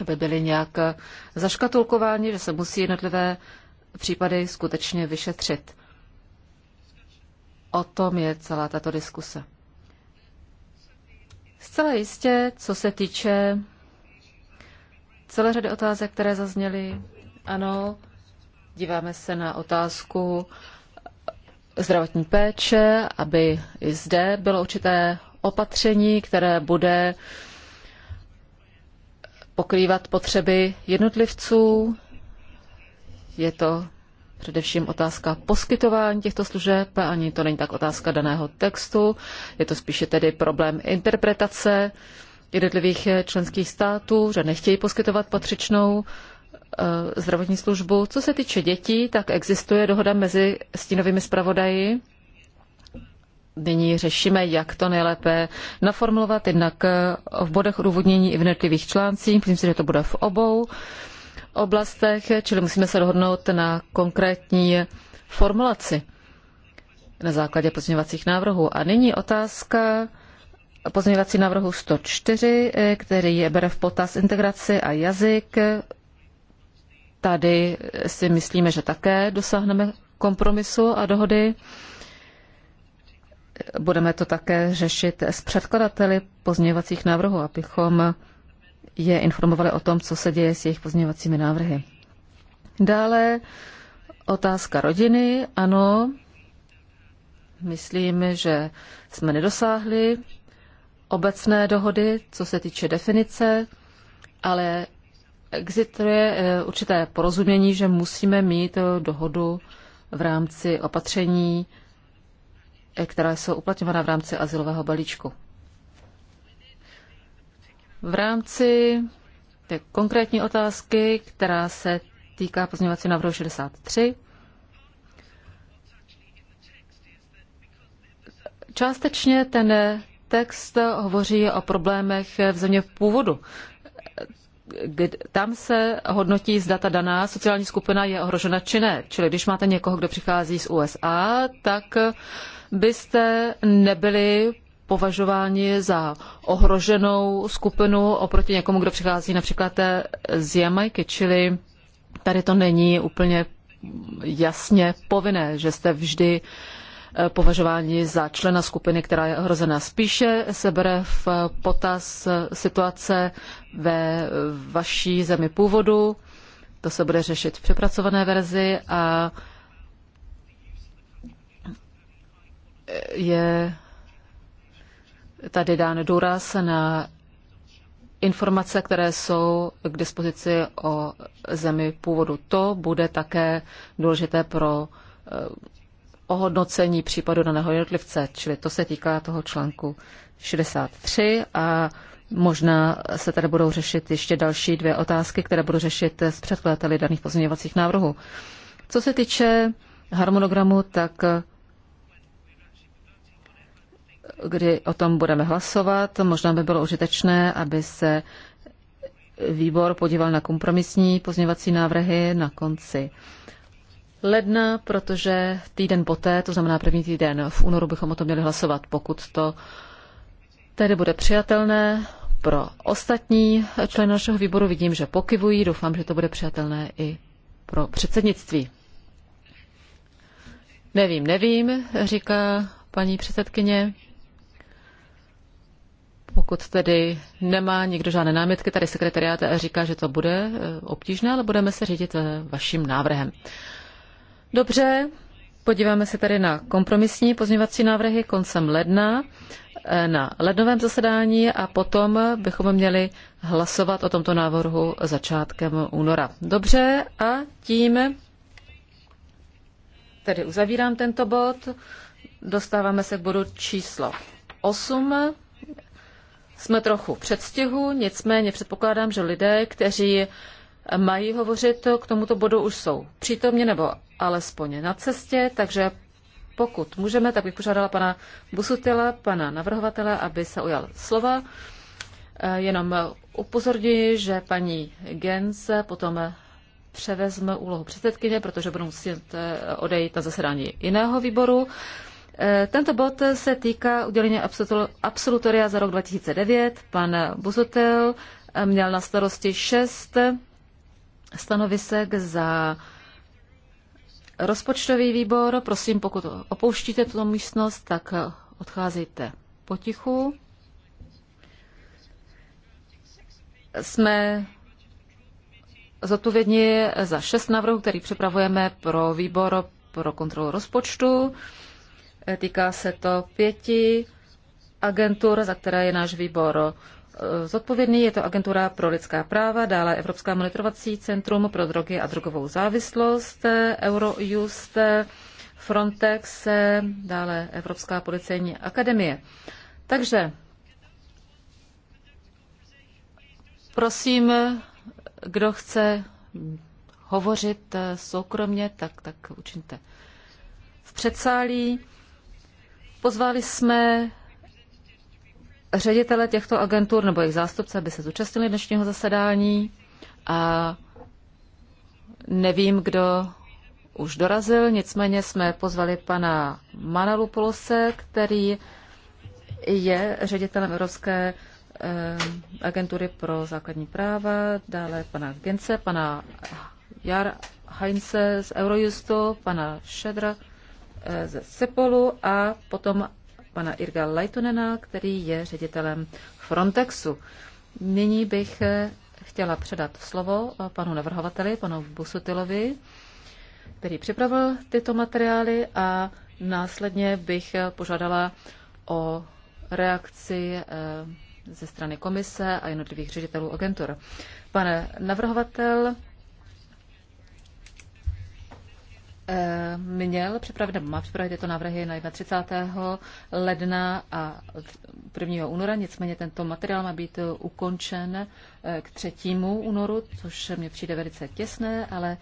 A: Aby byly nějak zaškatulkováni, že se musí jednotlivé případy skutečně vyšetřit. O tom je celá tato diskuse. Zcela jistě, co se týče celé řady otázek, které zazněly, ano, díváme se na otázku zdravotní péče, aby i zde bylo určité opatření, které bude pokrývat potřeby jednotlivců. Je to především otázka poskytování těchto služeb, ani to není tak otázka daného textu, je to spíše tedy problém interpretace jednotlivých členských států, že nechtějí poskytovat patřičnou Eh, zdravotní službu. Co se týče dětí, tak existuje dohoda mezi stínovými zpravodaji. Nyní řešíme, jak to nejlépe naformulovat, jednak eh, v bodech odůvodnění i v jednotlivých článcích. Myslím si, že to bude v obou oblastech, čili musíme se dohodnout na konkrétní formulaci na základě pozměňovacích návrhů. A nyní otázka pozměňovací návrhu 104, eh, který je bere v potaz integraci a jazyk Tady si myslíme, že také dosáhneme kompromisu a dohody. Budeme to také řešit s předkladateli pozměňovacích návrhů, abychom je informovali o tom, co se děje s jejich pozměňovacími návrhy. Dále otázka rodiny. Ano, myslím, že jsme nedosáhli obecné dohody, co se týče definice, ale existuje eh, určité porozumění, že musíme mít eh, dohodu v rámci opatření, eh, která jsou uplatňována v rámci asilového balíčku. V rámci té konkrétní otázky, která se týká pozměňovací návrhu 63, částečně ten text hovoří o problémech v země původu tam se hodnotí, zda ta daná sociální skupina je ohrožena či ne. Čili když máte někoho, kdo přichází z USA, tak byste nebyli považováni za ohroženou skupinu oproti někomu, kdo přichází například z Jamajky, čili tady to není úplně jasně povinné, že jste vždy uh, Eh, považováni za člena skupiny, která je ohrozená. Spíše se bere v potaz eh, situace ve vaší zemi původu, to se bude řešit v přepracované verzi a eh, je tady dán důraz na informace, které jsou k dispozici o zemi původu. To bude také důležité pro ohodnocení případu daného jednotlivce, čili to se týká toho článku 63 a možná se tady budou řešit ještě další dvě otázky, které budou řešit s předkladateli daných pozměňovacích návrhů. Co se týče harmonogramu, tak kdy o tom budeme hlasovat, možná by bylo užitečné, aby se výbor podíval na kompromisní pozměňovací návrhy na konci ledna, protože týden poté, to znamená první týden v únoru, bychom o tom měli hlasovat, pokud to tedy bude přijatelné pro ostatní členy našeho výboru. Vidím, že pokyvují, doufám, že to bude přijatelné i pro předsednictví. Nevím, nevím, říká paní předsedkyně. Pokud tedy nemá nikdo žádné námitky, tady sekretariát říká, že to bude eh, obtížné, ale budeme se řídit eh, vaším návrhem. Dobře, podíváme se tady na kompromisní pozměňovací návrhy koncem ledna eh, na lednovém zasedání a potom bychom měli hlasovat o tomto návrhu začátkem února. Dobře, a tím tedy uzavírám tento bod. Dostáváme se k bodu číslo 8. Jsme trochu předstihu, nicméně předpokládám, že lidé, kteří mají hovořit k tomuto bodu, už jsou přítomně nebo alespoň na cestě, takže pokud můžeme, tak bych požádala pana Busutila, pana navrhovatele, aby se ujal slova. Eh, jenom upozorňuji, že paní Gens potom převezme úlohu předsedkyně, protože budou muset eh, odejít na zasedání jiného výboru. Eh, tento bod se týká udělení absolutoria za rok 2009. Pan Busutil měl na starosti šest stanovisek za rozpočtový výbor. Prosím, pokud opouštíte tuto místnost, tak odcházejte potichu. Jsme zodpovědní za šest návrhů, který připravujeme pro výbor pro kontrolu rozpočtu. Týká se to pěti agentur, za které je náš výbor zodpovědný, je to Agentura pro lidská práva, dále Evropská monitorovací centrum pro drogy a drogovou závislost, Eurojust, Frontex, dále Evropská policejní akademie. Takže prosím, kdo chce hovořit soukromně, tak, tak učiňte. V předsálí pozvali jsme ředitele těchto agentur nebo jejich zástupce by se zúčastnili dnešního zasedání a nevím, kdo už dorazil, nicméně jsme pozvali pana Manalu Polose, který je ředitelem Evropské eh, agentury pro základní práva, dále pana Gence, pana Jar Heinze z Eurojustu, pana Šedra eh, ze Sepolu a potom pana Irga Leitonena, který je ředitelem Frontexu. Nyní bych eh, chtěla předat slovo eh, panu navrhovateli, panu Busutilovi, který připravil tyto materiály a následně bych eh, požádala o reakci ze strany komise a jednotlivých ředitelů agentur. Pane navrhovatel, Eh, měl připravit, nebo má připravit tyto návrhy na 31. ledna a 1. února, nicméně tento materiál má být eh, ukončen eh, k 3. únoru, což mě přijde velice těsné, ale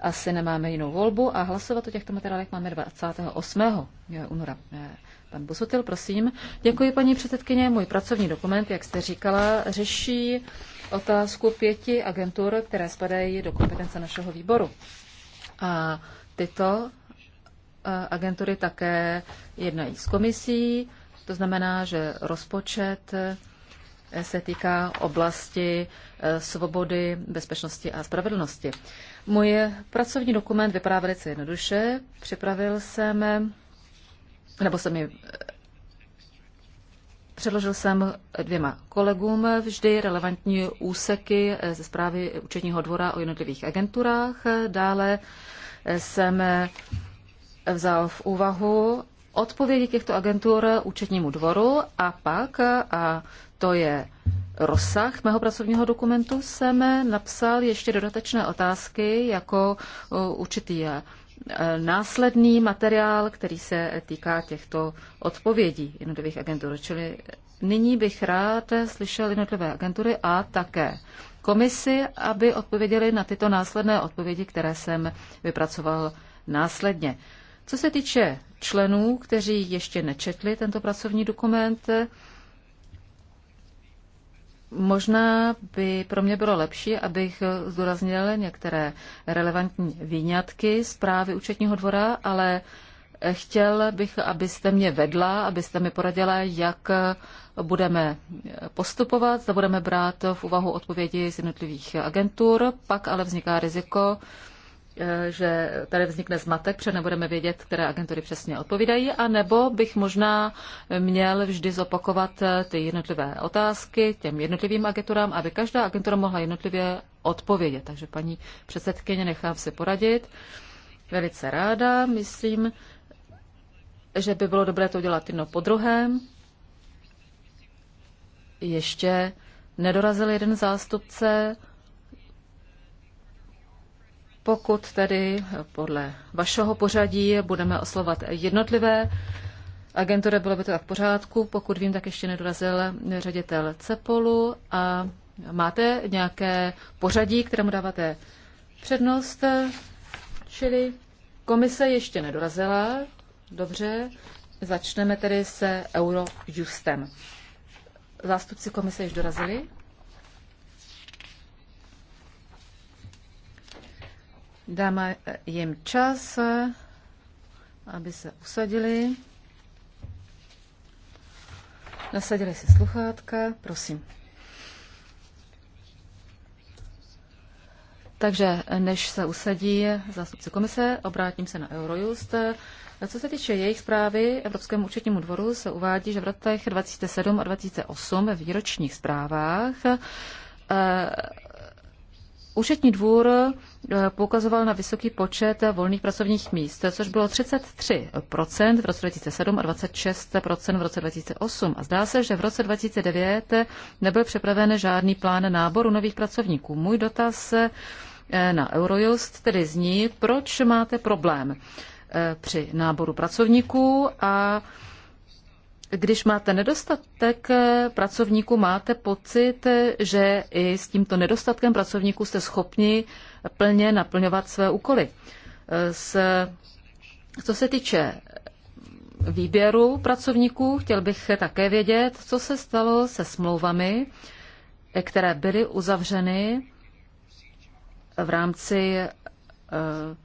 A: asi nemáme jinou volbu a hlasovat o těchto materiálech máme 28. února. Pan Busutil, prosím. Děkuji, paní předsedkyně. Můj pracovní dokument, jak jste říkala, řeší otázku pěti agentur, které spadají do kompetence našeho výboru. A tyto eh, agentury také jednají s komisí, to znamená, že rozpočet eh, se týká oblasti eh, svobody, bezpečnosti a spravedlnosti. Můj pracovní dokument vypadá velice jednoduše. Připravil jsem, nebo jsem ji Předložil jsem dvěma kolegům vždy relevantní úseky ze zprávy účetního dvora o jednotlivých agenturách. Dále jsem eh, vzal v úvahu odpovědi těchto agentur účetnímu dvoru a pak, eh, a to je rozsah mého pracovního dokumentu, jsem eh, napsal ještě dodatečné otázky jako určitý následný materiál, který se týká těchto odpovědí jednotlivých agentur. Čili nyní bych rád slyšel jednotlivé agentury a také komisi, aby odpověděli na tyto následné odpovědi, které jsem vypracoval následně. Co se týče členů, kteří ještě nečetli tento pracovní dokument, Možná by pro mě bylo lepší, abych zdůraznil některé relevantní výňatky zprávy účetního dvora, ale Chtěl bych, abyste mě vedla, abyste mi poradila, jak budeme postupovat, zda budeme brát v úvahu odpovědi z jednotlivých agentur, pak ale vzniká riziko, eh, že tady vznikne zmatek, protože nebudeme vědět, které agentury přesně odpovídají, a nebo bych možná měl vždy zopakovat eh, ty jednotlivé otázky těm jednotlivým agenturám, aby každá agentura mohla jednotlivě odpovědět. Takže paní předsedkyně, nechám se poradit. Velice ráda, myslím, že by bylo dobré to dělat jedno po druhém. Ještě nedorazil jeden zástupce. Pokud tedy podle vašeho pořadí budeme oslovat jednotlivé agentury, bylo by to tak v pořádku. Pokud vím, tak ještě nedorazil ředitel Cepolu a máte nějaké pořadí, kterému dáváte přednost, čili komise ještě nedorazila, Dobře, začneme tedy se Eurojustem. Zástupci komise již dorazili. Dáme jim čas, aby se usadili. Nasadili si sluchátka, prosím. Takže než se usadí zástupci komise, obrátím se na Eurojust. Co se týče jejich zprávy, Evropskému účetnímu dvoru se uvádí, že v letech 2007 a 2008 ve výročních zprávách eh, Účetní dvůr eh, poukazoval na vysoký počet volných pracovních míst, což bylo 33% v roce 2007 a 26% v roce 2008. A zdá se, že v roce 2009 nebyl připraven žádný plán náboru nových pracovníků. Můj dotaz eh, na Eurojust tedy zní, proč máte problém Eh, při náboru pracovníků a když máte nedostatek eh, pracovníků, máte pocit, eh, že i s tímto nedostatkem pracovníků jste schopni plně naplňovat své úkoly. S, co se týče výběru pracovníků, chtěl bych také vědět, co se stalo se smlouvami, které byly uzavřeny v rámci uh,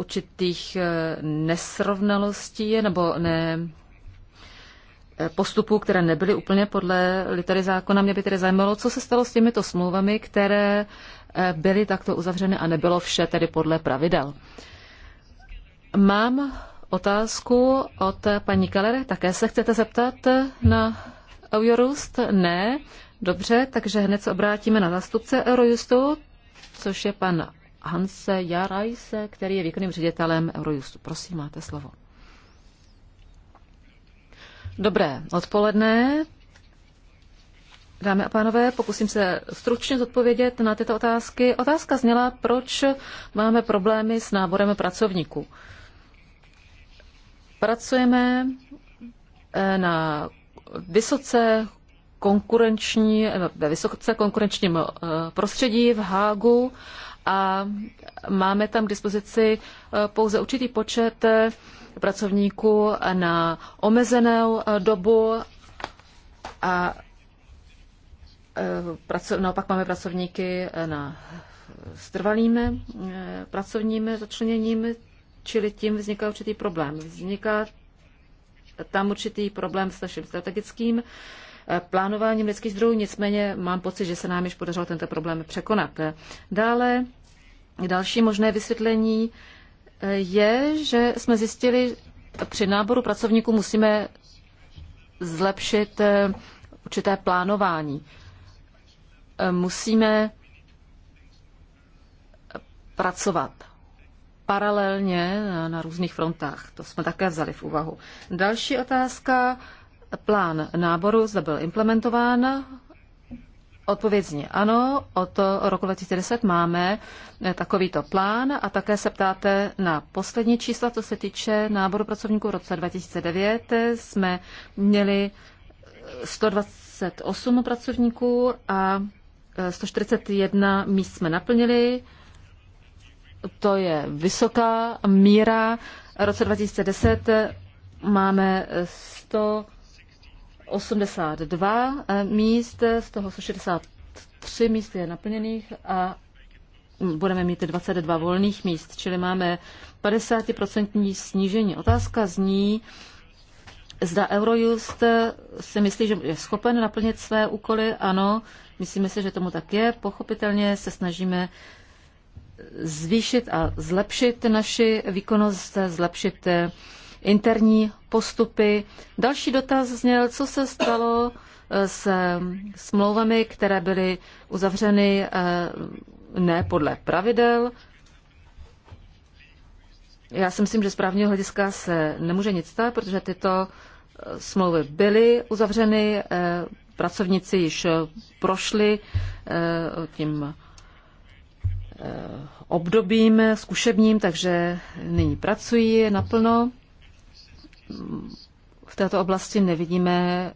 A: určitých eh, nesrovnalostí nebo ne, eh, postupů, které nebyly úplně podle litery zákona. Mě by tedy zajímalo, co se stalo s těmito smlouvami, které eh, byly takto uzavřeny a nebylo vše tedy podle pravidel. Mám otázku od paní Kalere. Také se chcete zeptat na Eurojust? Ne. Dobře, takže hned se obrátíme na zástupce Eurojustu, což je pan Hanse Jarajse, který je výkonným ředitelem Eurojustu. Prosím, máte slovo. Dobré odpoledne. Dámy a pánové, pokusím se stručně zodpovědět na tyto otázky. Otázka zněla, proč máme problémy s náborem pracovníků. Pracujeme eh, na vysoce konkurenční, eh, ve vysoce konkurenčním eh, prostředí v Hágu a máme tam k dispozici eh, pouze určitý počet eh, pracovníků na omezenou eh, dobu a naopak máme pracovníky na s trvalými pracovními začleněními, čili tím vzniká určitý problém. Vzniká tam určitý problém s naším strategickým plánováním lidských zdrojů, nicméně mám pocit, že se nám již podařilo tento problém překonat. Dále další možné vysvětlení eh, je, že jsme zjistili, při náboru pracovníků musíme zlepšit eh, určité plánování. Eh, musíme pracovat paralelně na, na různých frontách. To jsme také vzali v úvahu. Další otázka plán náboru zda byl implementován. Odpověď zní ano, od roku 2010 máme eh, takovýto plán a také se ptáte na poslední čísla, co se týče náboru pracovníků v roce 2009. Jsme měli 128 eh, pracovníků a 141 eh, míst jsme naplnili. To je vysoká míra. V roce 2010 máme 100 82 eh, míst, z toho 163 míst je naplněných a budeme mít 22 volných míst, čili máme 50% snížení. Otázka zní, zda Eurojust si myslí, že je schopen naplnit své úkoly. Ano, myslíme si, že tomu tak je. Pochopitelně se snažíme zvýšit a zlepšit naši výkonnost, zlepšit interní postupy. Další dotaz zněl, co se stalo eh, s smlouvami, které byly uzavřeny eh, ne podle pravidel. Já si myslím, že z právního hlediska se nemůže nic stát, protože tyto eh, smlouvy byly uzavřeny, pracovníci již prošli tím obdobím zkušebním, takže nyní pracují naplno v této oblasti nevidíme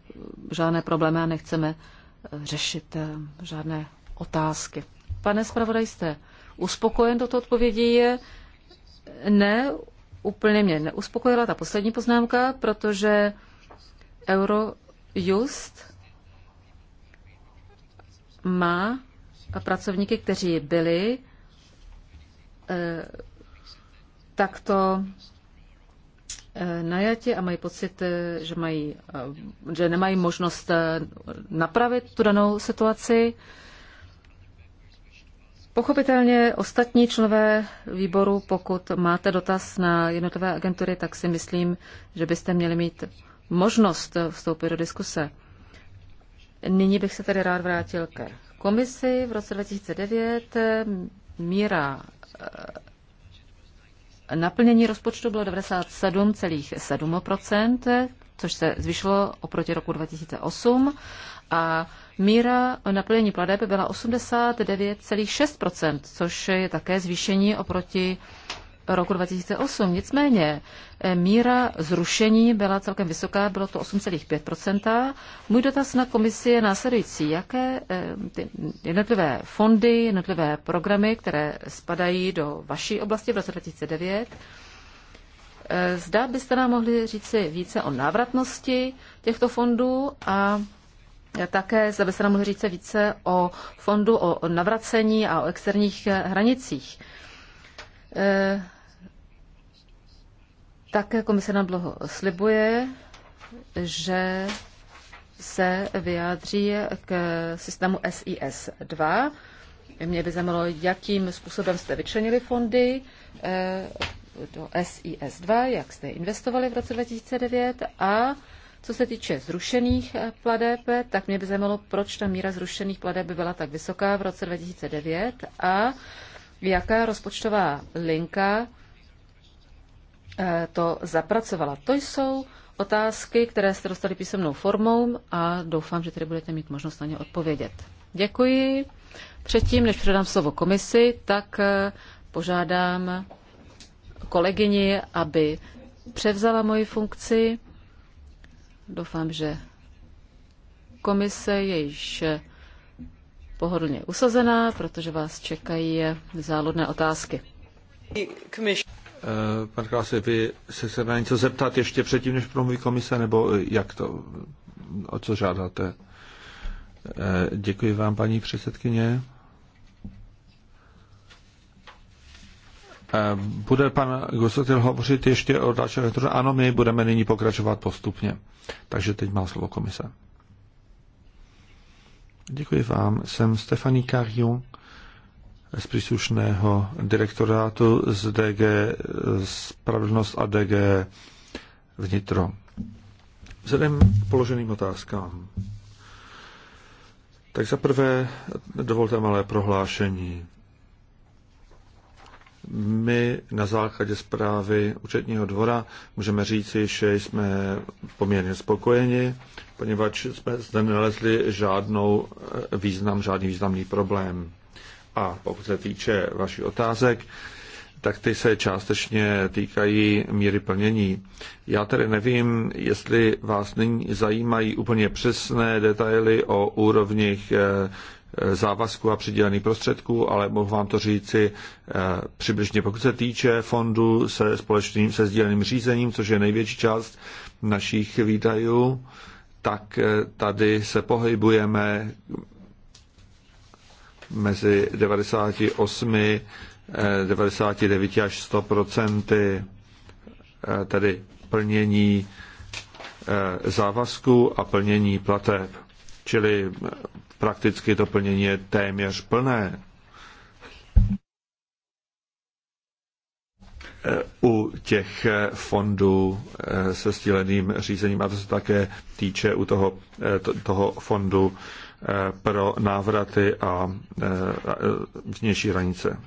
A: žádné problémy a nechceme eh, řešit eh, žádné otázky. Pane zpravodaj, jste uspokojen toto odpovědí? Je ne, úplně mě neuspokojila ta poslední poznámka, protože Eurojust má pracovníky, kteří byli eh, takto Eh, najatě a mají pocit, eh, že, mají, eh, že nemají možnost napravit tu danou situaci. Pochopitelně ostatní členové výboru, pokud máte dotaz na jednotlivé agentury, tak si myslím, že byste měli mít možnost vstoupit do diskuse. Nyní bych se tedy rád vrátil ke komisi. V roce 2009 míra Naplnění rozpočtu bylo 97,7%, což se zvyšilo oproti roku 2008 a míra naplnění pladeb byla 89,6%, což je také zvýšení oproti roku 2008. Nicméně eh, míra zrušení byla celkem vysoká, bylo to 8,5 Můj dotaz na komisi je následující. Jaké eh, ty jednotlivé fondy, jednotlivé programy, které spadají do vaší oblasti v roce 2009, eh, Zda byste nám mohli říci více o návratnosti těchto fondů a také, zda byste nám mohli říct více o fondu o navracení a o externích hranicích. Eh, Také komise nám dlouho slibuje, že se vyjádří k systému SIS 2. Mě by zajímalo, jakým způsobem jste vyčlenili fondy eh, do SIS 2, jak jste investovali v roce 2009 a co se týče zrušených eh, pladeb, tak mě by zajímalo, proč ta míra zrušených pladeb byla tak vysoká v roce 2009 a jaká rozpočtová linka eh, to zapracovala. To jsou otázky, které jste dostali písemnou formou a doufám, že tedy budete mít možnost na ně odpovědět. Děkuji. Předtím, než předám slovo komisi, tak eh, požádám kolegyni, aby převzala moji funkci. Doufám, že komise je již pohodlně usazená, protože vás čekají záludné otázky. Eh,
B: pan Kláse, vy se chcete na něco zeptat ještě předtím, než promluví komise, nebo jak to, o co žádáte? Eh, děkuji vám, paní předsedkyně. Eh, bude pan Gosotil hovořit ještě o dalším Ano, my budeme nyní pokračovat postupně. Takže teď má slovo komise. Děkuji vám. Jsem Stefaní Carion z příslušného direktorátu z DG Spravedlnost a DG Vnitro. Vzhledem k položeným otázkám. Tak za prvé dovolte malé prohlášení. My na základě zprávy účetního dvora můžeme říci, že jsme poměrně spokojeni, poněvadž jsme zde nalezli žádnou eh, význam, žádný významný problém. A pokud se týče vašich otázek, tak ty se částečně týkají míry plnění. Já tedy nevím, jestli vás nyní zajímají úplně přesné detaily o úrovních eh, závazků a přidělených prostředků, ale mohu vám to říci eh, přibližně. Pokud se týče fondu se společným, se sdíleným řízením, což je největší část našich výdajů, tak eh, tady se pohybujeme mezi 98, 99 eh, až 100 procenty tedy plnění závazků a plnění plateb. Čili prakticky to plnění je téměř plné. u těch fondů se stíleným řízením, a to se také týče u toho, toho fondu pro návraty a vnější hranice.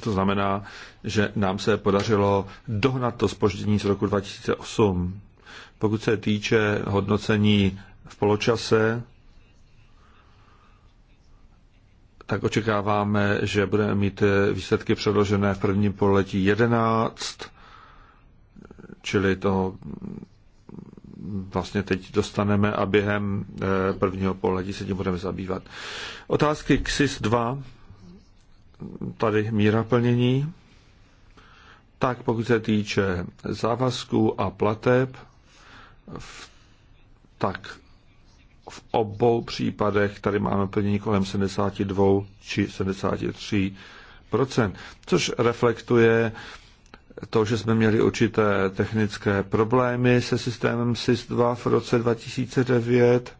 B: To znamená, že nám se podařilo dohnat to spoždění z roku 2008. Pokud se týče hodnocení v poločase, tak očekáváme, že budeme mít eh, výsledky předložené v prvním pololetí 11, čili to mm, vlastně teď dostaneme a během eh, prvního pololetí se tím budeme zabývat. Otázky XIS 2, tady míra plnění. Tak pokud se týče závazků a plateb, v, tak v obou případech tady máme plnění kolem 72 či 73 což reflektuje to, že jsme měli určité technické problémy se systémem SIS-2 v roce 2009.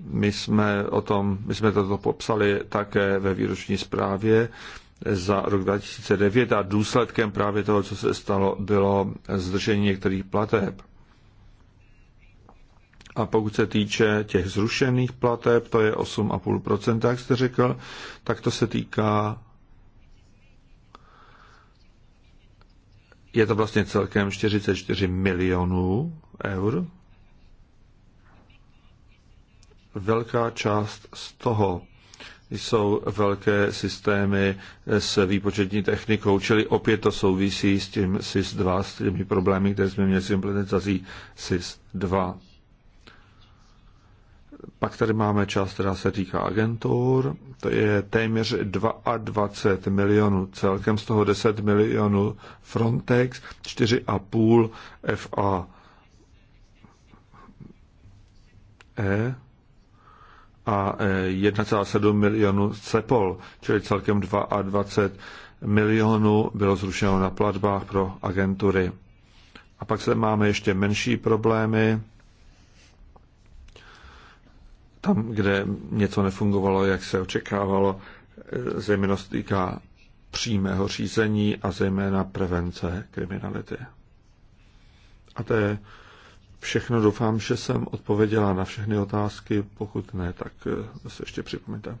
B: My jsme, o tom, my jsme toto popsali také ve výroční zprávě za rok 2009 a důsledkem právě toho, co se stalo, bylo zdržení některých plateb. A pokud se týče těch zrušených plateb, to je 8,5%, jak jste řekl, tak to se týká je to vlastně celkem 44 milionů eur. Velká část z toho jsou velké systémy s výpočetní technikou, čili opět to souvisí s tím SIS-2, s těmi problémy, které jsme měli s implementací SIS-2. Pak tady máme část, která se týká agentur. To je téměř 22 milionů celkem, z toho 10 milionů Frontex, 4,5 FA. E a 1,7 e, milionů CEPOL, čili celkem 22 milionů bylo zrušeno na platbách pro agentury. A pak se máme ještě menší problémy tam, kde něco nefungovalo, jak se očekávalo, e, zejména se týká přímého řízení a zejména prevence kriminality. A to je všechno. Doufám, že jsem odpověděla na všechny otázky. Pokud ne, tak e, se ještě připomeňte.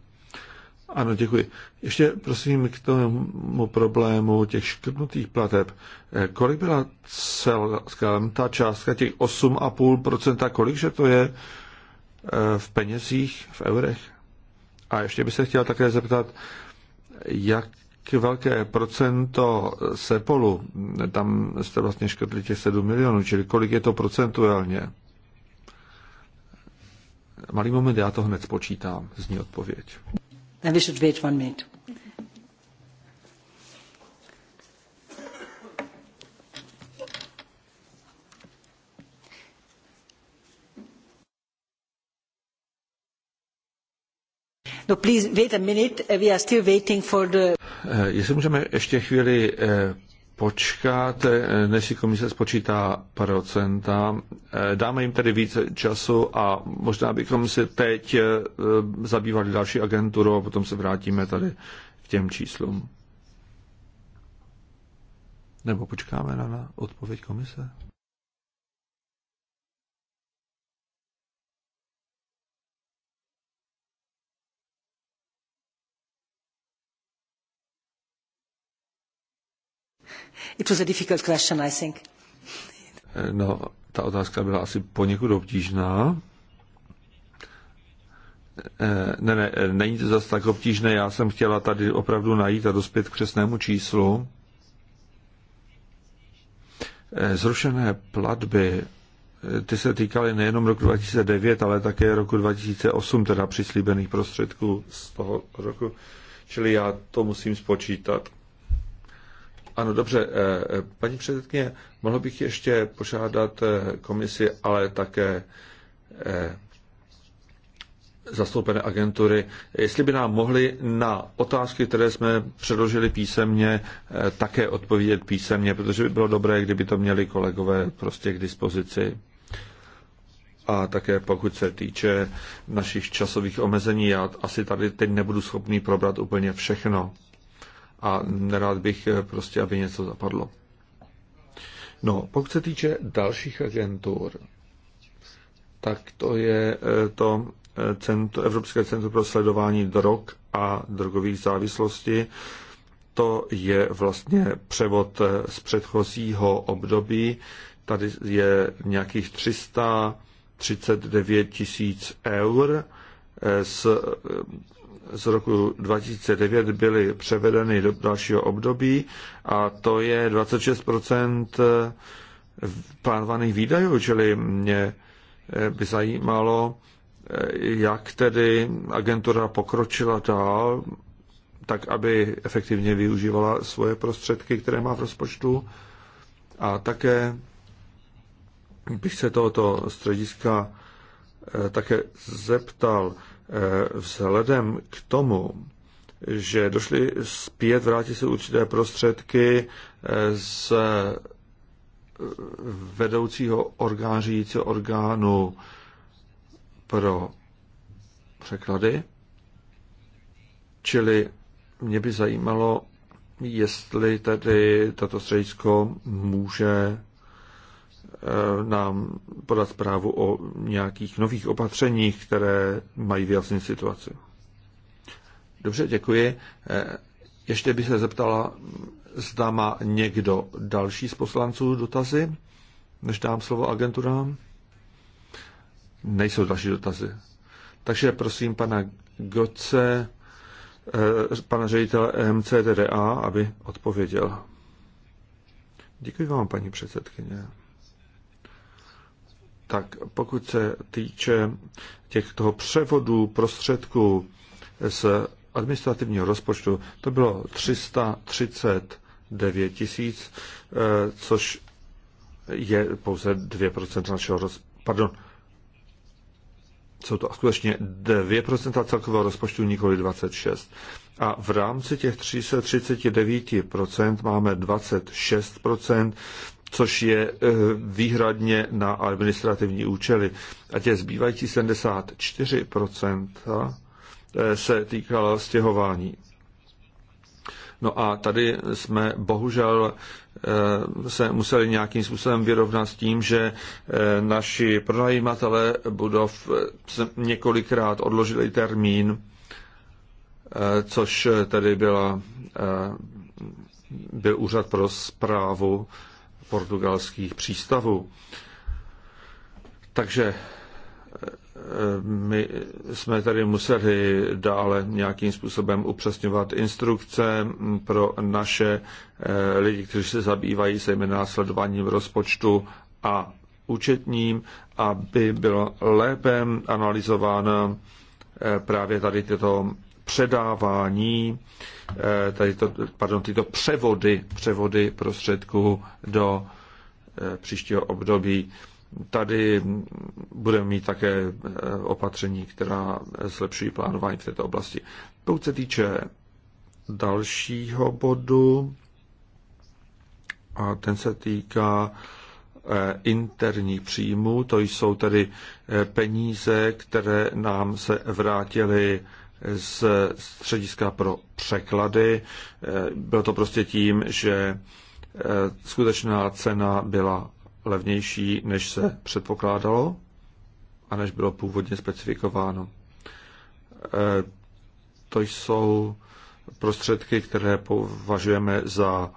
B: Ano, děkuji. Ještě prosím k tomu problému těch škrtnutých plateb. E, kolik byla celkem ta částka, těch 8,5%, kolik, že to je v penězích, v eurech? A ještě bych se chtěl také zeptat, jak velké procento Sepolu, tam jste vlastně škrtli těch 7 milionů, čili kolik je to procentuálně? Malý moment, já to hned spočítám, zní odpověď.
C: Then we should wait one minute. No please wait a minute, we are still waiting for the...
B: Eh, jestli můžeme ještě chvíli eh, počkat, eh, než si komise spočítá procenta. Dáme jim tedy více času a možná bychom se teď zabývali další agenturu a potom se vrátíme tady k těm číslům. Nebo počkáme na odpověď komise?
C: It was a difficult question, I think.
B: No, ta otázka byla asi poněkud obtížná. Eh, ne, ne, není to zase tak obtížné. Já jsem chtěla tady opravdu najít a dospět k přesnému číslu. Eh, zrušené platby, eh, ty se týkaly nejenom roku 2009, ale také roku 2008, teda přislíbených prostředků z toho roku. Čili já to musím spočítat. Ano, dobře. Eh, eh, paní předsedkyně, mohl bych ještě požádat eh, komisi, ale také zastoupené agentury, jestli by nám mohli na otázky, které jsme předložili písemně, také odpovědět písemně, protože by bylo dobré, kdyby to měli kolegové prostě k dispozici. A také pokud se týče našich časových omezení, já asi tady teď nebudu schopný probrat úplně všechno a nerád bych eh, prostě, aby něco zapadlo. No, pokud se týče dalších agentur, tak to je eh, to eh, centru, Evropské centrum pro sledování drog a drogových závislostí. To je vlastně převod z předchozího období. Tady je nějakých 339 tisíc eur z z roku 2009 byly převedeny do dalšího období a to je 26 eh, plánovaných výdajů, čili mě eh, by zajímalo, eh, jak tedy agentura pokročila dál, tak aby efektivně využívala svoje prostředky, které má v rozpočtu. A také bych se tohoto střediska také zeptal, Eh, vzhledem k tomu, že došly zpět, vrátí se určité prostředky eh, z eh, vedoucího orgánu, řídícího orgánu pro překlady. Čili mě by zajímalo, jestli tedy tato středisko může Eh, nám podat zprávu o nějakých nových opatřeních, které mají vyjasnit situaci. Dobře, děkuji. Eh, ještě by se zeptala, zda má někdo další z poslanců dotazy, než dám slovo agenturám. Nejsou další dotazy. Takže prosím pana Goce, eh, pana ředitele MCDDA, aby odpověděl. Děkuji vám, paní předsedkyně tak pokud se týče těch toho převodu prostředků z administrativního rozpočtu, to bylo 339 tisíc, eh, což je pouze 2% našeho roz... Pardon, jsou to skutečně 2% celkového rozpočtu, nikoli 26. A v rámci těch 339% máme 26%, což je eh, výhradně na administrativní účely. A těch zbývající 74% eh, se týkalo stěhování. No a tady jsme bohužel eh, se museli nějakým způsobem vyrovnat s tím, že naši pronajímatele budov několikrát odložili termín, což tedy byla, byl úřad pro zprávu portugalských přístavů. Takže eh, my jsme tady museli dále nějakým způsobem upřesňovat instrukce pro naše eh, lidi, kteří se zabývají zejména sledováním rozpočtu a účetním, aby bylo lépe analyzováno eh, právě tady tyto předávání, eh, tady to, pardon, tyto převody, převody prostředků do eh, příštího období. Tady budeme mít také eh, opatření, která zlepšují plánování v této oblasti. Pokud se týče dalšího bodu, a ten se týká interní příjmu. to jsou tedy peníze, které nám se vrátily z střediska pro překlady. Eh, bylo to prostě tím, že eh, skutečná cena byla levnější, než se předpokládalo a než bylo původně specifikováno. Eh, to jsou prostředky, které považujeme za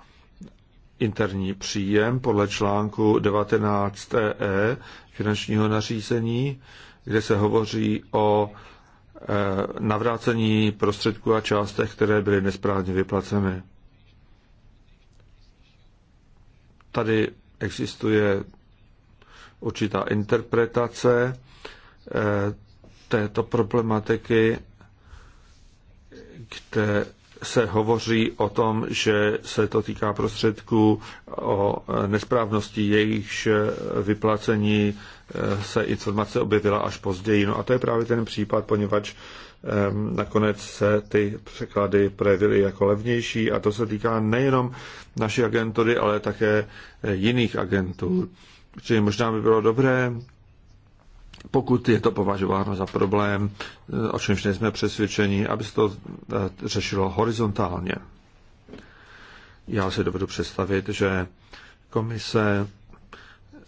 B: interní příjem podle článku 19e e finančního nařízení, kde se hovoří o Eh, navrácení prostředků a částech, které byly nesprávně vyplaceny. Tady existuje určitá interpretace eh, této problematiky, které se hovoří o tom, že se to týká prostředků o nesprávnosti jejichž vyplacení eh, se informace objevila až později. No a to je právě ten případ, poněvadž nakonec se ty překlady projevily jako levnější a to se týká nejenom naší agentury, ale také jiných agentů. Čili možná by bylo dobré pokud je to považováno za problém, eh, o čemž nejsme přesvědčeni, aby se to eh, řešilo horizontálně. Já si dovedu představit, že komise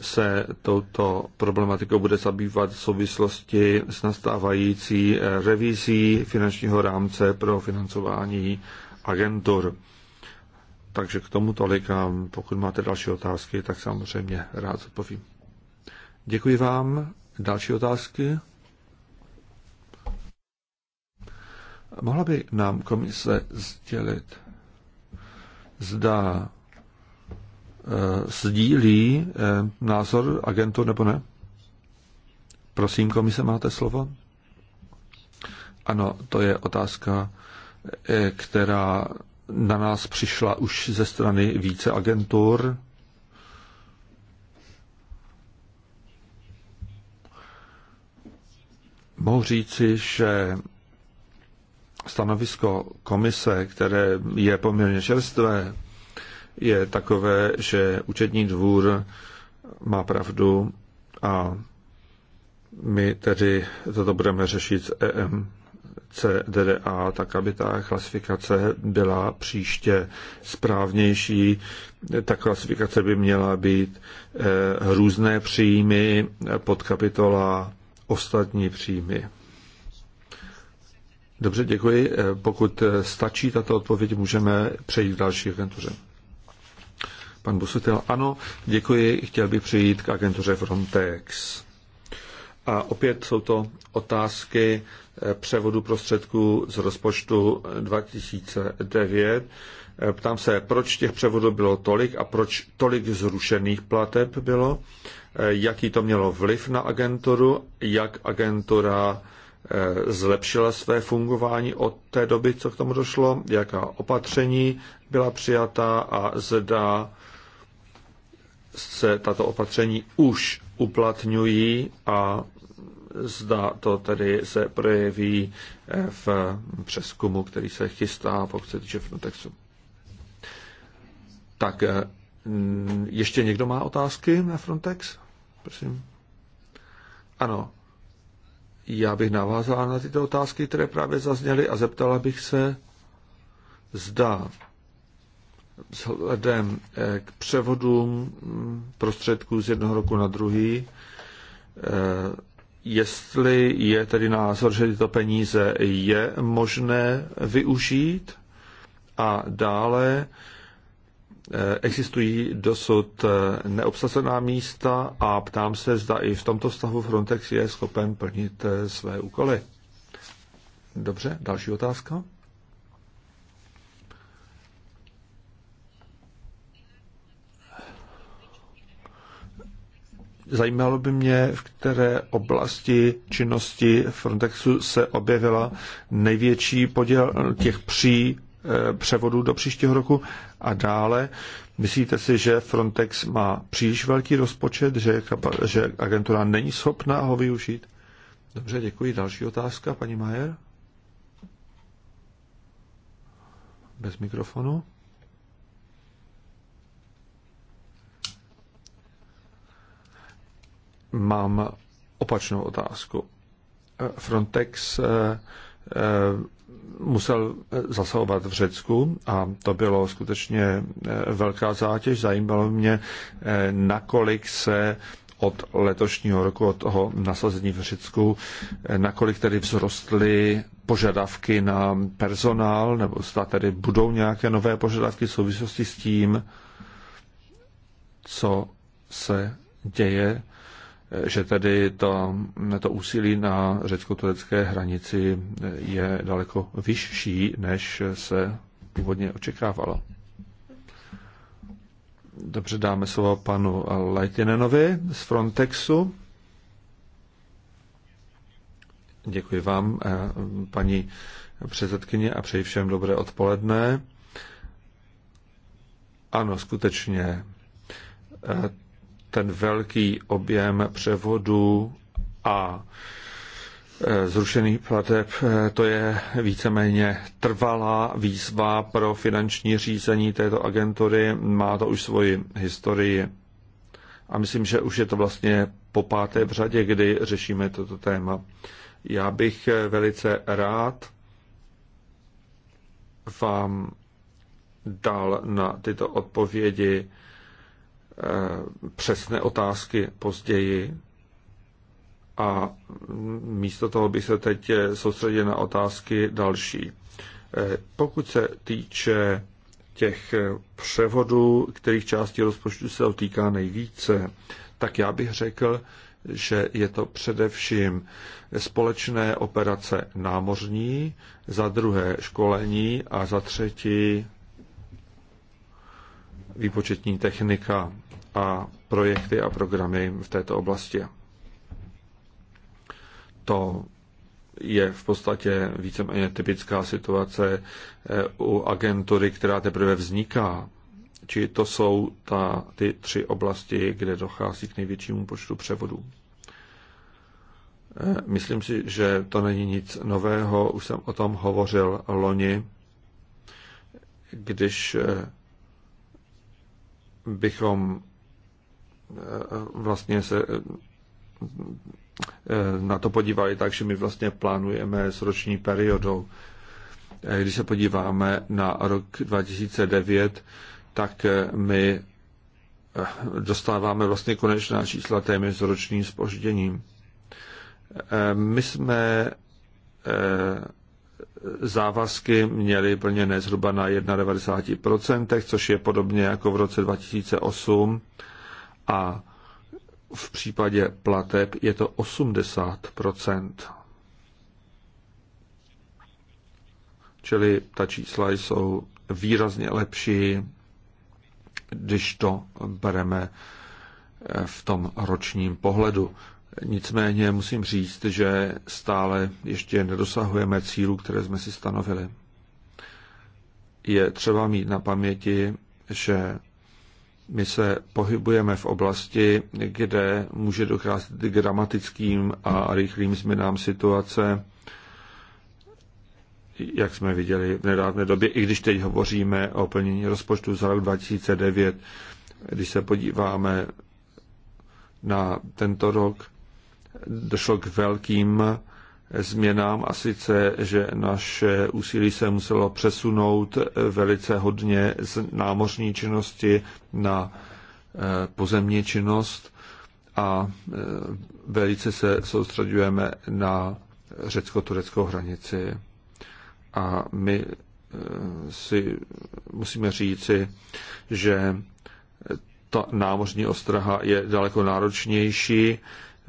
B: se touto problematikou bude zabývat v souvislosti s nastávající eh, revizí finančního rámce pro financování agentur. Takže k tomu tolik a pokud máte další otázky, tak samozřejmě rád odpovím. Děkuji vám Další otázky? Mohla by nám komise sdělit, zda e, sdílí e, názor agentu nebo ne? Prosím, komise, máte slovo? Ano, to je otázka, e, která na nás přišla už ze strany více agentur. Mohu říci, že stanovisko komise, které je poměrně čerstvé, je takové, že účetní dvůr má pravdu a my tedy toto budeme řešit s EMCDDA, tak aby ta klasifikace byla příště správnější. Ta klasifikace by měla být eh, různé příjmy pod kapitola ostatní příjmy. Dobře, děkuji. Pokud stačí tato odpověď, můžeme přejít k další agentuře. Pan Busutil, ano, děkuji. Chtěl bych přejít k agentuře Frontex. A opět jsou to otázky převodu prostředků z rozpočtu 2009. Ptám se, proč těch převodů bylo tolik a proč tolik zrušených plateb bylo jaký to mělo vliv na agenturu, jak agentura eh, zlepšila své fungování od té doby, co k tomu došlo, jaká opatření byla přijata a zda se tato opatření už uplatňují a zda to tedy se projeví eh, v přeskumu, který se chystá, pokud se týče Frontexu. Tak eh, ještě někdo má otázky na Frontex? Prosím. Ano, já bych navázal na tyto otázky, které právě zazněly a zeptala bych se, zda vzhledem eh, k převodům hm, prostředků z jednoho roku na druhý, eh, jestli je tedy názor, že tyto peníze je možné využít a dále, Eh, existují dosud eh, neobsazená místa a ptám se, zda i v tomto stavu Frontex je schopen plnit eh, své úkoly. Dobře, další otázka. Zajímalo by mě, v které oblasti činnosti Frontexu se objevila největší podíl těch pří Eh, převodu do příštího roku? A dále, myslíte si, že Frontex má příliš velký rozpočet, že, že agentura není schopná ho využít? Dobře, děkuji. Další otázka, paní Majer? Bez mikrofonu. Mám opačnou otázku. Eh, Frontex eh, musel eh, zasahovat v Řecku a to bylo skutečně eh, velká zátěž. Zajímalo mě, eh, nakolik se od letošního roku, od toho nasazení v Řecku, nakolik tedy vzrostly požadavky na personál, nebo zda tedy budou nějaké nové požadavky v souvislosti s tím, co se děje že tedy to, to úsilí na řecko-turecké hranici je daleko vyšší, než se původně očekávalo. Dobře, dáme slovo panu Leitinenovi z Frontexu. Děkuji vám, eh, paní předsedkyně, a přeji všem dobré odpoledne. Ano, skutečně. Eh, ten velký objem převodů a e, zrušených plateb, e, to je víceméně trvalá výzva pro finanční řízení této agentury. Má to už svoji historii. A myslím, že už je to vlastně po páté v řadě, kdy řešíme toto téma. Já bych e, velice rád vám dal na tyto odpovědi Eh, přesné otázky později a místo toho bych se teď eh, soustředil na otázky další. Eh, pokud se týče těch převodů, kterých části rozpočtu se týká nejvíce, tak já bych řekl, že je to především společné operace námořní, za druhé školení a za třetí výpočetní technika a projekty a programy v této oblasti. To je v podstatě víceméně typická situace eh, u agentury, která teprve vzniká. Či to jsou ta, ty tři oblasti, kde dochází k největšímu počtu převodů. Eh, myslím si, že to není nic nového. Už jsem o tom hovořil loni, když eh, bychom vlastně se eh, eh, na to podívali tak, že my vlastně plánujeme s roční periodou. Eh, když se podíváme na rok 2009, tak my dostáváme vlastně konečná čísla téměř s ročním spožděním. My jsme závazky měly plněné zhruba na 91%, což je podobně jako v roce 2008 a v případě plateb je to 80 Čili ta čísla jsou výrazně lepší, když to bereme eh, v tom ročním pohledu. Nicméně musím říct, že stále ještě nedosahujeme cílů, které jsme si stanovili. Je třeba mít na paměti, že my se pohybujeme v oblasti, kde může docházet k dramatickým a rychlým změnám situace, jak jsme viděli v nedávné době, i když teď hovoříme o plnění rozpočtu za rok 2009, když se podíváme na tento rok, došlo k velkým změnám a sice, že naše úsilí se muselo přesunout velice hodně z námořní činnosti na eh, pozemní činnost a eh, velice se soustředujeme na řecko-tureckou hranici. A my eh, si musíme říci, že ta námořní ostraha je daleko náročnější,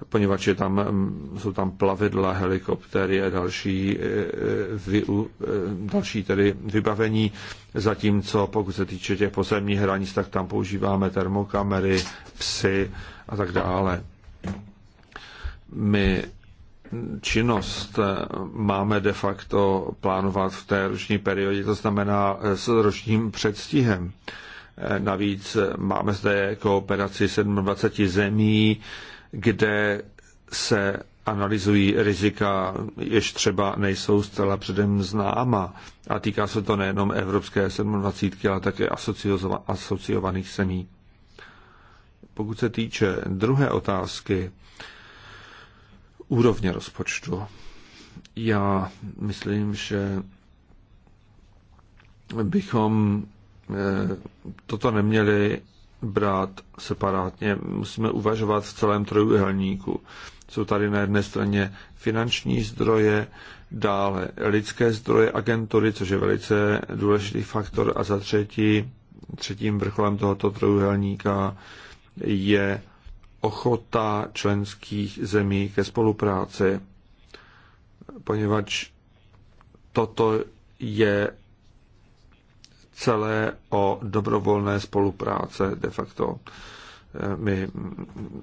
B: poněvadž je tam, mm, jsou tam plavidla, helikoptery a další, e, e, vy, e, další tedy vybavení, zatímco pokud se týče těch pozemních hranic, tak tam používáme termokamery, psy a tak dále. My činnost máme de facto plánovat v té roční periodě, to znamená s ročním předstihem. Navíc máme zde kooperaci 27 zemí, kde se analyzují rizika, jež třeba nejsou zcela předem známa. A týká se to nejenom Evropské 27, ale také asociovaných zemí. Pokud se týče druhé otázky, úrovně rozpočtu, já myslím, že bychom eh, toto neměli brát separátně. Musíme uvažovat v celém trojuhelníku. Jsou tady na jedné straně finanční zdroje, dále lidské zdroje agentury, což je velice důležitý faktor, a za třetí, třetím vrcholem tohoto trojuhelníka je ochota členských zemí ke spolupráci, poněvadž toto je celé o dobrovolné spolupráce de facto. My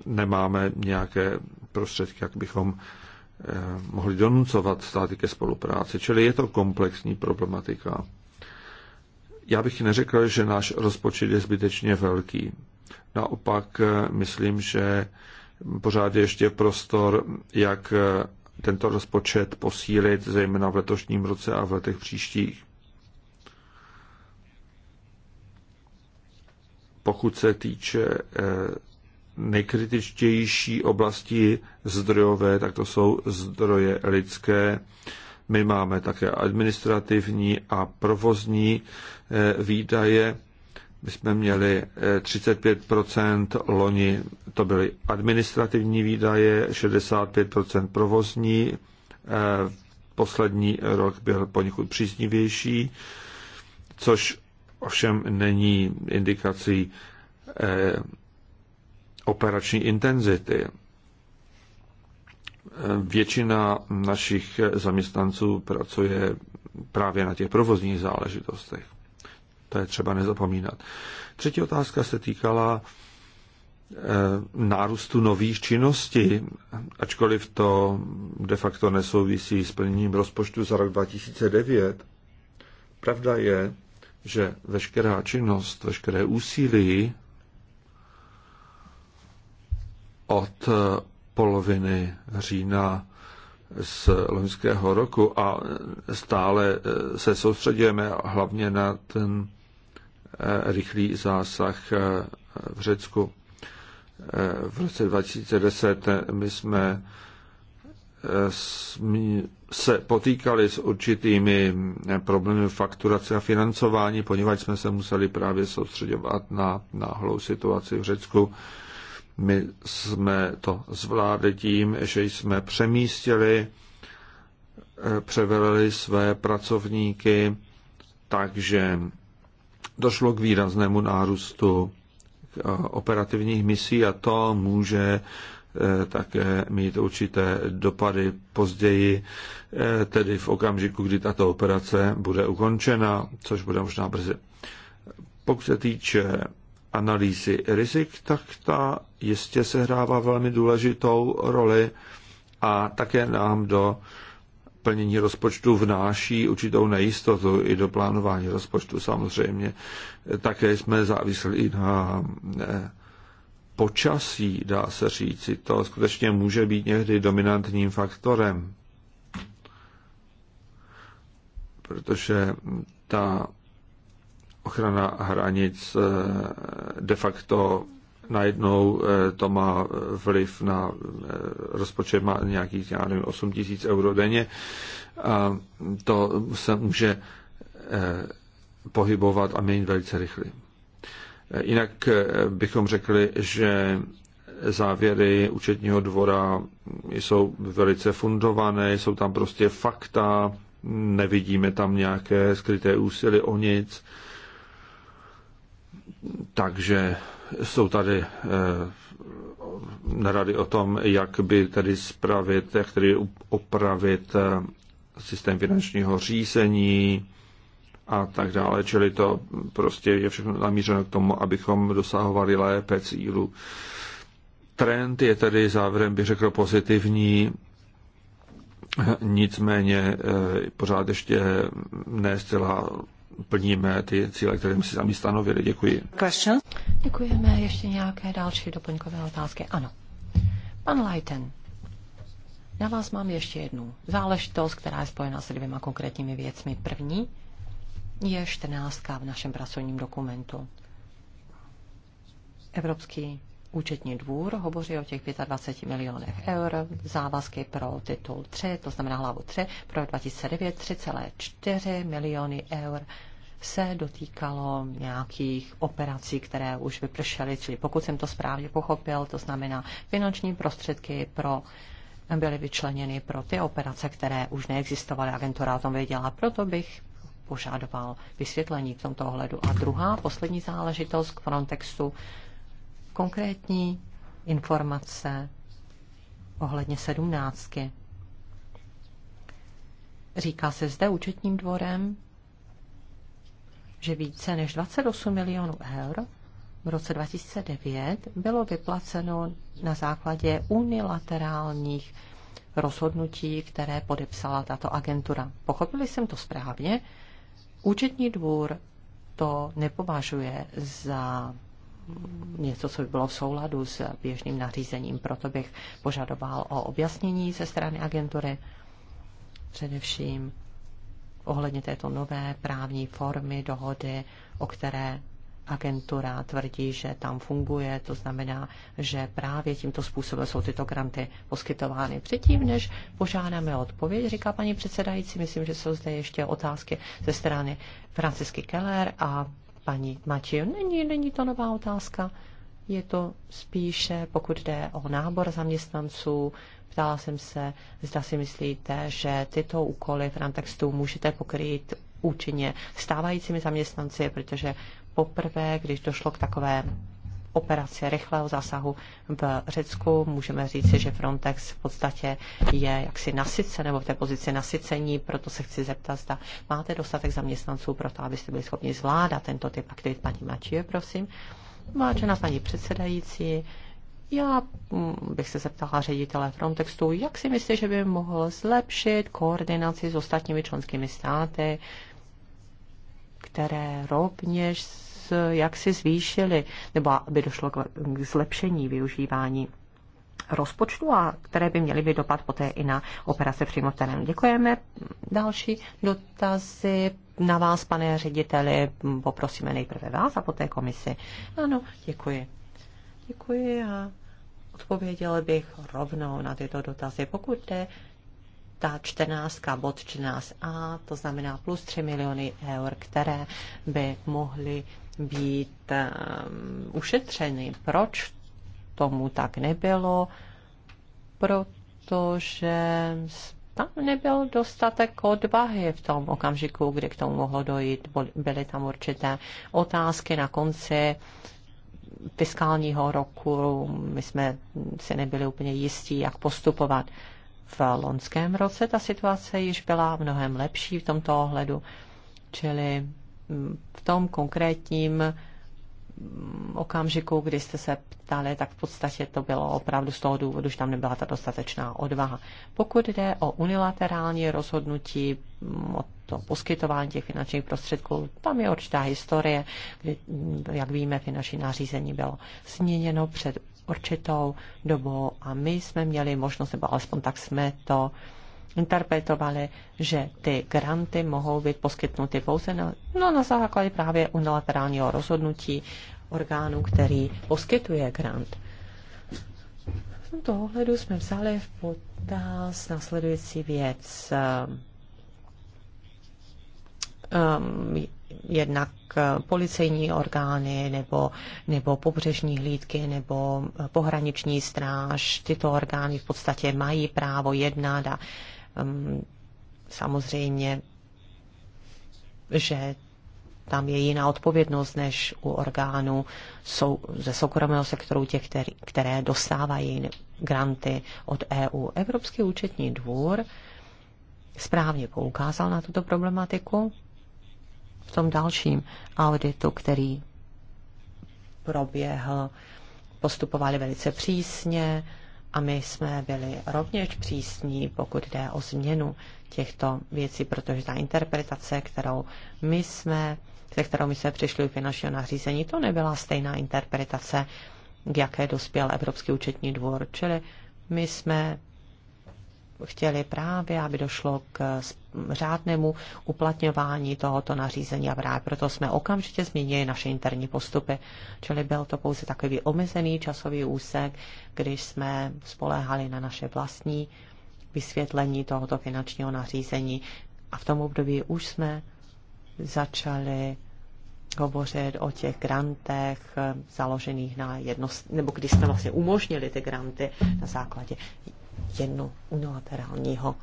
B: nemáme nějaké prostředky, jak bychom eh, mohli donucovat státy ke spolupráci. Čili je to komplexní problematika. Já bych neřekl, že náš rozpočet je zbytečně velký. Naopak eh, myslím, že pořád je ještě prostor, jak eh, tento rozpočet posílit, zejména v letošním roce a v letech příštích. pokud se týče eh, nejkritičtější oblasti zdrojové, tak to jsou zdroje lidské. My máme také administrativní a provozní eh, výdaje. My jsme měli 35 eh, loni, to byly administrativní výdaje, 65 provozní. Poslední rok byl poněkud příznivější, což ovšem není indikací eh, operační intenzity. Eh, většina našich zaměstnanců pracuje právě na těch provozních záležitostech. To je třeba nezapomínat. Třetí otázka se týkala eh, nárůstu nových činností, ačkoliv to de facto nesouvisí s plněním rozpočtu za rok 2009. Pravda je, že veškerá činnost, veškeré úsilí od eh, poloviny října z loňského roku a stále eh, se soustředujeme hlavně na ten eh, rychlý zásah v Řecku. V roce 2010 my jsme se potýkali s určitými eh, problémy fakturace a financování, poněvadž jsme se museli právě soustředovat na náhlou situaci v Řecku. My jsme to zvládli tím, že jsme přemístili, eh, převelili své pracovníky, takže došlo k výraznému nárůstu eh, operativních misí a to může Eh, také mít určité dopady později, eh, tedy v okamžiku, kdy tato operace bude ukončena, což bude možná brzy. Pokud se týče analýzy rizik, tak ta jistě sehrává velmi důležitou roli a také nám do plnění rozpočtu vnáší určitou nejistotu i do plánování rozpočtu samozřejmě. Také jsme závislí na eh, počasí, dá se říci, to skutečně může být někdy dominantním faktorem. Protože ta ochrana hranic eh, de facto najednou eh, to má vliv na eh, rozpočet má nějakých, já nevím, 8 tisíc euro denně a to se může pohybovat a měnit velice rychle. Jinak eh, bychom řekli, že závěry účetního dvora jsou velice fundované, jsou tam prostě fakta, nevidíme tam nějaké skryté úsilí o nic. Takže jsou tady eh, narady o tom, jak by tady spravit, jak tedy opravit eh, systém finančního řízení, a tak dále. Čili to prostě je všechno namířeno k tomu, abychom dosahovali lépe cílu. Trend je tedy závěrem, bych řekl, pozitivní, nicméně eh, pořád ještě ne zcela plníme ty cíle, které jsme si sami stanovili. Děkuji.
C: Question? Děkujeme. Ještě nějaké další doplňkové otázky? Ano. Pan Leiten, na vás mám ještě jednu záležitost, která je spojena se dvěma konkrétními věcmi. První je čtrnáctka v našem pracovním dokumentu. Evropský účetní dvůr hovoří o těch 25 milionech eur, závazky pro titul 3, to znamená hlavu 3, pro 2009 3,4 miliony eur se dotýkalo nějakých operací, které už vypršely, čili pokud jsem to správně pochopil, to znamená finanční prostředky pro byly vyčleněny pro ty operace, které už neexistovaly, agentura o tom věděla. Proto bych požadoval vysvětlení v tomto ohledu. A druhá, poslední záležitost k Frontexu, konkrétní informace ohledně sedmnáctky. Říká se zde účetním dvorem, že více než 28 milionů eur v roce 2009 bylo vyplaceno na základě unilaterálních rozhodnutí, které podepsala tato agentura. Pochopili jsem to správně, Účetní dvůr to nepovažuje za něco, co by bylo v souladu s běžným nařízením. Proto bych požadoval o objasnění ze strany agentury, především ohledně této nové právní formy dohody, o které agentura tvrdí, že tam funguje, to znamená, že právě tímto způsobem jsou tyto granty poskytovány. Předtím, než požádáme odpověď, říká paní předsedající, myslím, že jsou zde ještě otázky ze strany Francisky Keller a paní Matěj. Není, není to nová otázka, je to spíše, pokud jde o nábor zaměstnanců, Ptala jsem se, zda si myslíte, že tyto úkoly Frontextu můžete pokrýt účinně stávajícími zaměstnanci, protože poprvé, když došlo k takové operaci rychlého zásahu v Řecku. Můžeme říci, že Frontex v podstatě je jaksi nasycen, nebo v té pozici nasycení, proto se chci zeptat, zda máte dostatek zaměstnanců pro to, abyste byli schopni zvládat tento typ aktivit. Paní Mačie, prosím. Vážená paní předsedající, já mm, bych se zeptala ředitele Frontexu, jak si myslíte, že by mohl zlepšit koordinaci s ostatními členskými státy, které rovněž jak si zvýšily, nebo aby došlo k zlepšení využívání rozpočtu a které by měly být dopad poté i na operace přímo v terénu. Děkujeme. Další dotazy na vás, pane řediteli. Poprosíme nejprve vás a poté komisi. Ano, děkuji. Děkuji a odpověděl bych rovnou na tyto dotazy. Pokud jde ta 14, bod 14a, to znamená plus 3 miliony eur, které by mohly být um, ušetřeny. Proč tomu tak nebylo? Protože tam nebyl dostatek odvahy v tom okamžiku, kdy k tomu mohlo dojít. Byly tam určité otázky na konci fiskálního roku. My jsme si nebyli úplně jistí, jak postupovat v loňském roce ta situace již byla mnohem lepší v tomto ohledu, čili mm, v tom konkrétním mm, okamžiku, kdy jste se ptali, tak v podstatě to bylo opravdu z toho důvodu, že tam nebyla ta dostatečná odvaha. Pokud jde o unilaterální rozhodnutí mm, o to poskytování těch finančních prostředků, tam je určitá historie, kdy, jak víme, finanční nařízení bylo změněno před určitou dobu a my jsme měli možnost, nebo alespoň tak jsme to interpretovali, že ty granty mohou být poskytnuty pouze na, no, na základě právě unilaterálního rozhodnutí orgánu, který poskytuje grant. V tomto ohledu jsme vzali v potaz následující věc. Um, jednak eh, policejní orgány nebo, nebo pobřežní hlídky nebo eh, pohraniční stráž. Tyto orgány v podstatě mají právo jednat a um, samozřejmě, že tam je jiná odpovědnost než u orgánů sou, ze soukromého sektoru, těch, který, které dostávají granty od EU. Evropský účetní dvůr správně poukázal na tuto problematiku tom dalším auditu, který proběhl, postupovali velice přísně a my jsme byli rovněž přísní, pokud jde o změnu těchto věcí, protože ta interpretace, kterou my jsme, se kterou my jsme přišli u finančního nařízení, to nebyla stejná interpretace, k jaké dospěl Evropský účetní dvůr. Čili my jsme chtěli právě, aby došlo k řádnému uplatňování tohoto nařízení a právě proto jsme okamžitě změnili naše interní postupy. Čili byl to pouze takový omezený časový úsek, když jsme spoléhali na naše vlastní vysvětlení tohoto finančního nařízení. A v tom období už jsme začali hovořit o těch grantech eh, založených na jednost, nebo když jsme vlastně umožnili ty granty na základě jedno unilaterálního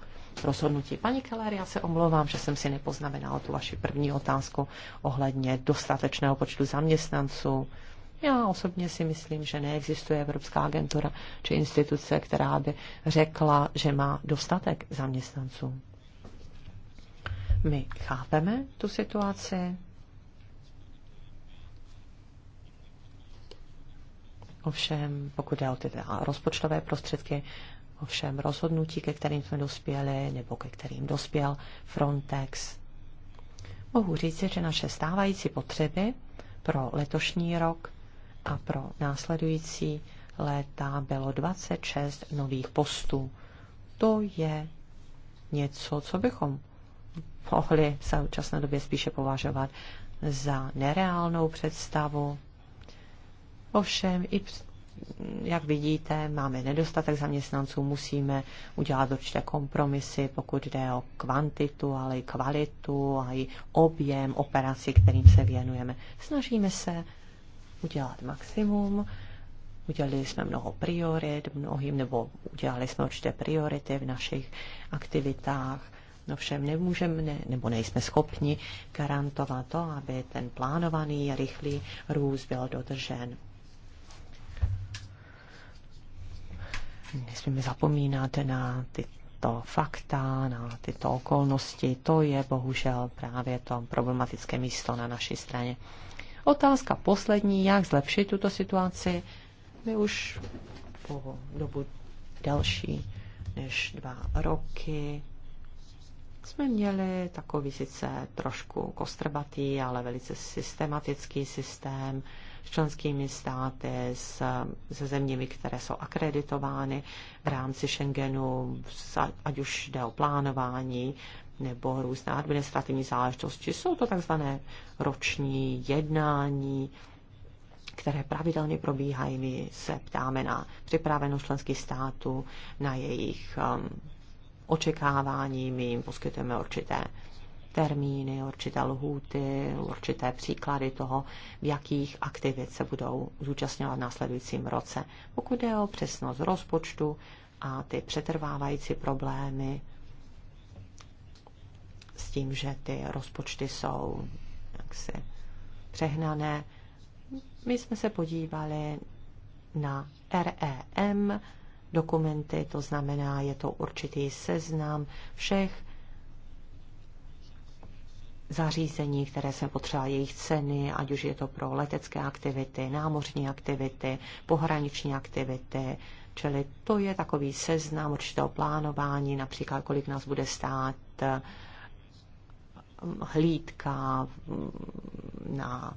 C: rozhodnutí. Paní Keller, já se omlouvám, že jsem si nepoznamenala tu vaši první otázku ohledně dostatečného počtu zaměstnanců. Já osobně si myslím, že neexistuje Evropská agentura či instituce, která by řekla, že má dostatek zaměstnanců. My chápeme tu situaci. Ovšem, pokud jde o ty rozpočtové prostředky, Ovšem rozhodnutí, ke kterým jsme dospěli, nebo ke kterým dospěl Frontex, mohu říci, že naše stávající potřeby pro letošní rok a pro následující léta bylo 26 nových postů. To je něco, co bychom mohli v současné době spíše považovat za nereálnou představu. Ovšem i jak vidíte, máme nedostatek zaměstnanců, musíme udělat určité kompromisy, pokud jde o kvantitu, ale i kvalitu, a i objem operací, kterým se věnujeme. Snažíme se udělat maximum, udělali jsme mnoho priorit, mnohým, nebo udělali jsme určité priority v našich aktivitách, No všem nemůžeme, ne, nebo nejsme schopni garantovat to, aby ten plánovaný rychlý růst byl dodržen. nesmíme zapomínat na tyto fakta, na tyto okolnosti. To je bohužel právě to problematické místo na naší straně. Otázka poslední, jak zlepšit tuto situaci, my už po dobu delší než dva roky jsme měli takový sice trošku kostrbatý, ale velice systematický systém s členskými státy, s, se zeměmi, které jsou akreditovány v rámci Schengenu, ať už jde o plánování nebo různé administrativní záležitosti. Jsou to takzvané roční jednání, které pravidelně probíhají. My se ptáme na připravenost členských států, na jejich um, očekávání, my jim poskytujeme určité termíny, určité lhůty, určité příklady toho, v jakých aktivit se budou zúčastňovat v následujícím roce. Pokud je o přesnost rozpočtu a ty přetrvávající problémy s tím, že ty rozpočty jsou jaksi přehnané, my jsme se podívali na REM dokumenty, to znamená, je to určitý seznam všech zařízení, které jsem potřebovali jejich ceny, ať už je to pro letecké aktivity, námořní aktivity, pohraniční aktivity, čili to je takový seznam určitého plánování, například kolik nás bude stát eh, hlídka mm, na,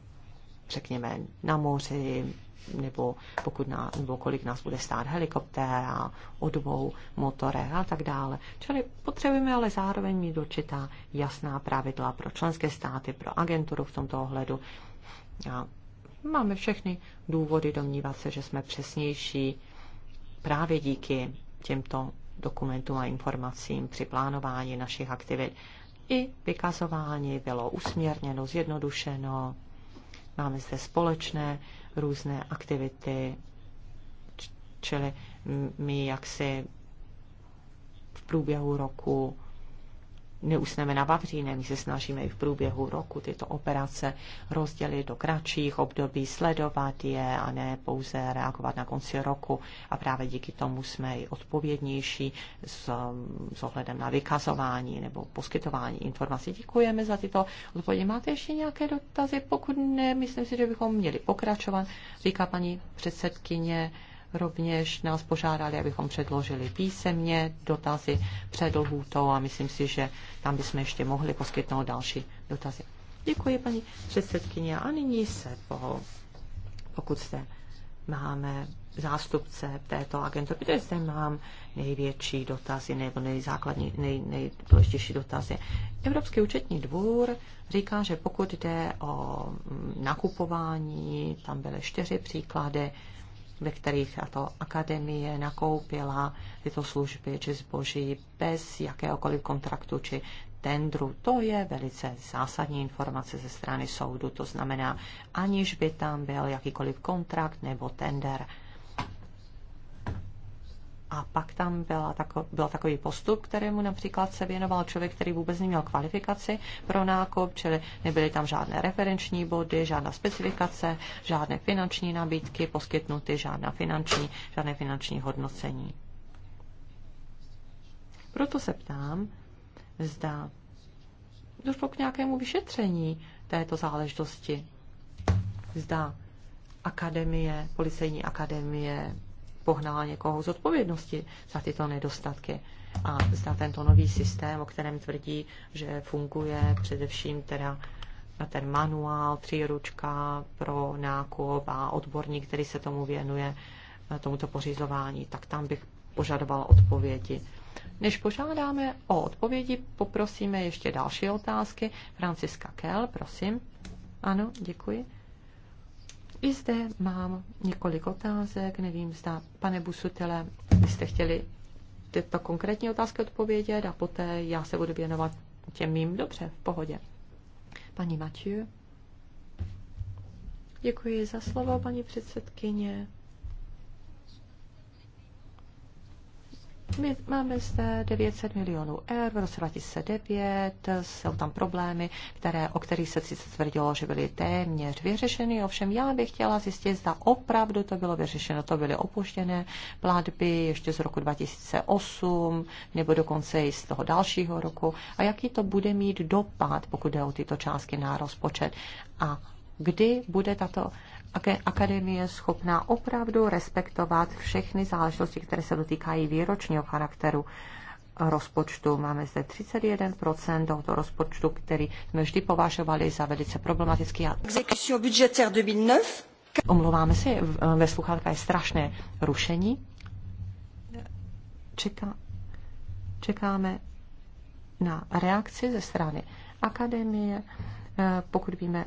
C: řekněme, na moři, nebo, pokud ná, nebo kolik nás bude stát helikoptéra o dvou a tak dále. Čili potřebujeme ale zároveň mít určitá jasná pravidla pro členské státy, pro agenturu v tomto ohledu. A máme všechny důvody domnívat se, že jsme přesnější právě díky těmto dokumentům a informacím při plánování našich aktivit. I vykazování bylo usměrněno, zjednodušeno. Máme zde společné různé aktivity, čili my jaksi v průběhu roku neusneme na Vavříně, my se snažíme i v průběhu roku tyto operace rozdělit do kratších období, sledovat je a ne pouze reagovat na konci roku. A právě díky tomu jsme i odpovědnější s, s ohledem na vykazování nebo poskytování informací. Děkujeme za tyto odpovědi. Máte ještě nějaké dotazy? Pokud ne, myslím si, že bychom měli pokračovat, říká paní předsedkyně rovněž nás požádali, abychom předložili písemně dotazy před lhůtou a myslím si, že tam bychom ještě mohli poskytnout další dotazy. Děkuji, paní předsedkyně. A nyní se, po, pokud jste, máme zástupce této agentury, protože zde mám největší dotazy nebo nejzákladní, nej, nejdůležitější dotazy. Evropský účetní dvůr říká, že pokud jde o nakupování, tam byly čtyři příklady, ve kterých tato akademie nakoupila tyto služby či zboží bez jakéhokoliv kontraktu či tendru. To je velice zásadní informace ze strany soudu, to znamená, aniž by tam byl jakýkoliv kontrakt nebo tender. A pak tam byla tako, byl takový postup, kterému například se věnoval člověk, který vůbec neměl kvalifikaci pro nákup, čili nebyly tam žádné referenční body, žádná specifikace, žádné finanční nabídky poskytnuty, žádná finanční, žádné finanční hodnocení. Proto se ptám, zda došlo k nějakému vyšetření této záležitosti. Zda akademie, policejní akademie, pohnala někoho z odpovědnosti za tyto nedostatky. A zda tento nový systém, o kterém tvrdí, že funguje především teda ten manuál, příručka pro nákup a odborník, který se tomu věnuje, eh, tomuto pořizování, tak tam bych požadoval odpovědi. Než požádáme o odpovědi, poprosíme ještě další otázky. Franciska Kell, prosím. Ano, děkuji. I zde mám několik otázek, nevím, zda, pane Busutele, byste chtěli tyto konkrétní otázky odpovědět a poté já se budu věnovat těm mým dobře, v pohodě. Paní Mathieu. Děkuji za slovo, paní předsedkyně. My máme zde 900 milionů eur v roce 2009, jsou tam problémy, které, o kterých se sice tvrdilo, že byly téměř vyřešeny, ovšem já bych chtěla zjistit, zda opravdu to bylo vyřešeno, to byly opuštěné platby ještě z roku 2008 nebo dokonce i z toho dalšího roku a jaký to bude mít dopad, pokud jde o tyto částky na rozpočet a kdy bude tato akademie schopná opravdu respektovat všechny záležitosti, které se dotýkají výročního charakteru rozpočtu. Máme zde 31% tohoto rozpočtu, který jsme vždy považovali za velice problematický. Exekution 2009. Omlouváme se, ve sluchátka je strašné rušení. Čeká, čekáme na reakci ze strany akademie. Eh, pokud víme,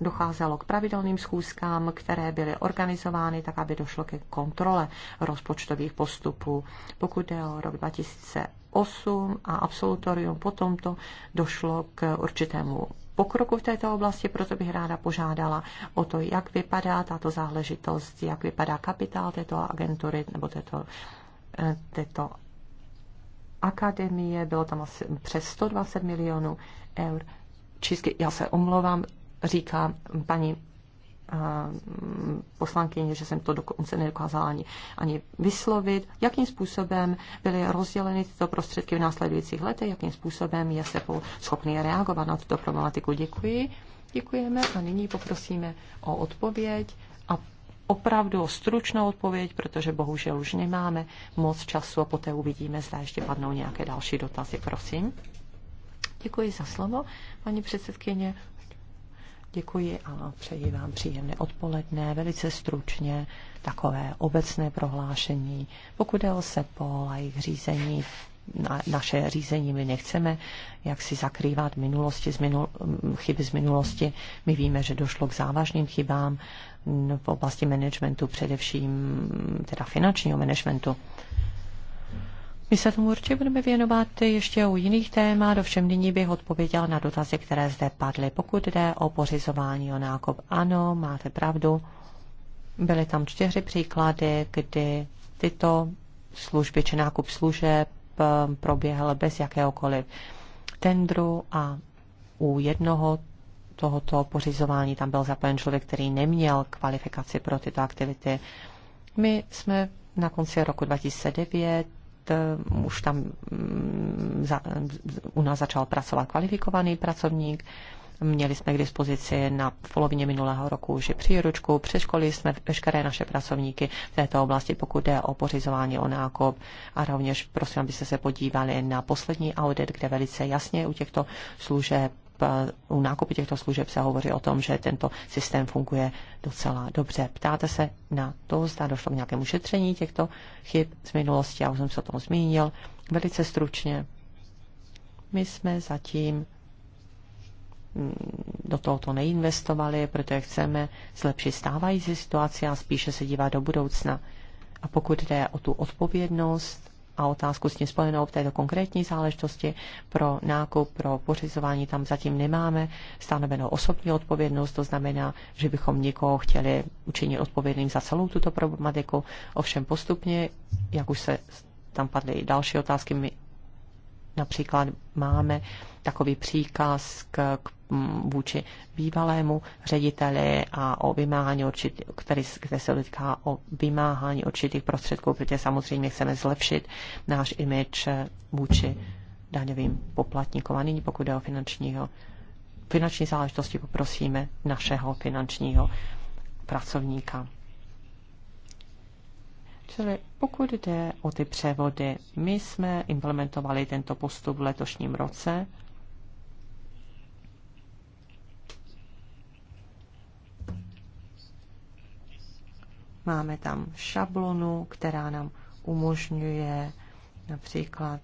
C: docházelo k pravidelným schůzkám, které byly organizovány tak, aby došlo ke kontrole rozpočtových postupů. Pokud je o rok 2008 a absolutorium, potom to došlo k určitému pokroku v této oblasti, proto bych ráda požádala o to, jak vypadá tato záležitost, jak vypadá kapitál této agentury nebo této, eh, této akademie. Bylo tam asi přes 120 milionů eur čistě Já se omlouvám, říká paní eh, poslankyně, že jsem to dokonce nedokázala ani, ani vyslovit, jakým způsobem byly rozděleny tyto prostředky v následujících letech, jakým způsobem je se schopný reagovat na tuto problematiku. Děkuji. Děkujeme a nyní poprosíme o odpověď a opravdu o stručnou odpověď, protože bohužel už nemáme moc času a poté uvidíme, zda ještě padnou nějaké další dotazy. Prosím. Děkuji za slovo, paní předsedkyně. Děkuji a přeji vám příjemné odpoledne. Velice stručně takové obecné prohlášení. Pokud je o SEPO a jejich řízení, na, naše řízení my nechceme, jak si zakrývat minulosti z minul, chyby z minulosti. My víme, že došlo k závažným chybám v oblasti managementu, především teda finančního managementu. My se tomu určitě budeme věnovat ještě u jiných témat, ovšem nyní bych odpověděl na dotazy, které zde padly. Pokud jde o pořizování o nákup, ano, máte pravdu. Byly tam čtyři příklady, kdy tyto služby či nákup služeb ehm, proběhl bez jakéhokoliv tendru a u jednoho tohoto pořizování tam byl zapojen člověk, který neměl kvalifikaci pro tyto aktivity. My jsme na konci roku 2009 Eh, už tam mm, za, u nás začal pracovat kvalifikovaný pracovník. Měli jsme k dispozici na polovině minulého roku už i příručku, přeškolili jsme veškeré naše pracovníky v této oblasti, pokud jde o pořizování o nákup a rovněž prosím, abyste se podívali na poslední audit, kde velice jasně u těchto služeb u nákupu těchto služeb se hovoří o tom, že tento systém funguje docela dobře. Ptáte se na to, zda došlo k nějakému šetření těchto chyb z minulosti, já už jsem se o tom zmínil, velice stručně. My jsme zatím mm, do tohoto neinvestovali, protože chceme zlepšit stávající situaci a spíše se dívat do budoucna. A pokud jde o tu odpovědnost, a otázku s tím spojenou v této konkrétní záležitosti pro nákup, pro pořizování tam zatím nemáme stanovenou osobní odpovědnost, to znamená, že bychom někoho chtěli učinit odpovědným za celou tuto problematiku. Ovšem postupně, jak už se tam padly další otázky, my Například máme takový příkaz k, k vůči bývalému řediteli a o vymáhání určitě, který, který se dotýká o vymáhání určitých prostředků, protože samozřejmě chceme zlepšit náš image vůči daňovým poplatníkům. A nyní pokud jde o finančního, finanční záležitosti, poprosíme našeho finančního pracovníka. Čili pokud jde o ty převody, my jsme implementovali tento postup v letošním roce. Máme tam šablonu, která nám umožňuje například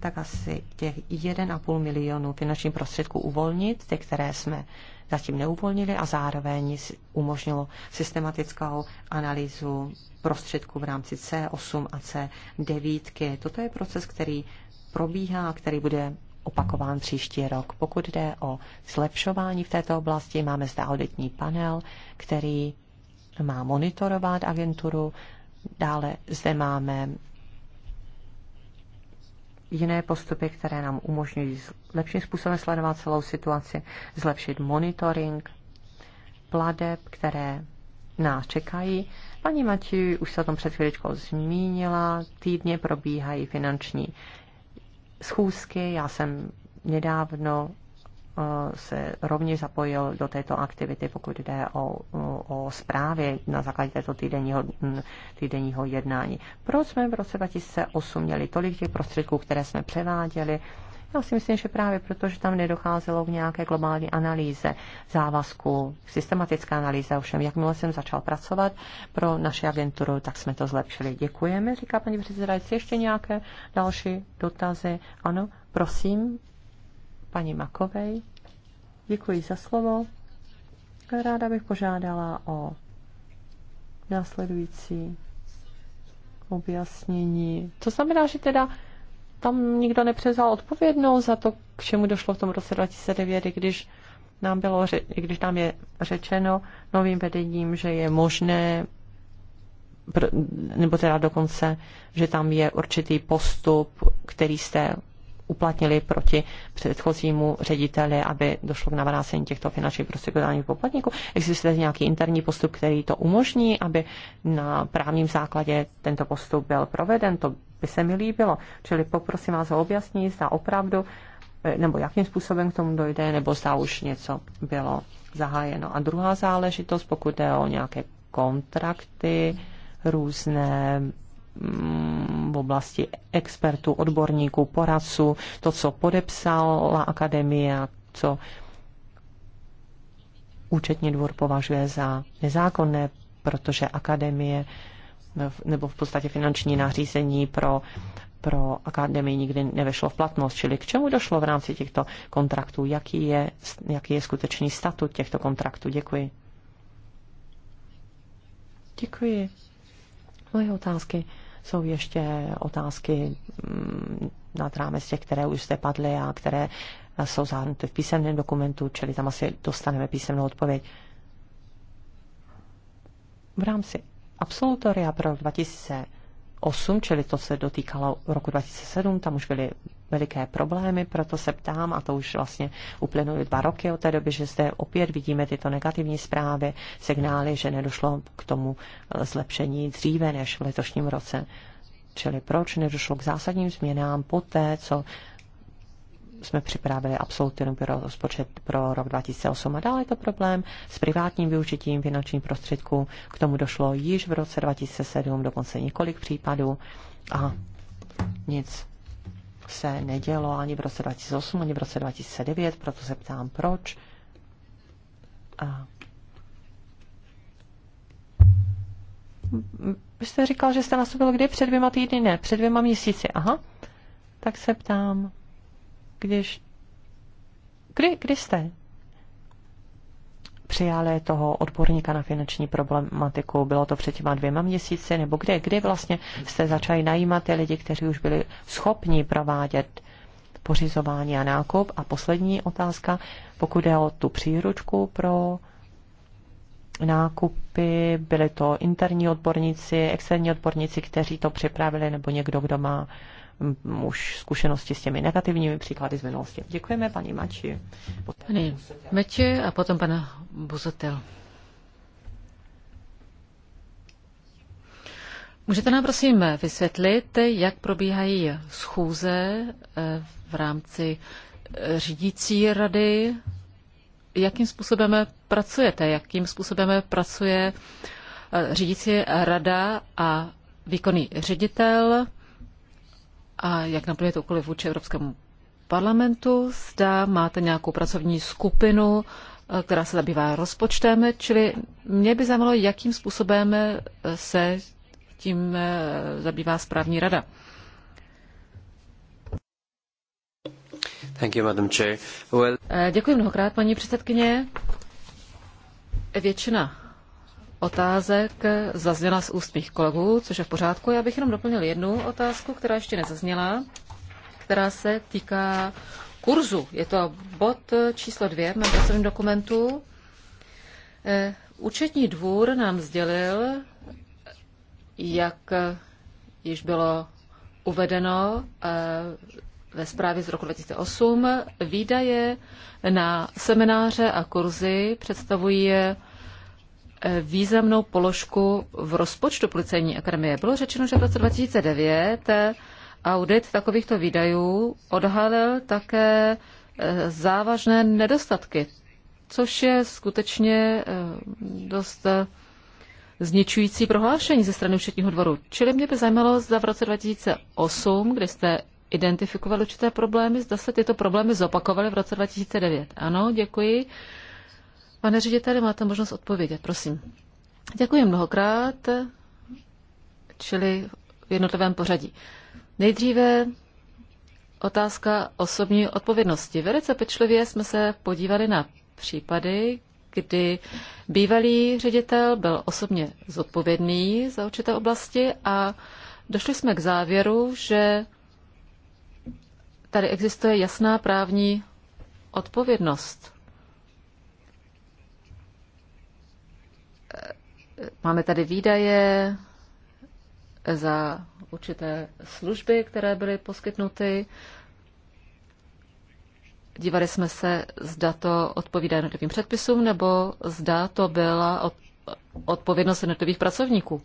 C: tak asi těch 1,5 milionu finančních prostředků uvolnit, ty, které jsme zatím neuvolnili a zároveň umožnilo systematickou analýzu prostředků v rámci C8 a C9. Toto je proces, který probíhá a který bude opakován příští rok. Pokud jde o zlepšování v této oblasti, máme zde auditní panel, který má monitorovat agenturu. Dále zde máme jiné postupy, které nám umožňují lepším způsobem sledovat celou situaci, zlepšit monitoring pladeb, které nás čekají. Paní Mati už se o tom před chvíličkou zmínila, týdně probíhají finanční schůzky. Já jsem nedávno Eh, se rovněž zapojil do této aktivity, pokud jde o, o, o zprávy na základě této týdenního, mm, týdenního jednání. Proč jsme v roce 2008 měli tolik těch prostředků, které jsme převáděli? Já si myslím, že právě proto, že tam nedocházelo k nějaké globální analýze závazku, systematická analýza. Ovšem, jakmile jsem začal pracovat pro naši agenturu, tak jsme to zlepšili. Děkujeme, říká paní předsedající. Ještě nějaké další dotazy? Ano, prosím paní Makovej. Děkuji za slovo. Ráda bych požádala o následující objasnění. To znamená, že teda tam nikdo nepřezal odpovědnou za to, k čemu došlo v tom roce 2009, i když nám bylo, i když nám je řečeno novým vedením, že je možné nebo teda dokonce, že tam je určitý postup, který jste uplatnili proti předchozímu řediteli, aby došlo k navrácení těchto finančních prostředků daných poplatníků. Existuje nějaký interní postup, který to umožní, aby na právním základě tento postup byl proveden. To by se mi líbilo. Čili poprosím vás o objasnění, zda opravdu eh, nebo jakým způsobem k tomu dojde, nebo zda už něco bylo zahájeno. A druhá záležitost, pokud jde o nějaké kontrakty, různé Mm, v oblasti expertů, odborníků, poradců, to, co podepsala akademie, co účetní dvůr považuje za nezákonné, protože akademie nebo v podstatě finanční nařízení pro, pro akademii nikdy nevešlo v platnost. Čili k čemu došlo v rámci těchto kontraktů? Jaký je, jaký je skutečný statut těchto kontraktů? Děkuji. Děkuji. Moje otázky jsou ještě otázky mm, nad rámec těch, které už zde padly a které jsou zahrnuty v písemném dokumentu, čili tam asi dostaneme písemnou odpověď. V rámci absolutoria pro 2008, čili to se dotýkalo roku 2007, tam už byly veliké problémy, proto se ptám, a to už vlastně uplynuly dva roky od té doby, že zde opět vidíme tyto negativní zprávy, signály, že nedošlo k tomu eh, zlepšení dříve než v letošním roce. Čili proč nedošlo k zásadním změnám poté, co jsme připravili absolutní pro rozpočet pro rok 2008 a dále je to problém s privátním využitím finančních prostředků. K tomu došlo již v roce 2007, dokonce několik případů a nic se nedělo ani v roce 2008, ani v roce 2009, proto se ptám, proč. A Vy jste říkal, že jste nastoupil kdy? Před dvěma týdny? Ne, před dvěma měsíci. Aha. Tak se ptám, když... Kdy, kdy jste přijali toho odborníka na finanční problematiku? Bylo to před těma dvěma měsíci nebo kde? Kdy vlastně jste začali najímat ty lidi, kteří už byli schopni provádět pořizování a nákup? A poslední otázka, pokud jde o tu příručku pro nákupy, byli to interní odborníci, externí odborníci, kteří to připravili, nebo někdo, kdo má uh, Mm, už zkušenosti s těmi negativními příklady z minulosti.
A: Děkujeme paní Mači. Pani Meči a potom pana Buzotel. Můžete nám prosím vysvětlit, jak probíhají schůze eh, v rámci eh, řídící rady, jakým způsobem pracujete, jakým způsobem pracuje eh, řídící rada a výkonný ředitel, a jak naplňujete úkoly vůči Evropskému parlamentu. Zda máte nějakou pracovní skupinu, eh, která se zabývá rozpočtem, čili mě by zajímalo, jakým způsobem eh, se tím eh, zabývá správní rada.
C: Thank you, Madam Chair. Well...
A: Děkuji mnohokrát, paní předsedkyně. Většina otázek zazněla z úst mých kolegů, což je v pořádku. Já bych jenom doplnil jednu otázku, která ještě nezazněla, která se týká kurzu. Je to bod číslo dvě v mém pracovním dokumentu. Eh, účetní dvůr nám sdělil, jak již bylo uvedeno eh, ve zprávě z roku 2008, výdaje na semináře a kurzy představují významnou položku v rozpočtu Policejní akademie. Bylo řečeno, že v roce 2009 audit takovýchto výdajů odhalil také eh, závažné nedostatky, což je skutečně eh, dost eh, zničující prohlášení ze strany Všetního dvoru. Čili mě by zajímalo, zda v roce 2008, kdy jste identifikovali určité problémy, zda se tyto problémy zopakovaly v roce 2009. Ano, děkuji. Pane řediteli, máte možnost odpovědět, prosím. Děkuji mnohokrát, čili v jednotlivém pořadí. Nejdříve otázka osobní odpovědnosti. Velice pečlivě jsme se podívali na případy, kdy bývalý ředitel byl osobně zodpovědný za určité oblasti a došli jsme k závěru, že tady existuje jasná právní odpovědnost. Máme tady výdaje za určité služby, které byly poskytnuty. Dívali jsme se, zda to odpovídá jednotlivým předpisům, nebo zda to byla odpovědnost jednotlivých pracovníků.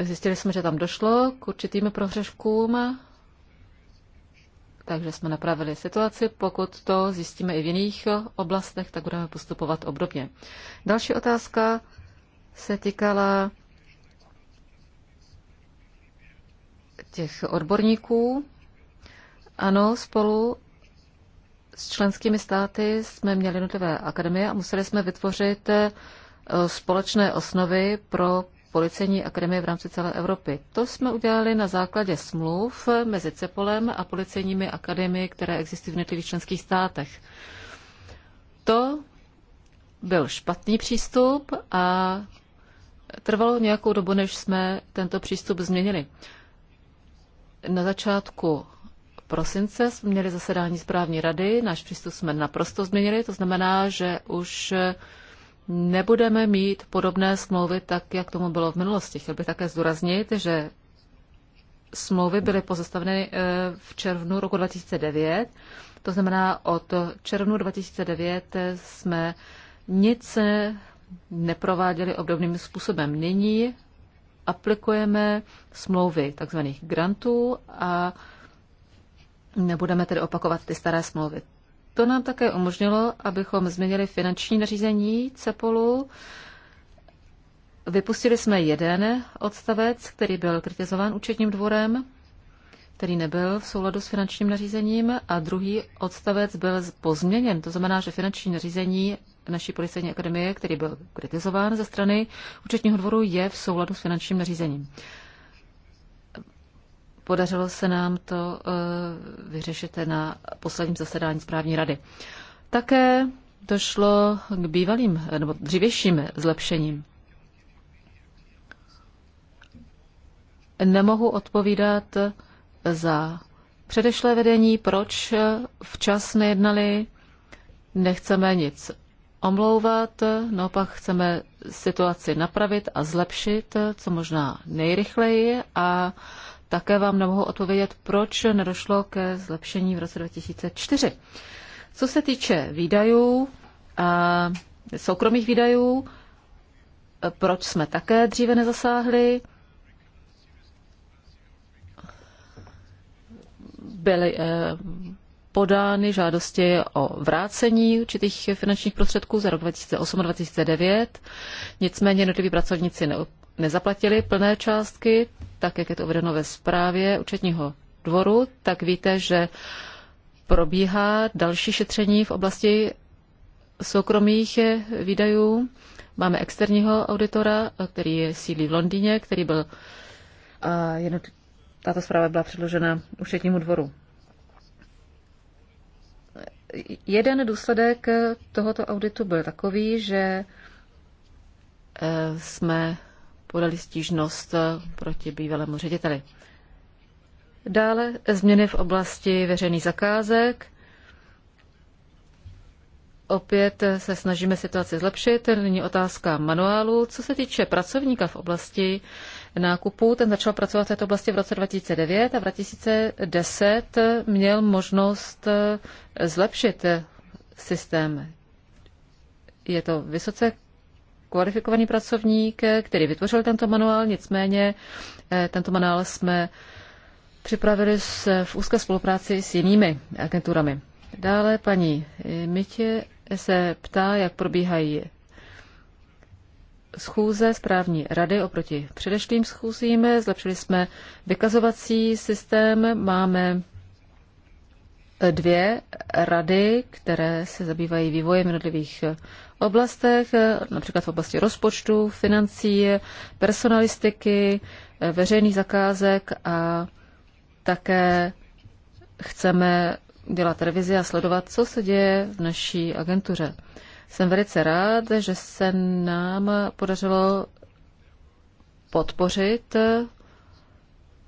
A: Zjistili jsme, že tam došlo k určitým prohřeškům takže jsme napravili situaci. Pokud to zjistíme i v jiných oblastech, tak budeme postupovat obdobně. Další otázka se týkala těch odborníků. Ano, spolu s členskými státy jsme měli jednotlivé akademie a museli jsme vytvořit eh, společné osnovy pro Policejní akademie v rámci celé Evropy. To jsme udělali na základě smluv mezi CEPOLem a policejními akademie, které existují v jednotlivých členských státech. To byl špatný přístup a trvalo nějakou dobu, než jsme tento přístup změnili. Na začátku prosince jsme měli zasedání správní rady, náš přístup jsme naprosto změnili, to znamená, že už nebudeme mít podobné smlouvy, tak jak tomu bylo v minulosti. Chtěl bych také zdůraznit, že smlouvy byly pozastaveny eh, v červnu roku 2009. To znamená, od červnu 2009 eh, jsme nic eh, neprováděli obdobným způsobem. Nyní aplikujeme smlouvy tzv. grantů a nebudeme tedy opakovat ty staré smlouvy. To nám také umožnilo, abychom změnili finanční nařízení CEPOLu. Vypustili jsme jeden odstavec, který byl kritizován účetním dvorem, který nebyl v souladu s finančním nařízením a druhý odstavec byl pozměněn. To znamená, že finanční nařízení naší policejní akademie, který byl kritizován ze strany účetního dvoru, je v souladu s finančním nařízením. Podařilo se nám to eh, vyřešit na posledním zasedání správní rady. Také došlo k bývalým nebo dřívějším zlepšením. Nemohu odpovídat za předešlé vedení, proč včas nejednali. Nechceme nic omlouvat, naopak chceme situaci napravit a zlepšit, co možná nejrychleji a také vám nemohu odpovědět, proč nedošlo ke zlepšení v roce 2004. Co se týče výdajů, a soukromých výdajů, proč jsme také dříve nezasáhli, byly eh, podány žádosti o vrácení určitých finančních prostředků za rok 2008 a 2009. Nicméně jednotliví pracovníci nezaplatili plné částky, tak jak je to uvedeno ve zprávě účetního dvoru, tak víte, že probíhá další šetření v oblasti soukromých výdajů. Máme externího auditora, který sídlí v Londýně, který byl a jedno, tato zpráva byla předložena účetnímu dvoru. Jeden důsledek tohoto auditu byl takový, že eh, jsme podali stížnost eh, proti bývalému řediteli. Dále změny v oblasti veřejných zakázek. Opět se snažíme situaci zlepšit. Nyní otázka manuálu. Co se týče pracovníka v oblasti nákupů, ten začal pracovat v této oblasti v roce 2009 a v 2010 měl možnost eh, zlepšit eh, systém. Je to vysoce kvalifikovaný pracovník, který vytvořil tento manuál, nicméně eh, tento manuál jsme připravili v úzké spolupráci s jinými agenturami. Dále paní Mitě se ptá, jak probíhají schůze správní rady oproti předešlým schůzím. Zlepšili jsme vykazovací systém, máme dvě rady, které se zabývají vývojem jednotlivých oblastech, například v oblasti rozpočtu, financí, personalistiky, veřejných zakázek a také chceme dělat revizi a sledovat, co se děje v naší agentuře. Jsem velice rád, že se nám podařilo podpořit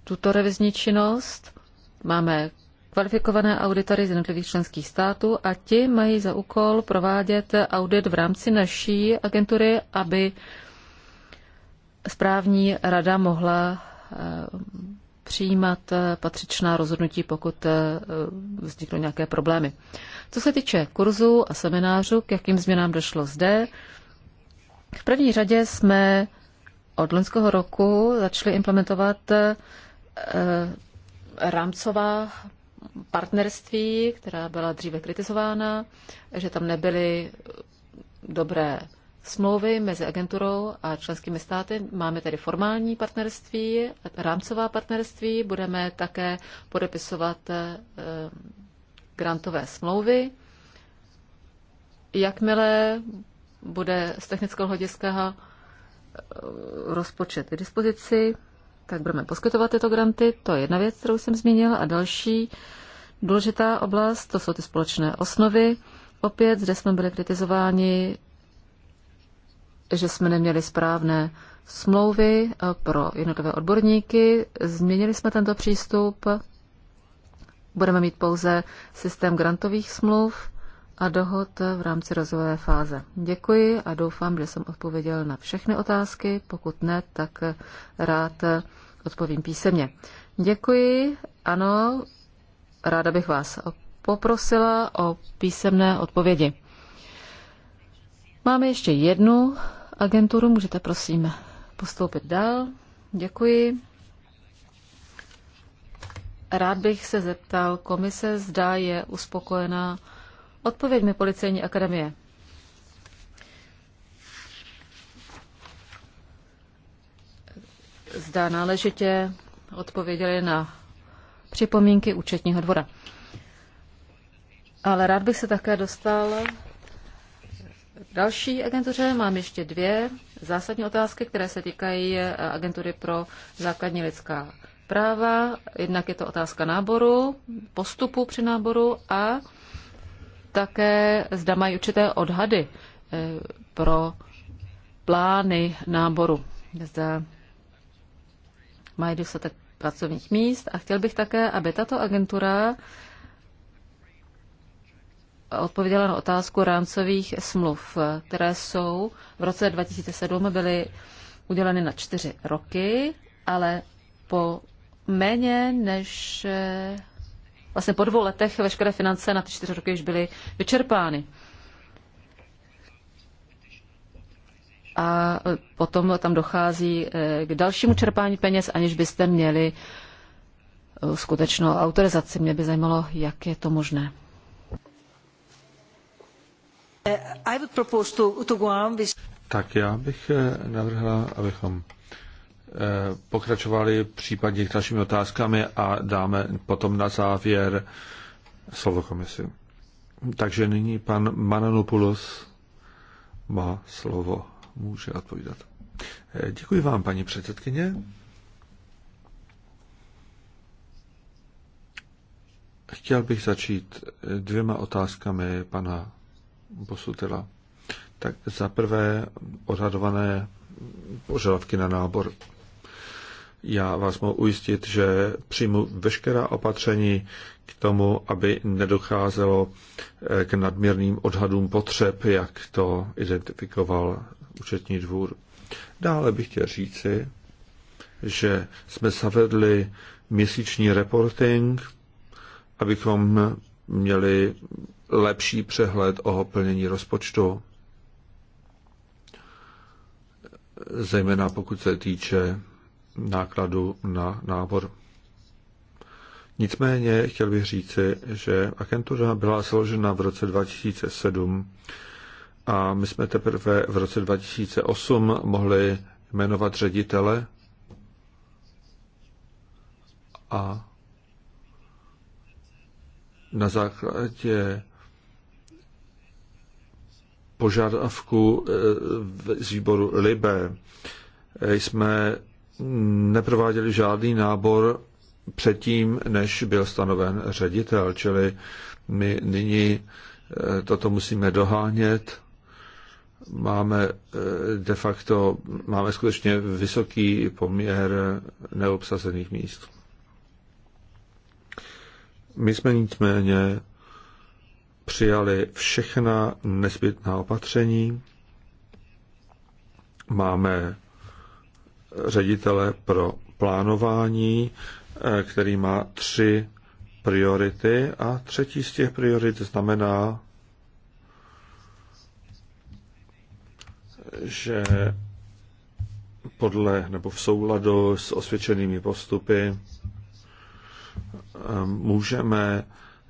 A: tuto revizní činnost. Máme kvalifikované auditory z jednotlivých členských států a ti mají za úkol provádět audit v rámci naší agentury, aby správní rada mohla eh, přijímat eh, patřičná rozhodnutí, pokud eh, vzniknou nějaké problémy. Co se týče kurzů a seminářů, k jakým změnám došlo zde, v první řadě jsme od loňského roku začali implementovat rámcová partnerství, která byla dříve kritizována, že tam nebyly dobré smlouvy mezi agenturou a členskými státy. Máme tedy formální partnerství, rámcová partnerství, budeme také podepisovat eh, grantové smlouvy. Jakmile bude z technického hlediska eh, rozpočet k dispozici, tak budeme poskytovat tyto granty. To je jedna věc, kterou jsem zmínil. A další důležitá oblast, to jsou ty společné osnovy. Opět zde jsme byli kritizováni, že jsme neměli správné smlouvy eh, pro jednotlivé odborníky. Změnili jsme tento přístup. Budeme mít pouze systém grantových smluv a dohod v rámci rozvojové fáze. Děkuji a doufám, že jsem odpověděl na všechny otázky. Pokud ne, tak rád odpovím písemně. Děkuji. Ano, ráda bych vás poprosila o písemné odpovědi. Máme ještě jednu agenturu, můžete prosím postoupit dál. Děkuji. Rád bych se zeptal komise, zda je uspokojená mi Policejní akademie. Zdá náležitě odpověděli na připomínky účetního dvora. Ale rád bych se také dostal k další agentuře. Mám ještě dvě zásadní otázky, které se týkají eh, agentury pro základní lidská práva. Jednak je to otázka náboru, postupu při náboru a také zda mají určité odhady eh, pro plány náboru. Zda mají dostatek pracovních míst a chtěl bych také, aby tato agentura odpověděla na otázku rámcových smluv, které jsou v roce 2007 byly uděleny na čtyři roky, ale po méně než eh, vlastně po dvou letech veškeré finance na ty čtyři roky už byly vyčerpány. A potom tam dochází eh, k dalšímu čerpání peněz, aniž byste měli eh, skutečnou autorizaci. Mě by zajímalo, jak je to možné.
C: Eh,
B: tak já bych navrhla, abychom Eh, pokračovali případně k našimi otázkami a dáme potom na závěr slovo komisi. Takže nyní pan Mananopoulos má slovo, může odpovídat. Eh, děkuji vám, paní předsedkyně. Chtěl bych začít eh, dvěma otázkami pana Posutila. Tak za prvé ořadované požadavky na nábor já vás mohu ujistit, že přijmu veškerá opatření k tomu, aby nedocházelo eh, k nadměrným odhadům potřeb, jak to identifikoval účetní dvůr. Dále bych chtěl říci, že jsme zavedli měsíční reporting, abychom měli lepší přehled o plnění rozpočtu, zejména pokud se týče nákladu na nábor. Nicméně chtěl bych říci, že agentura byla složena v roce 2007 a my jsme teprve v roce 2008 mohli jmenovat ředitele a na základě požadavku eh, z výboru Libe eh, jsme neprováděli žádný nábor předtím, než byl stanoven ředitel, čili my nyní eh, toto musíme dohánět. Máme eh, de facto, máme skutečně vysoký poměr neobsazených míst. My jsme nicméně přijali všechna nezbytná opatření. Máme ředitele pro plánování, eh, který má tři priority a třetí z těch priorit znamená, že podle nebo v souladu s osvědčenými postupy eh, můžeme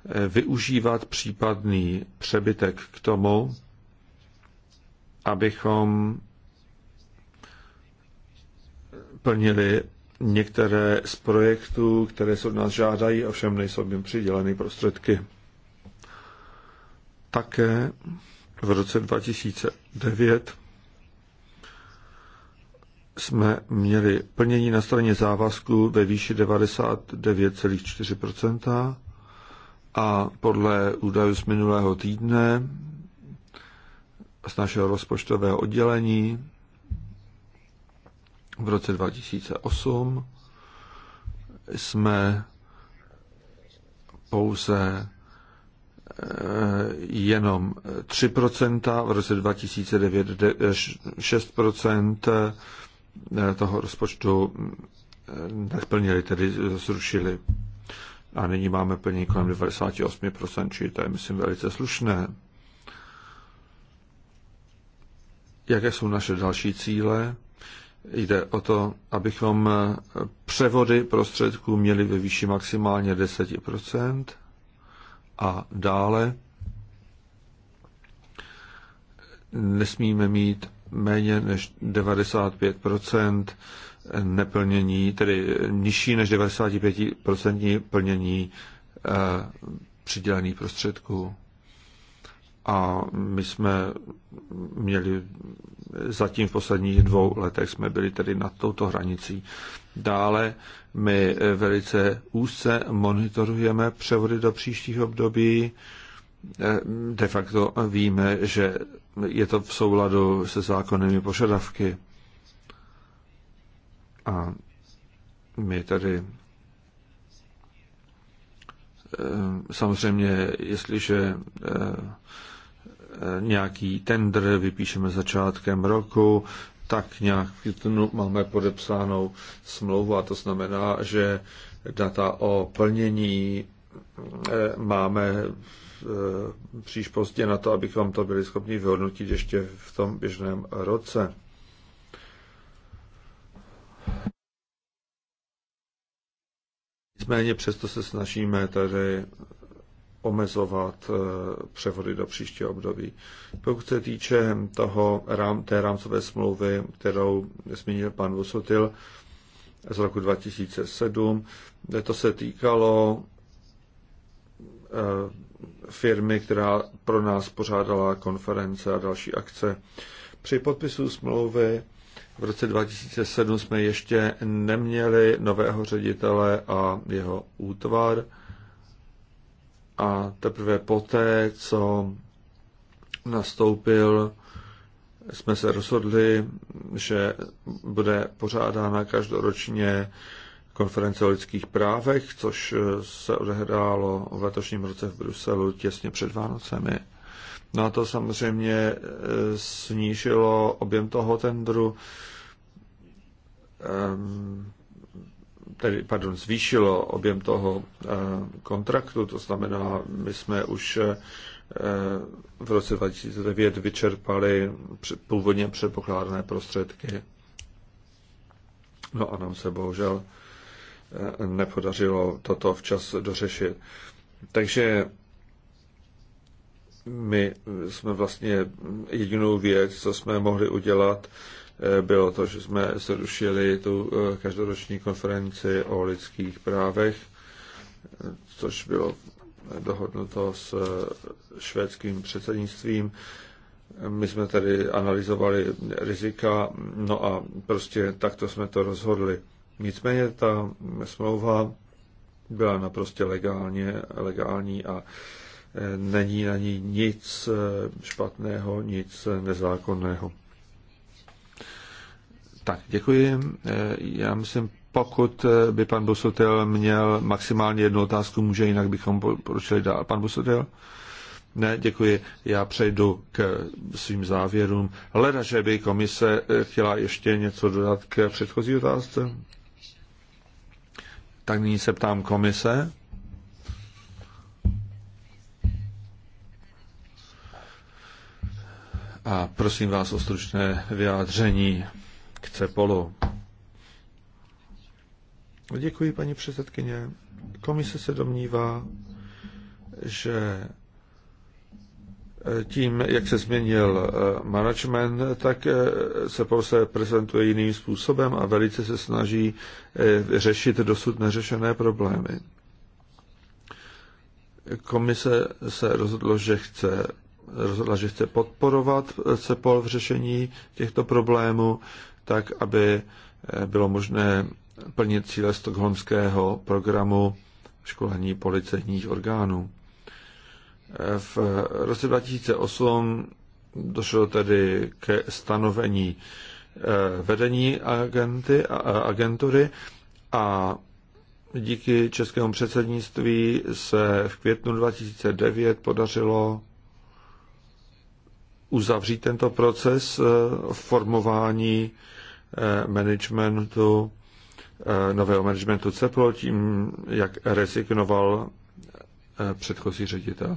B: eh, využívat případný přebytek k tomu, abychom plnili některé z projektů, které se od nás žádají, ovšem nejsou jim přiděleny prostředky. Také v roce 2009 jsme měli plnění na straně závazku ve výši 99,4 a podle údajů z minulého týdne z našeho rozpočtového oddělení v roce 2008 jsme pouze eh, jenom 3%, v roce 2009 6% eh, toho rozpočtu eh, nesplnili, tedy zrušili. A nyní máme plnění kolem 98%, či to je, myslím, velice slušné. Jaké jsou naše další cíle? Jde o to, abychom převody prostředků měli ve výši maximálně 10 a dále nesmíme mít méně než 95 neplnění, tedy nižší než 95% plnění eh, přidělených prostředků a my jsme měli zatím v posledních dvou letech jsme byli tedy nad touto hranicí. Dále my velice úzce monitorujeme převody do příštích období. De facto víme, že je to v souladu se zákonnými požadavky. A my tady eh, samozřejmě, jestliže eh, nějaký tender vypíšeme začátkem roku, tak nějak v květnu máme podepsánou smlouvu a to znamená, že data o plnění eh, máme eh, příš pozdě na to, abychom to byli schopni vyhodnotit ještě v tom běžném roce. Nicméně přesto se snažíme tady omezovat eh, převody do příštího období. Pokud se týče toho, té rámcové smlouvy, kterou zmínil pan Vosotil z roku 2007, eh, to se týkalo eh, firmy, která pro nás pořádala konference a další akce. Při podpisu smlouvy v roce 2007 jsme ještě neměli nového ředitele a jeho útvar a teprve poté, co nastoupil, jsme se rozhodli, že bude pořádána každoročně konference o lidských právech, což se odehrálo v letošním roce v Bruselu těsně před Vánocemi. No a to samozřejmě eh, snížilo objem toho tendru. Ehm, tedy, pardon, zvýšilo objem toho eh, kontraktu, to znamená, my jsme už eh, v roce 2009 vyčerpali původně předpokládané prostředky. No a nám se bohužel eh, nepodařilo toto včas dořešit. Takže my jsme vlastně jedinou věc, co jsme mohli udělat, Eh, bylo to, že jsme zrušili tu eh, každoroční konferenci o lidských právech, což bylo dohodnuto s eh, švédským předsednictvím. My jsme tady analyzovali rizika, no a prostě takto jsme to rozhodli. Nicméně ta smlouva byla naprosto legálně, legální a není na ní nic špatného, nic nezákonného. Tak, děkuji. Eh, já myslím, pokud eh, by pan Bosotel měl maximálně jednu otázku, může jinak bychom poručili dál. Pan Bosotel? Ne, děkuji. Já přejdu k svým závěrům. Leda, že by komise eh, chtěla ještě něco dodat k předchozí otázce? Tak nyní se ptám komise. A prosím vás o stručné vyjádření k CEPOLu. Děkuji, paní předsedkyně. Komise se domnívá, že eh, tím, jak se změnil eh, management, tak eh, se prostě prezentuje jiným způsobem a velice se snaží řešit dosud neřešené problémy. Komise se rozhodla, že chce rozhodla, že chce podporovat CEPOL v řešení těchto problémů tak aby eh, bylo možné plnit cíle stokholmského programu školení policejních orgánů. Eh, v roce 2008 došlo tedy ke stanovení eh, vedení agenty, agentury a díky českému předsednictví se v květnu 2009 podařilo uzavřít tento proces formování Eh, managementu, eh, nového managementu CEPLO, tím, jak rezignoval eh, předchozí ředitel.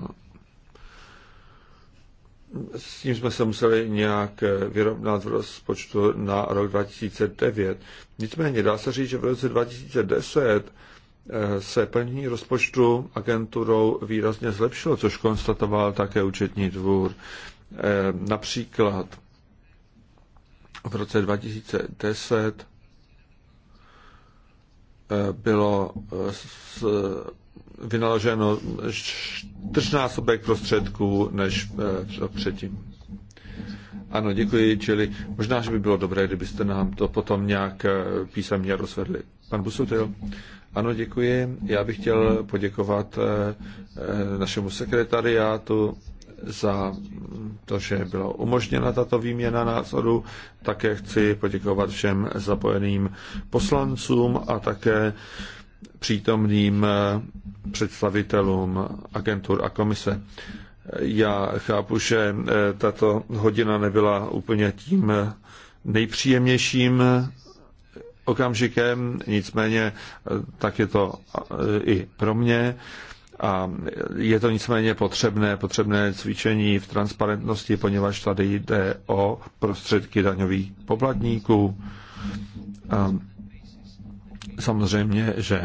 B: S tím jsme se museli nějak vyrovnat v rozpočtu na rok 2009. Nicméně dá se říct, že v roce 2010 se plnění rozpočtu agenturou výrazně zlepšilo, což konstatoval také účetní dvůr. Například v roce 2010 eh, bylo eh, vynaloženo čtyřnásobek prostředků než eh, předtím. Ano, děkuji, čili možná, že by bylo dobré, kdybyste nám to potom nějak písemně rozvedli. Pan Busutil, ano, děkuji. Já bych chtěl poděkovat našemu sekretariátu za to, že byla umožněna tato výměna názoru. Také chci poděkovat všem zapojeným poslancům a také přítomným eh, představitelům agentur a komise. Já chápu, že eh, tato hodina nebyla úplně tím eh, nejpříjemnějším okamžikem, nicméně tak je to i pro mě. A je to nicméně potřebné, potřebné cvičení v transparentnosti, poněvadž tady jde o prostředky daňových poplatníků. A samozřejmě, že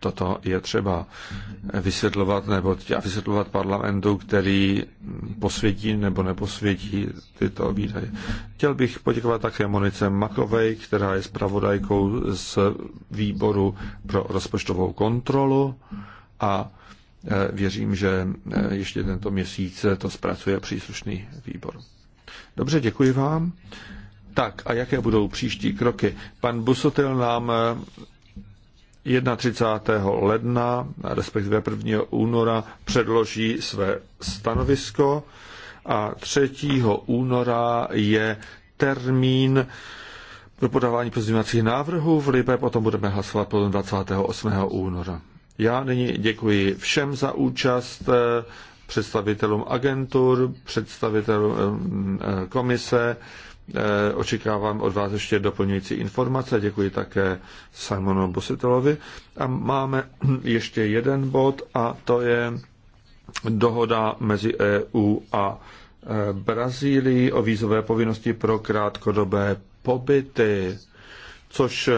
B: toto je třeba vysvětlovat nebo vysvětlovat parlamentu, který posvětí nebo neposvětí tyto výdaje. Chtěl bych poděkovat také Monice Makovej, která je zpravodajkou z výboru pro rozpočtovou kontrolu a Eh, věřím, že eh, ještě tento měsíc eh, to zpracuje příslušný výbor. Dobře, děkuji vám. Tak a jaké budou příští kroky? Pan Busotil nám 31. ledna, respektive 1. února, předloží své stanovisko a 3. února je termín pro podávání pozměňovacích návrhů. V Lipe potom budeme hlasovat potom 28. února. Já nyní děkuji všem za účast, eh, představitelům agentur, představitelům eh, eh, komise. Očekávám od vás ještě doplňující informace. Děkuji také Simonu Bositelovi. A máme <clears throat> ještě jeden bod a to je dohoda mezi EU a Brazílií o vízové povinnosti pro krátkodobé pobyty, což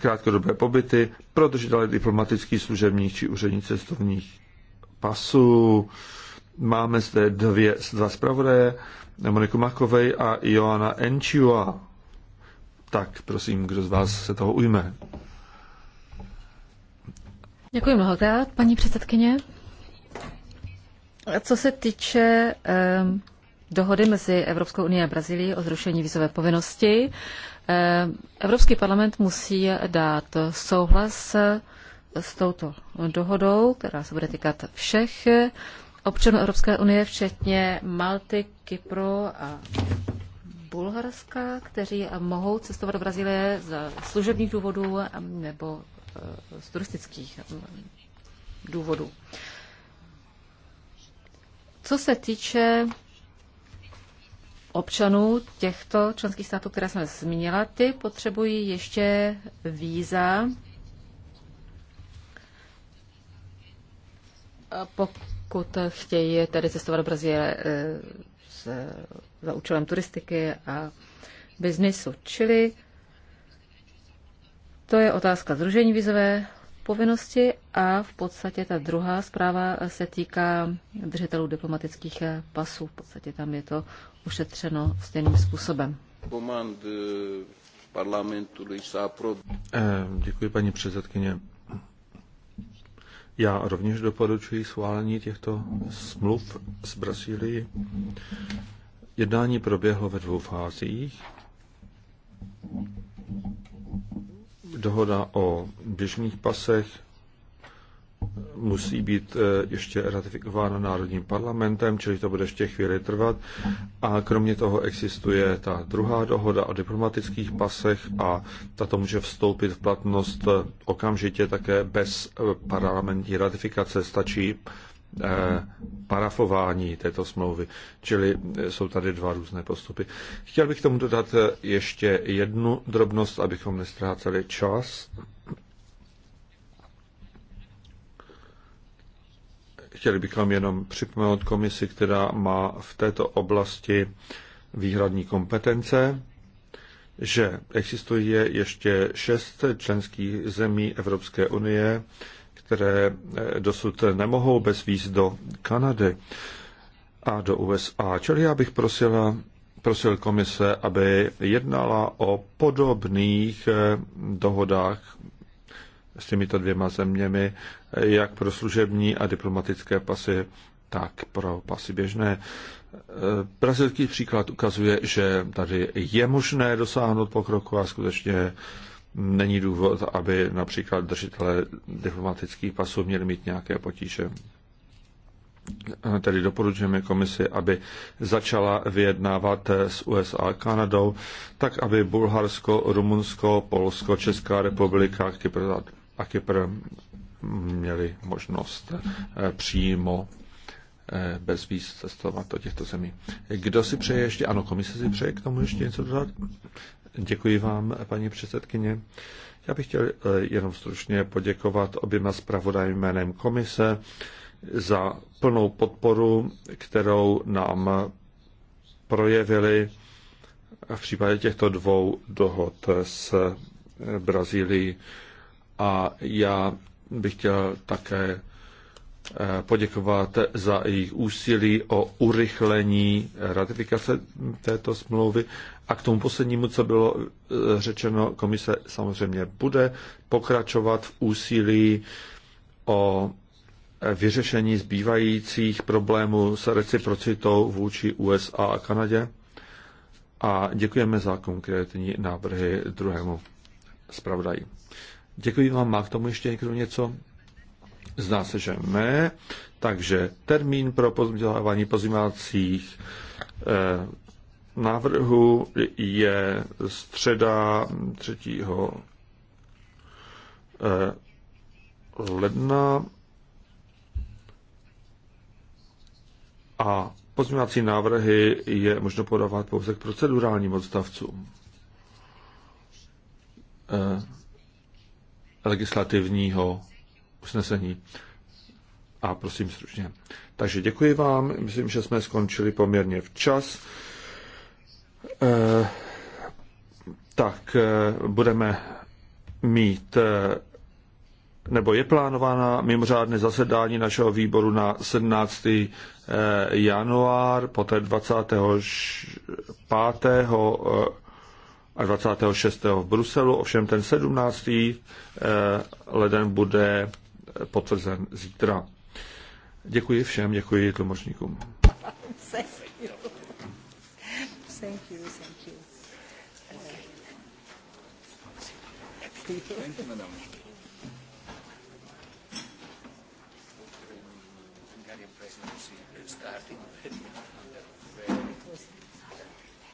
B: krátkodobé pobyty protože dali diplomatický služebních či úřední cestovních pasů. Máme zde dvě, dva zpravodaje, Moniku Makovej a Joana Enchiua. Tak, prosím, kdo z vás se toho ujme?
A: Děkuji mnohokrát, paní předsedkyně. Co se týče eh, dohody mezi Evropskou unii a Brazílií o zrušení vízové povinnosti, eh, Eh, Evropský parlament musí dát souhlas s touto dohodou, která se bude týkat všech občanů Evropské unie, včetně Malty, Kypru a Bulharska, kteří mohou cestovat do Brazílie z služebních důvodů nebo eh, z turistických mm, důvodů. Co se týče občanů těchto členských států, které jsem zmínila, ty potřebují ještě víza. Pokud chtějí tedy cestovat do Brazílie eh, za účelem turistiky a biznisu. Čili to je otázka zružení vizové povinnosti a v podstatě ta druhá zpráva se týká držitelů diplomatických pasů. V podstatě tam je to ušetřeno stejným způsobem.
B: Eh, děkuji, paní předsedkyně. Já rovněž doporučuji schválení těchto smluv z Brazílii. Jednání proběhlo ve dvou fázích dohoda o běžných pasech musí být eh, ještě ratifikována Národním parlamentem, čili to bude ještě chvíli trvat. A kromě toho existuje ta druhá dohoda o diplomatických pasech a tato může vstoupit v platnost eh, okamžitě také bez eh, parlamentní ratifikace. Stačí Eh, parafování této smlouvy. Čili eh, jsou tady dva různé postupy. Chtěl bych tomu dodat eh, ještě jednu drobnost, abychom nestráceli čas. Chtěli bychom jenom připomenout komisi, která má v této oblasti výhradní kompetence že existuje ještě šest členských zemí Evropské unie, které eh, dosud nemohou bez víz do Kanady a do USA. Čili já bych prosila, prosil komise, aby jednala o podobných eh, dohodách s těmito dvěma zeměmi, eh, jak pro služební a diplomatické pasy, tak pro pasy běžné. Brazilský příklad ukazuje, že tady je možné dosáhnout pokroku a skutečně není důvod, aby například držitelé diplomatických pasů měli mít nějaké potíže. Tedy doporučujeme komisi, aby začala vyjednávat s USA a Kanadou, tak aby Bulharsko, Rumunsko, Polsko, Česká republika Kypr a Kypr měli možnost eh, přímo eh, bez víc cestovat do těchto zemí. Kdo si přeje ještě, ano, komise si přeje k tomu ještě něco dodat? Děkuji vám, paní předsedkyně. Já bych chtěl eh, jenom stručně poděkovat oběma zpravodajům jménem komise za plnou podporu, kterou nám projevili v případě těchto dvou dohod s Brazílií. A já bych chtěl také Eh, poděkovat za jejich úsilí o urychlení ratifikace této smlouvy. A k tomu poslednímu, co bylo eh, řečeno, komise samozřejmě bude pokračovat v úsilí o eh, vyřešení zbývajících problémů s reciprocitou vůči USA a Kanadě. A děkujeme za konkrétní návrhy druhému zpravodaji. Děkuji vám. Má k tomu ještě někdo něco? Zdá se, že ne. Takže termín pro pozdávání pozměňovacích eh, návrhu je středa 3. Eh, ledna a pozměňovací návrhy je možno podávat pouze k procedurálním odstavcům eh, legislativního usnesení. A prosím stručně. Takže děkuji vám. Myslím, že jsme skončili poměrně včas. E, tak e, budeme mít e, nebo je plánována mimořádné zasedání našeho výboru na 17. január, poté 25 a 26. v Bruselu, ovšem ten 17. leden bude potvrzen zítra. Děkuji všem, děkuji tlumočníkům. Thank
A: you, thank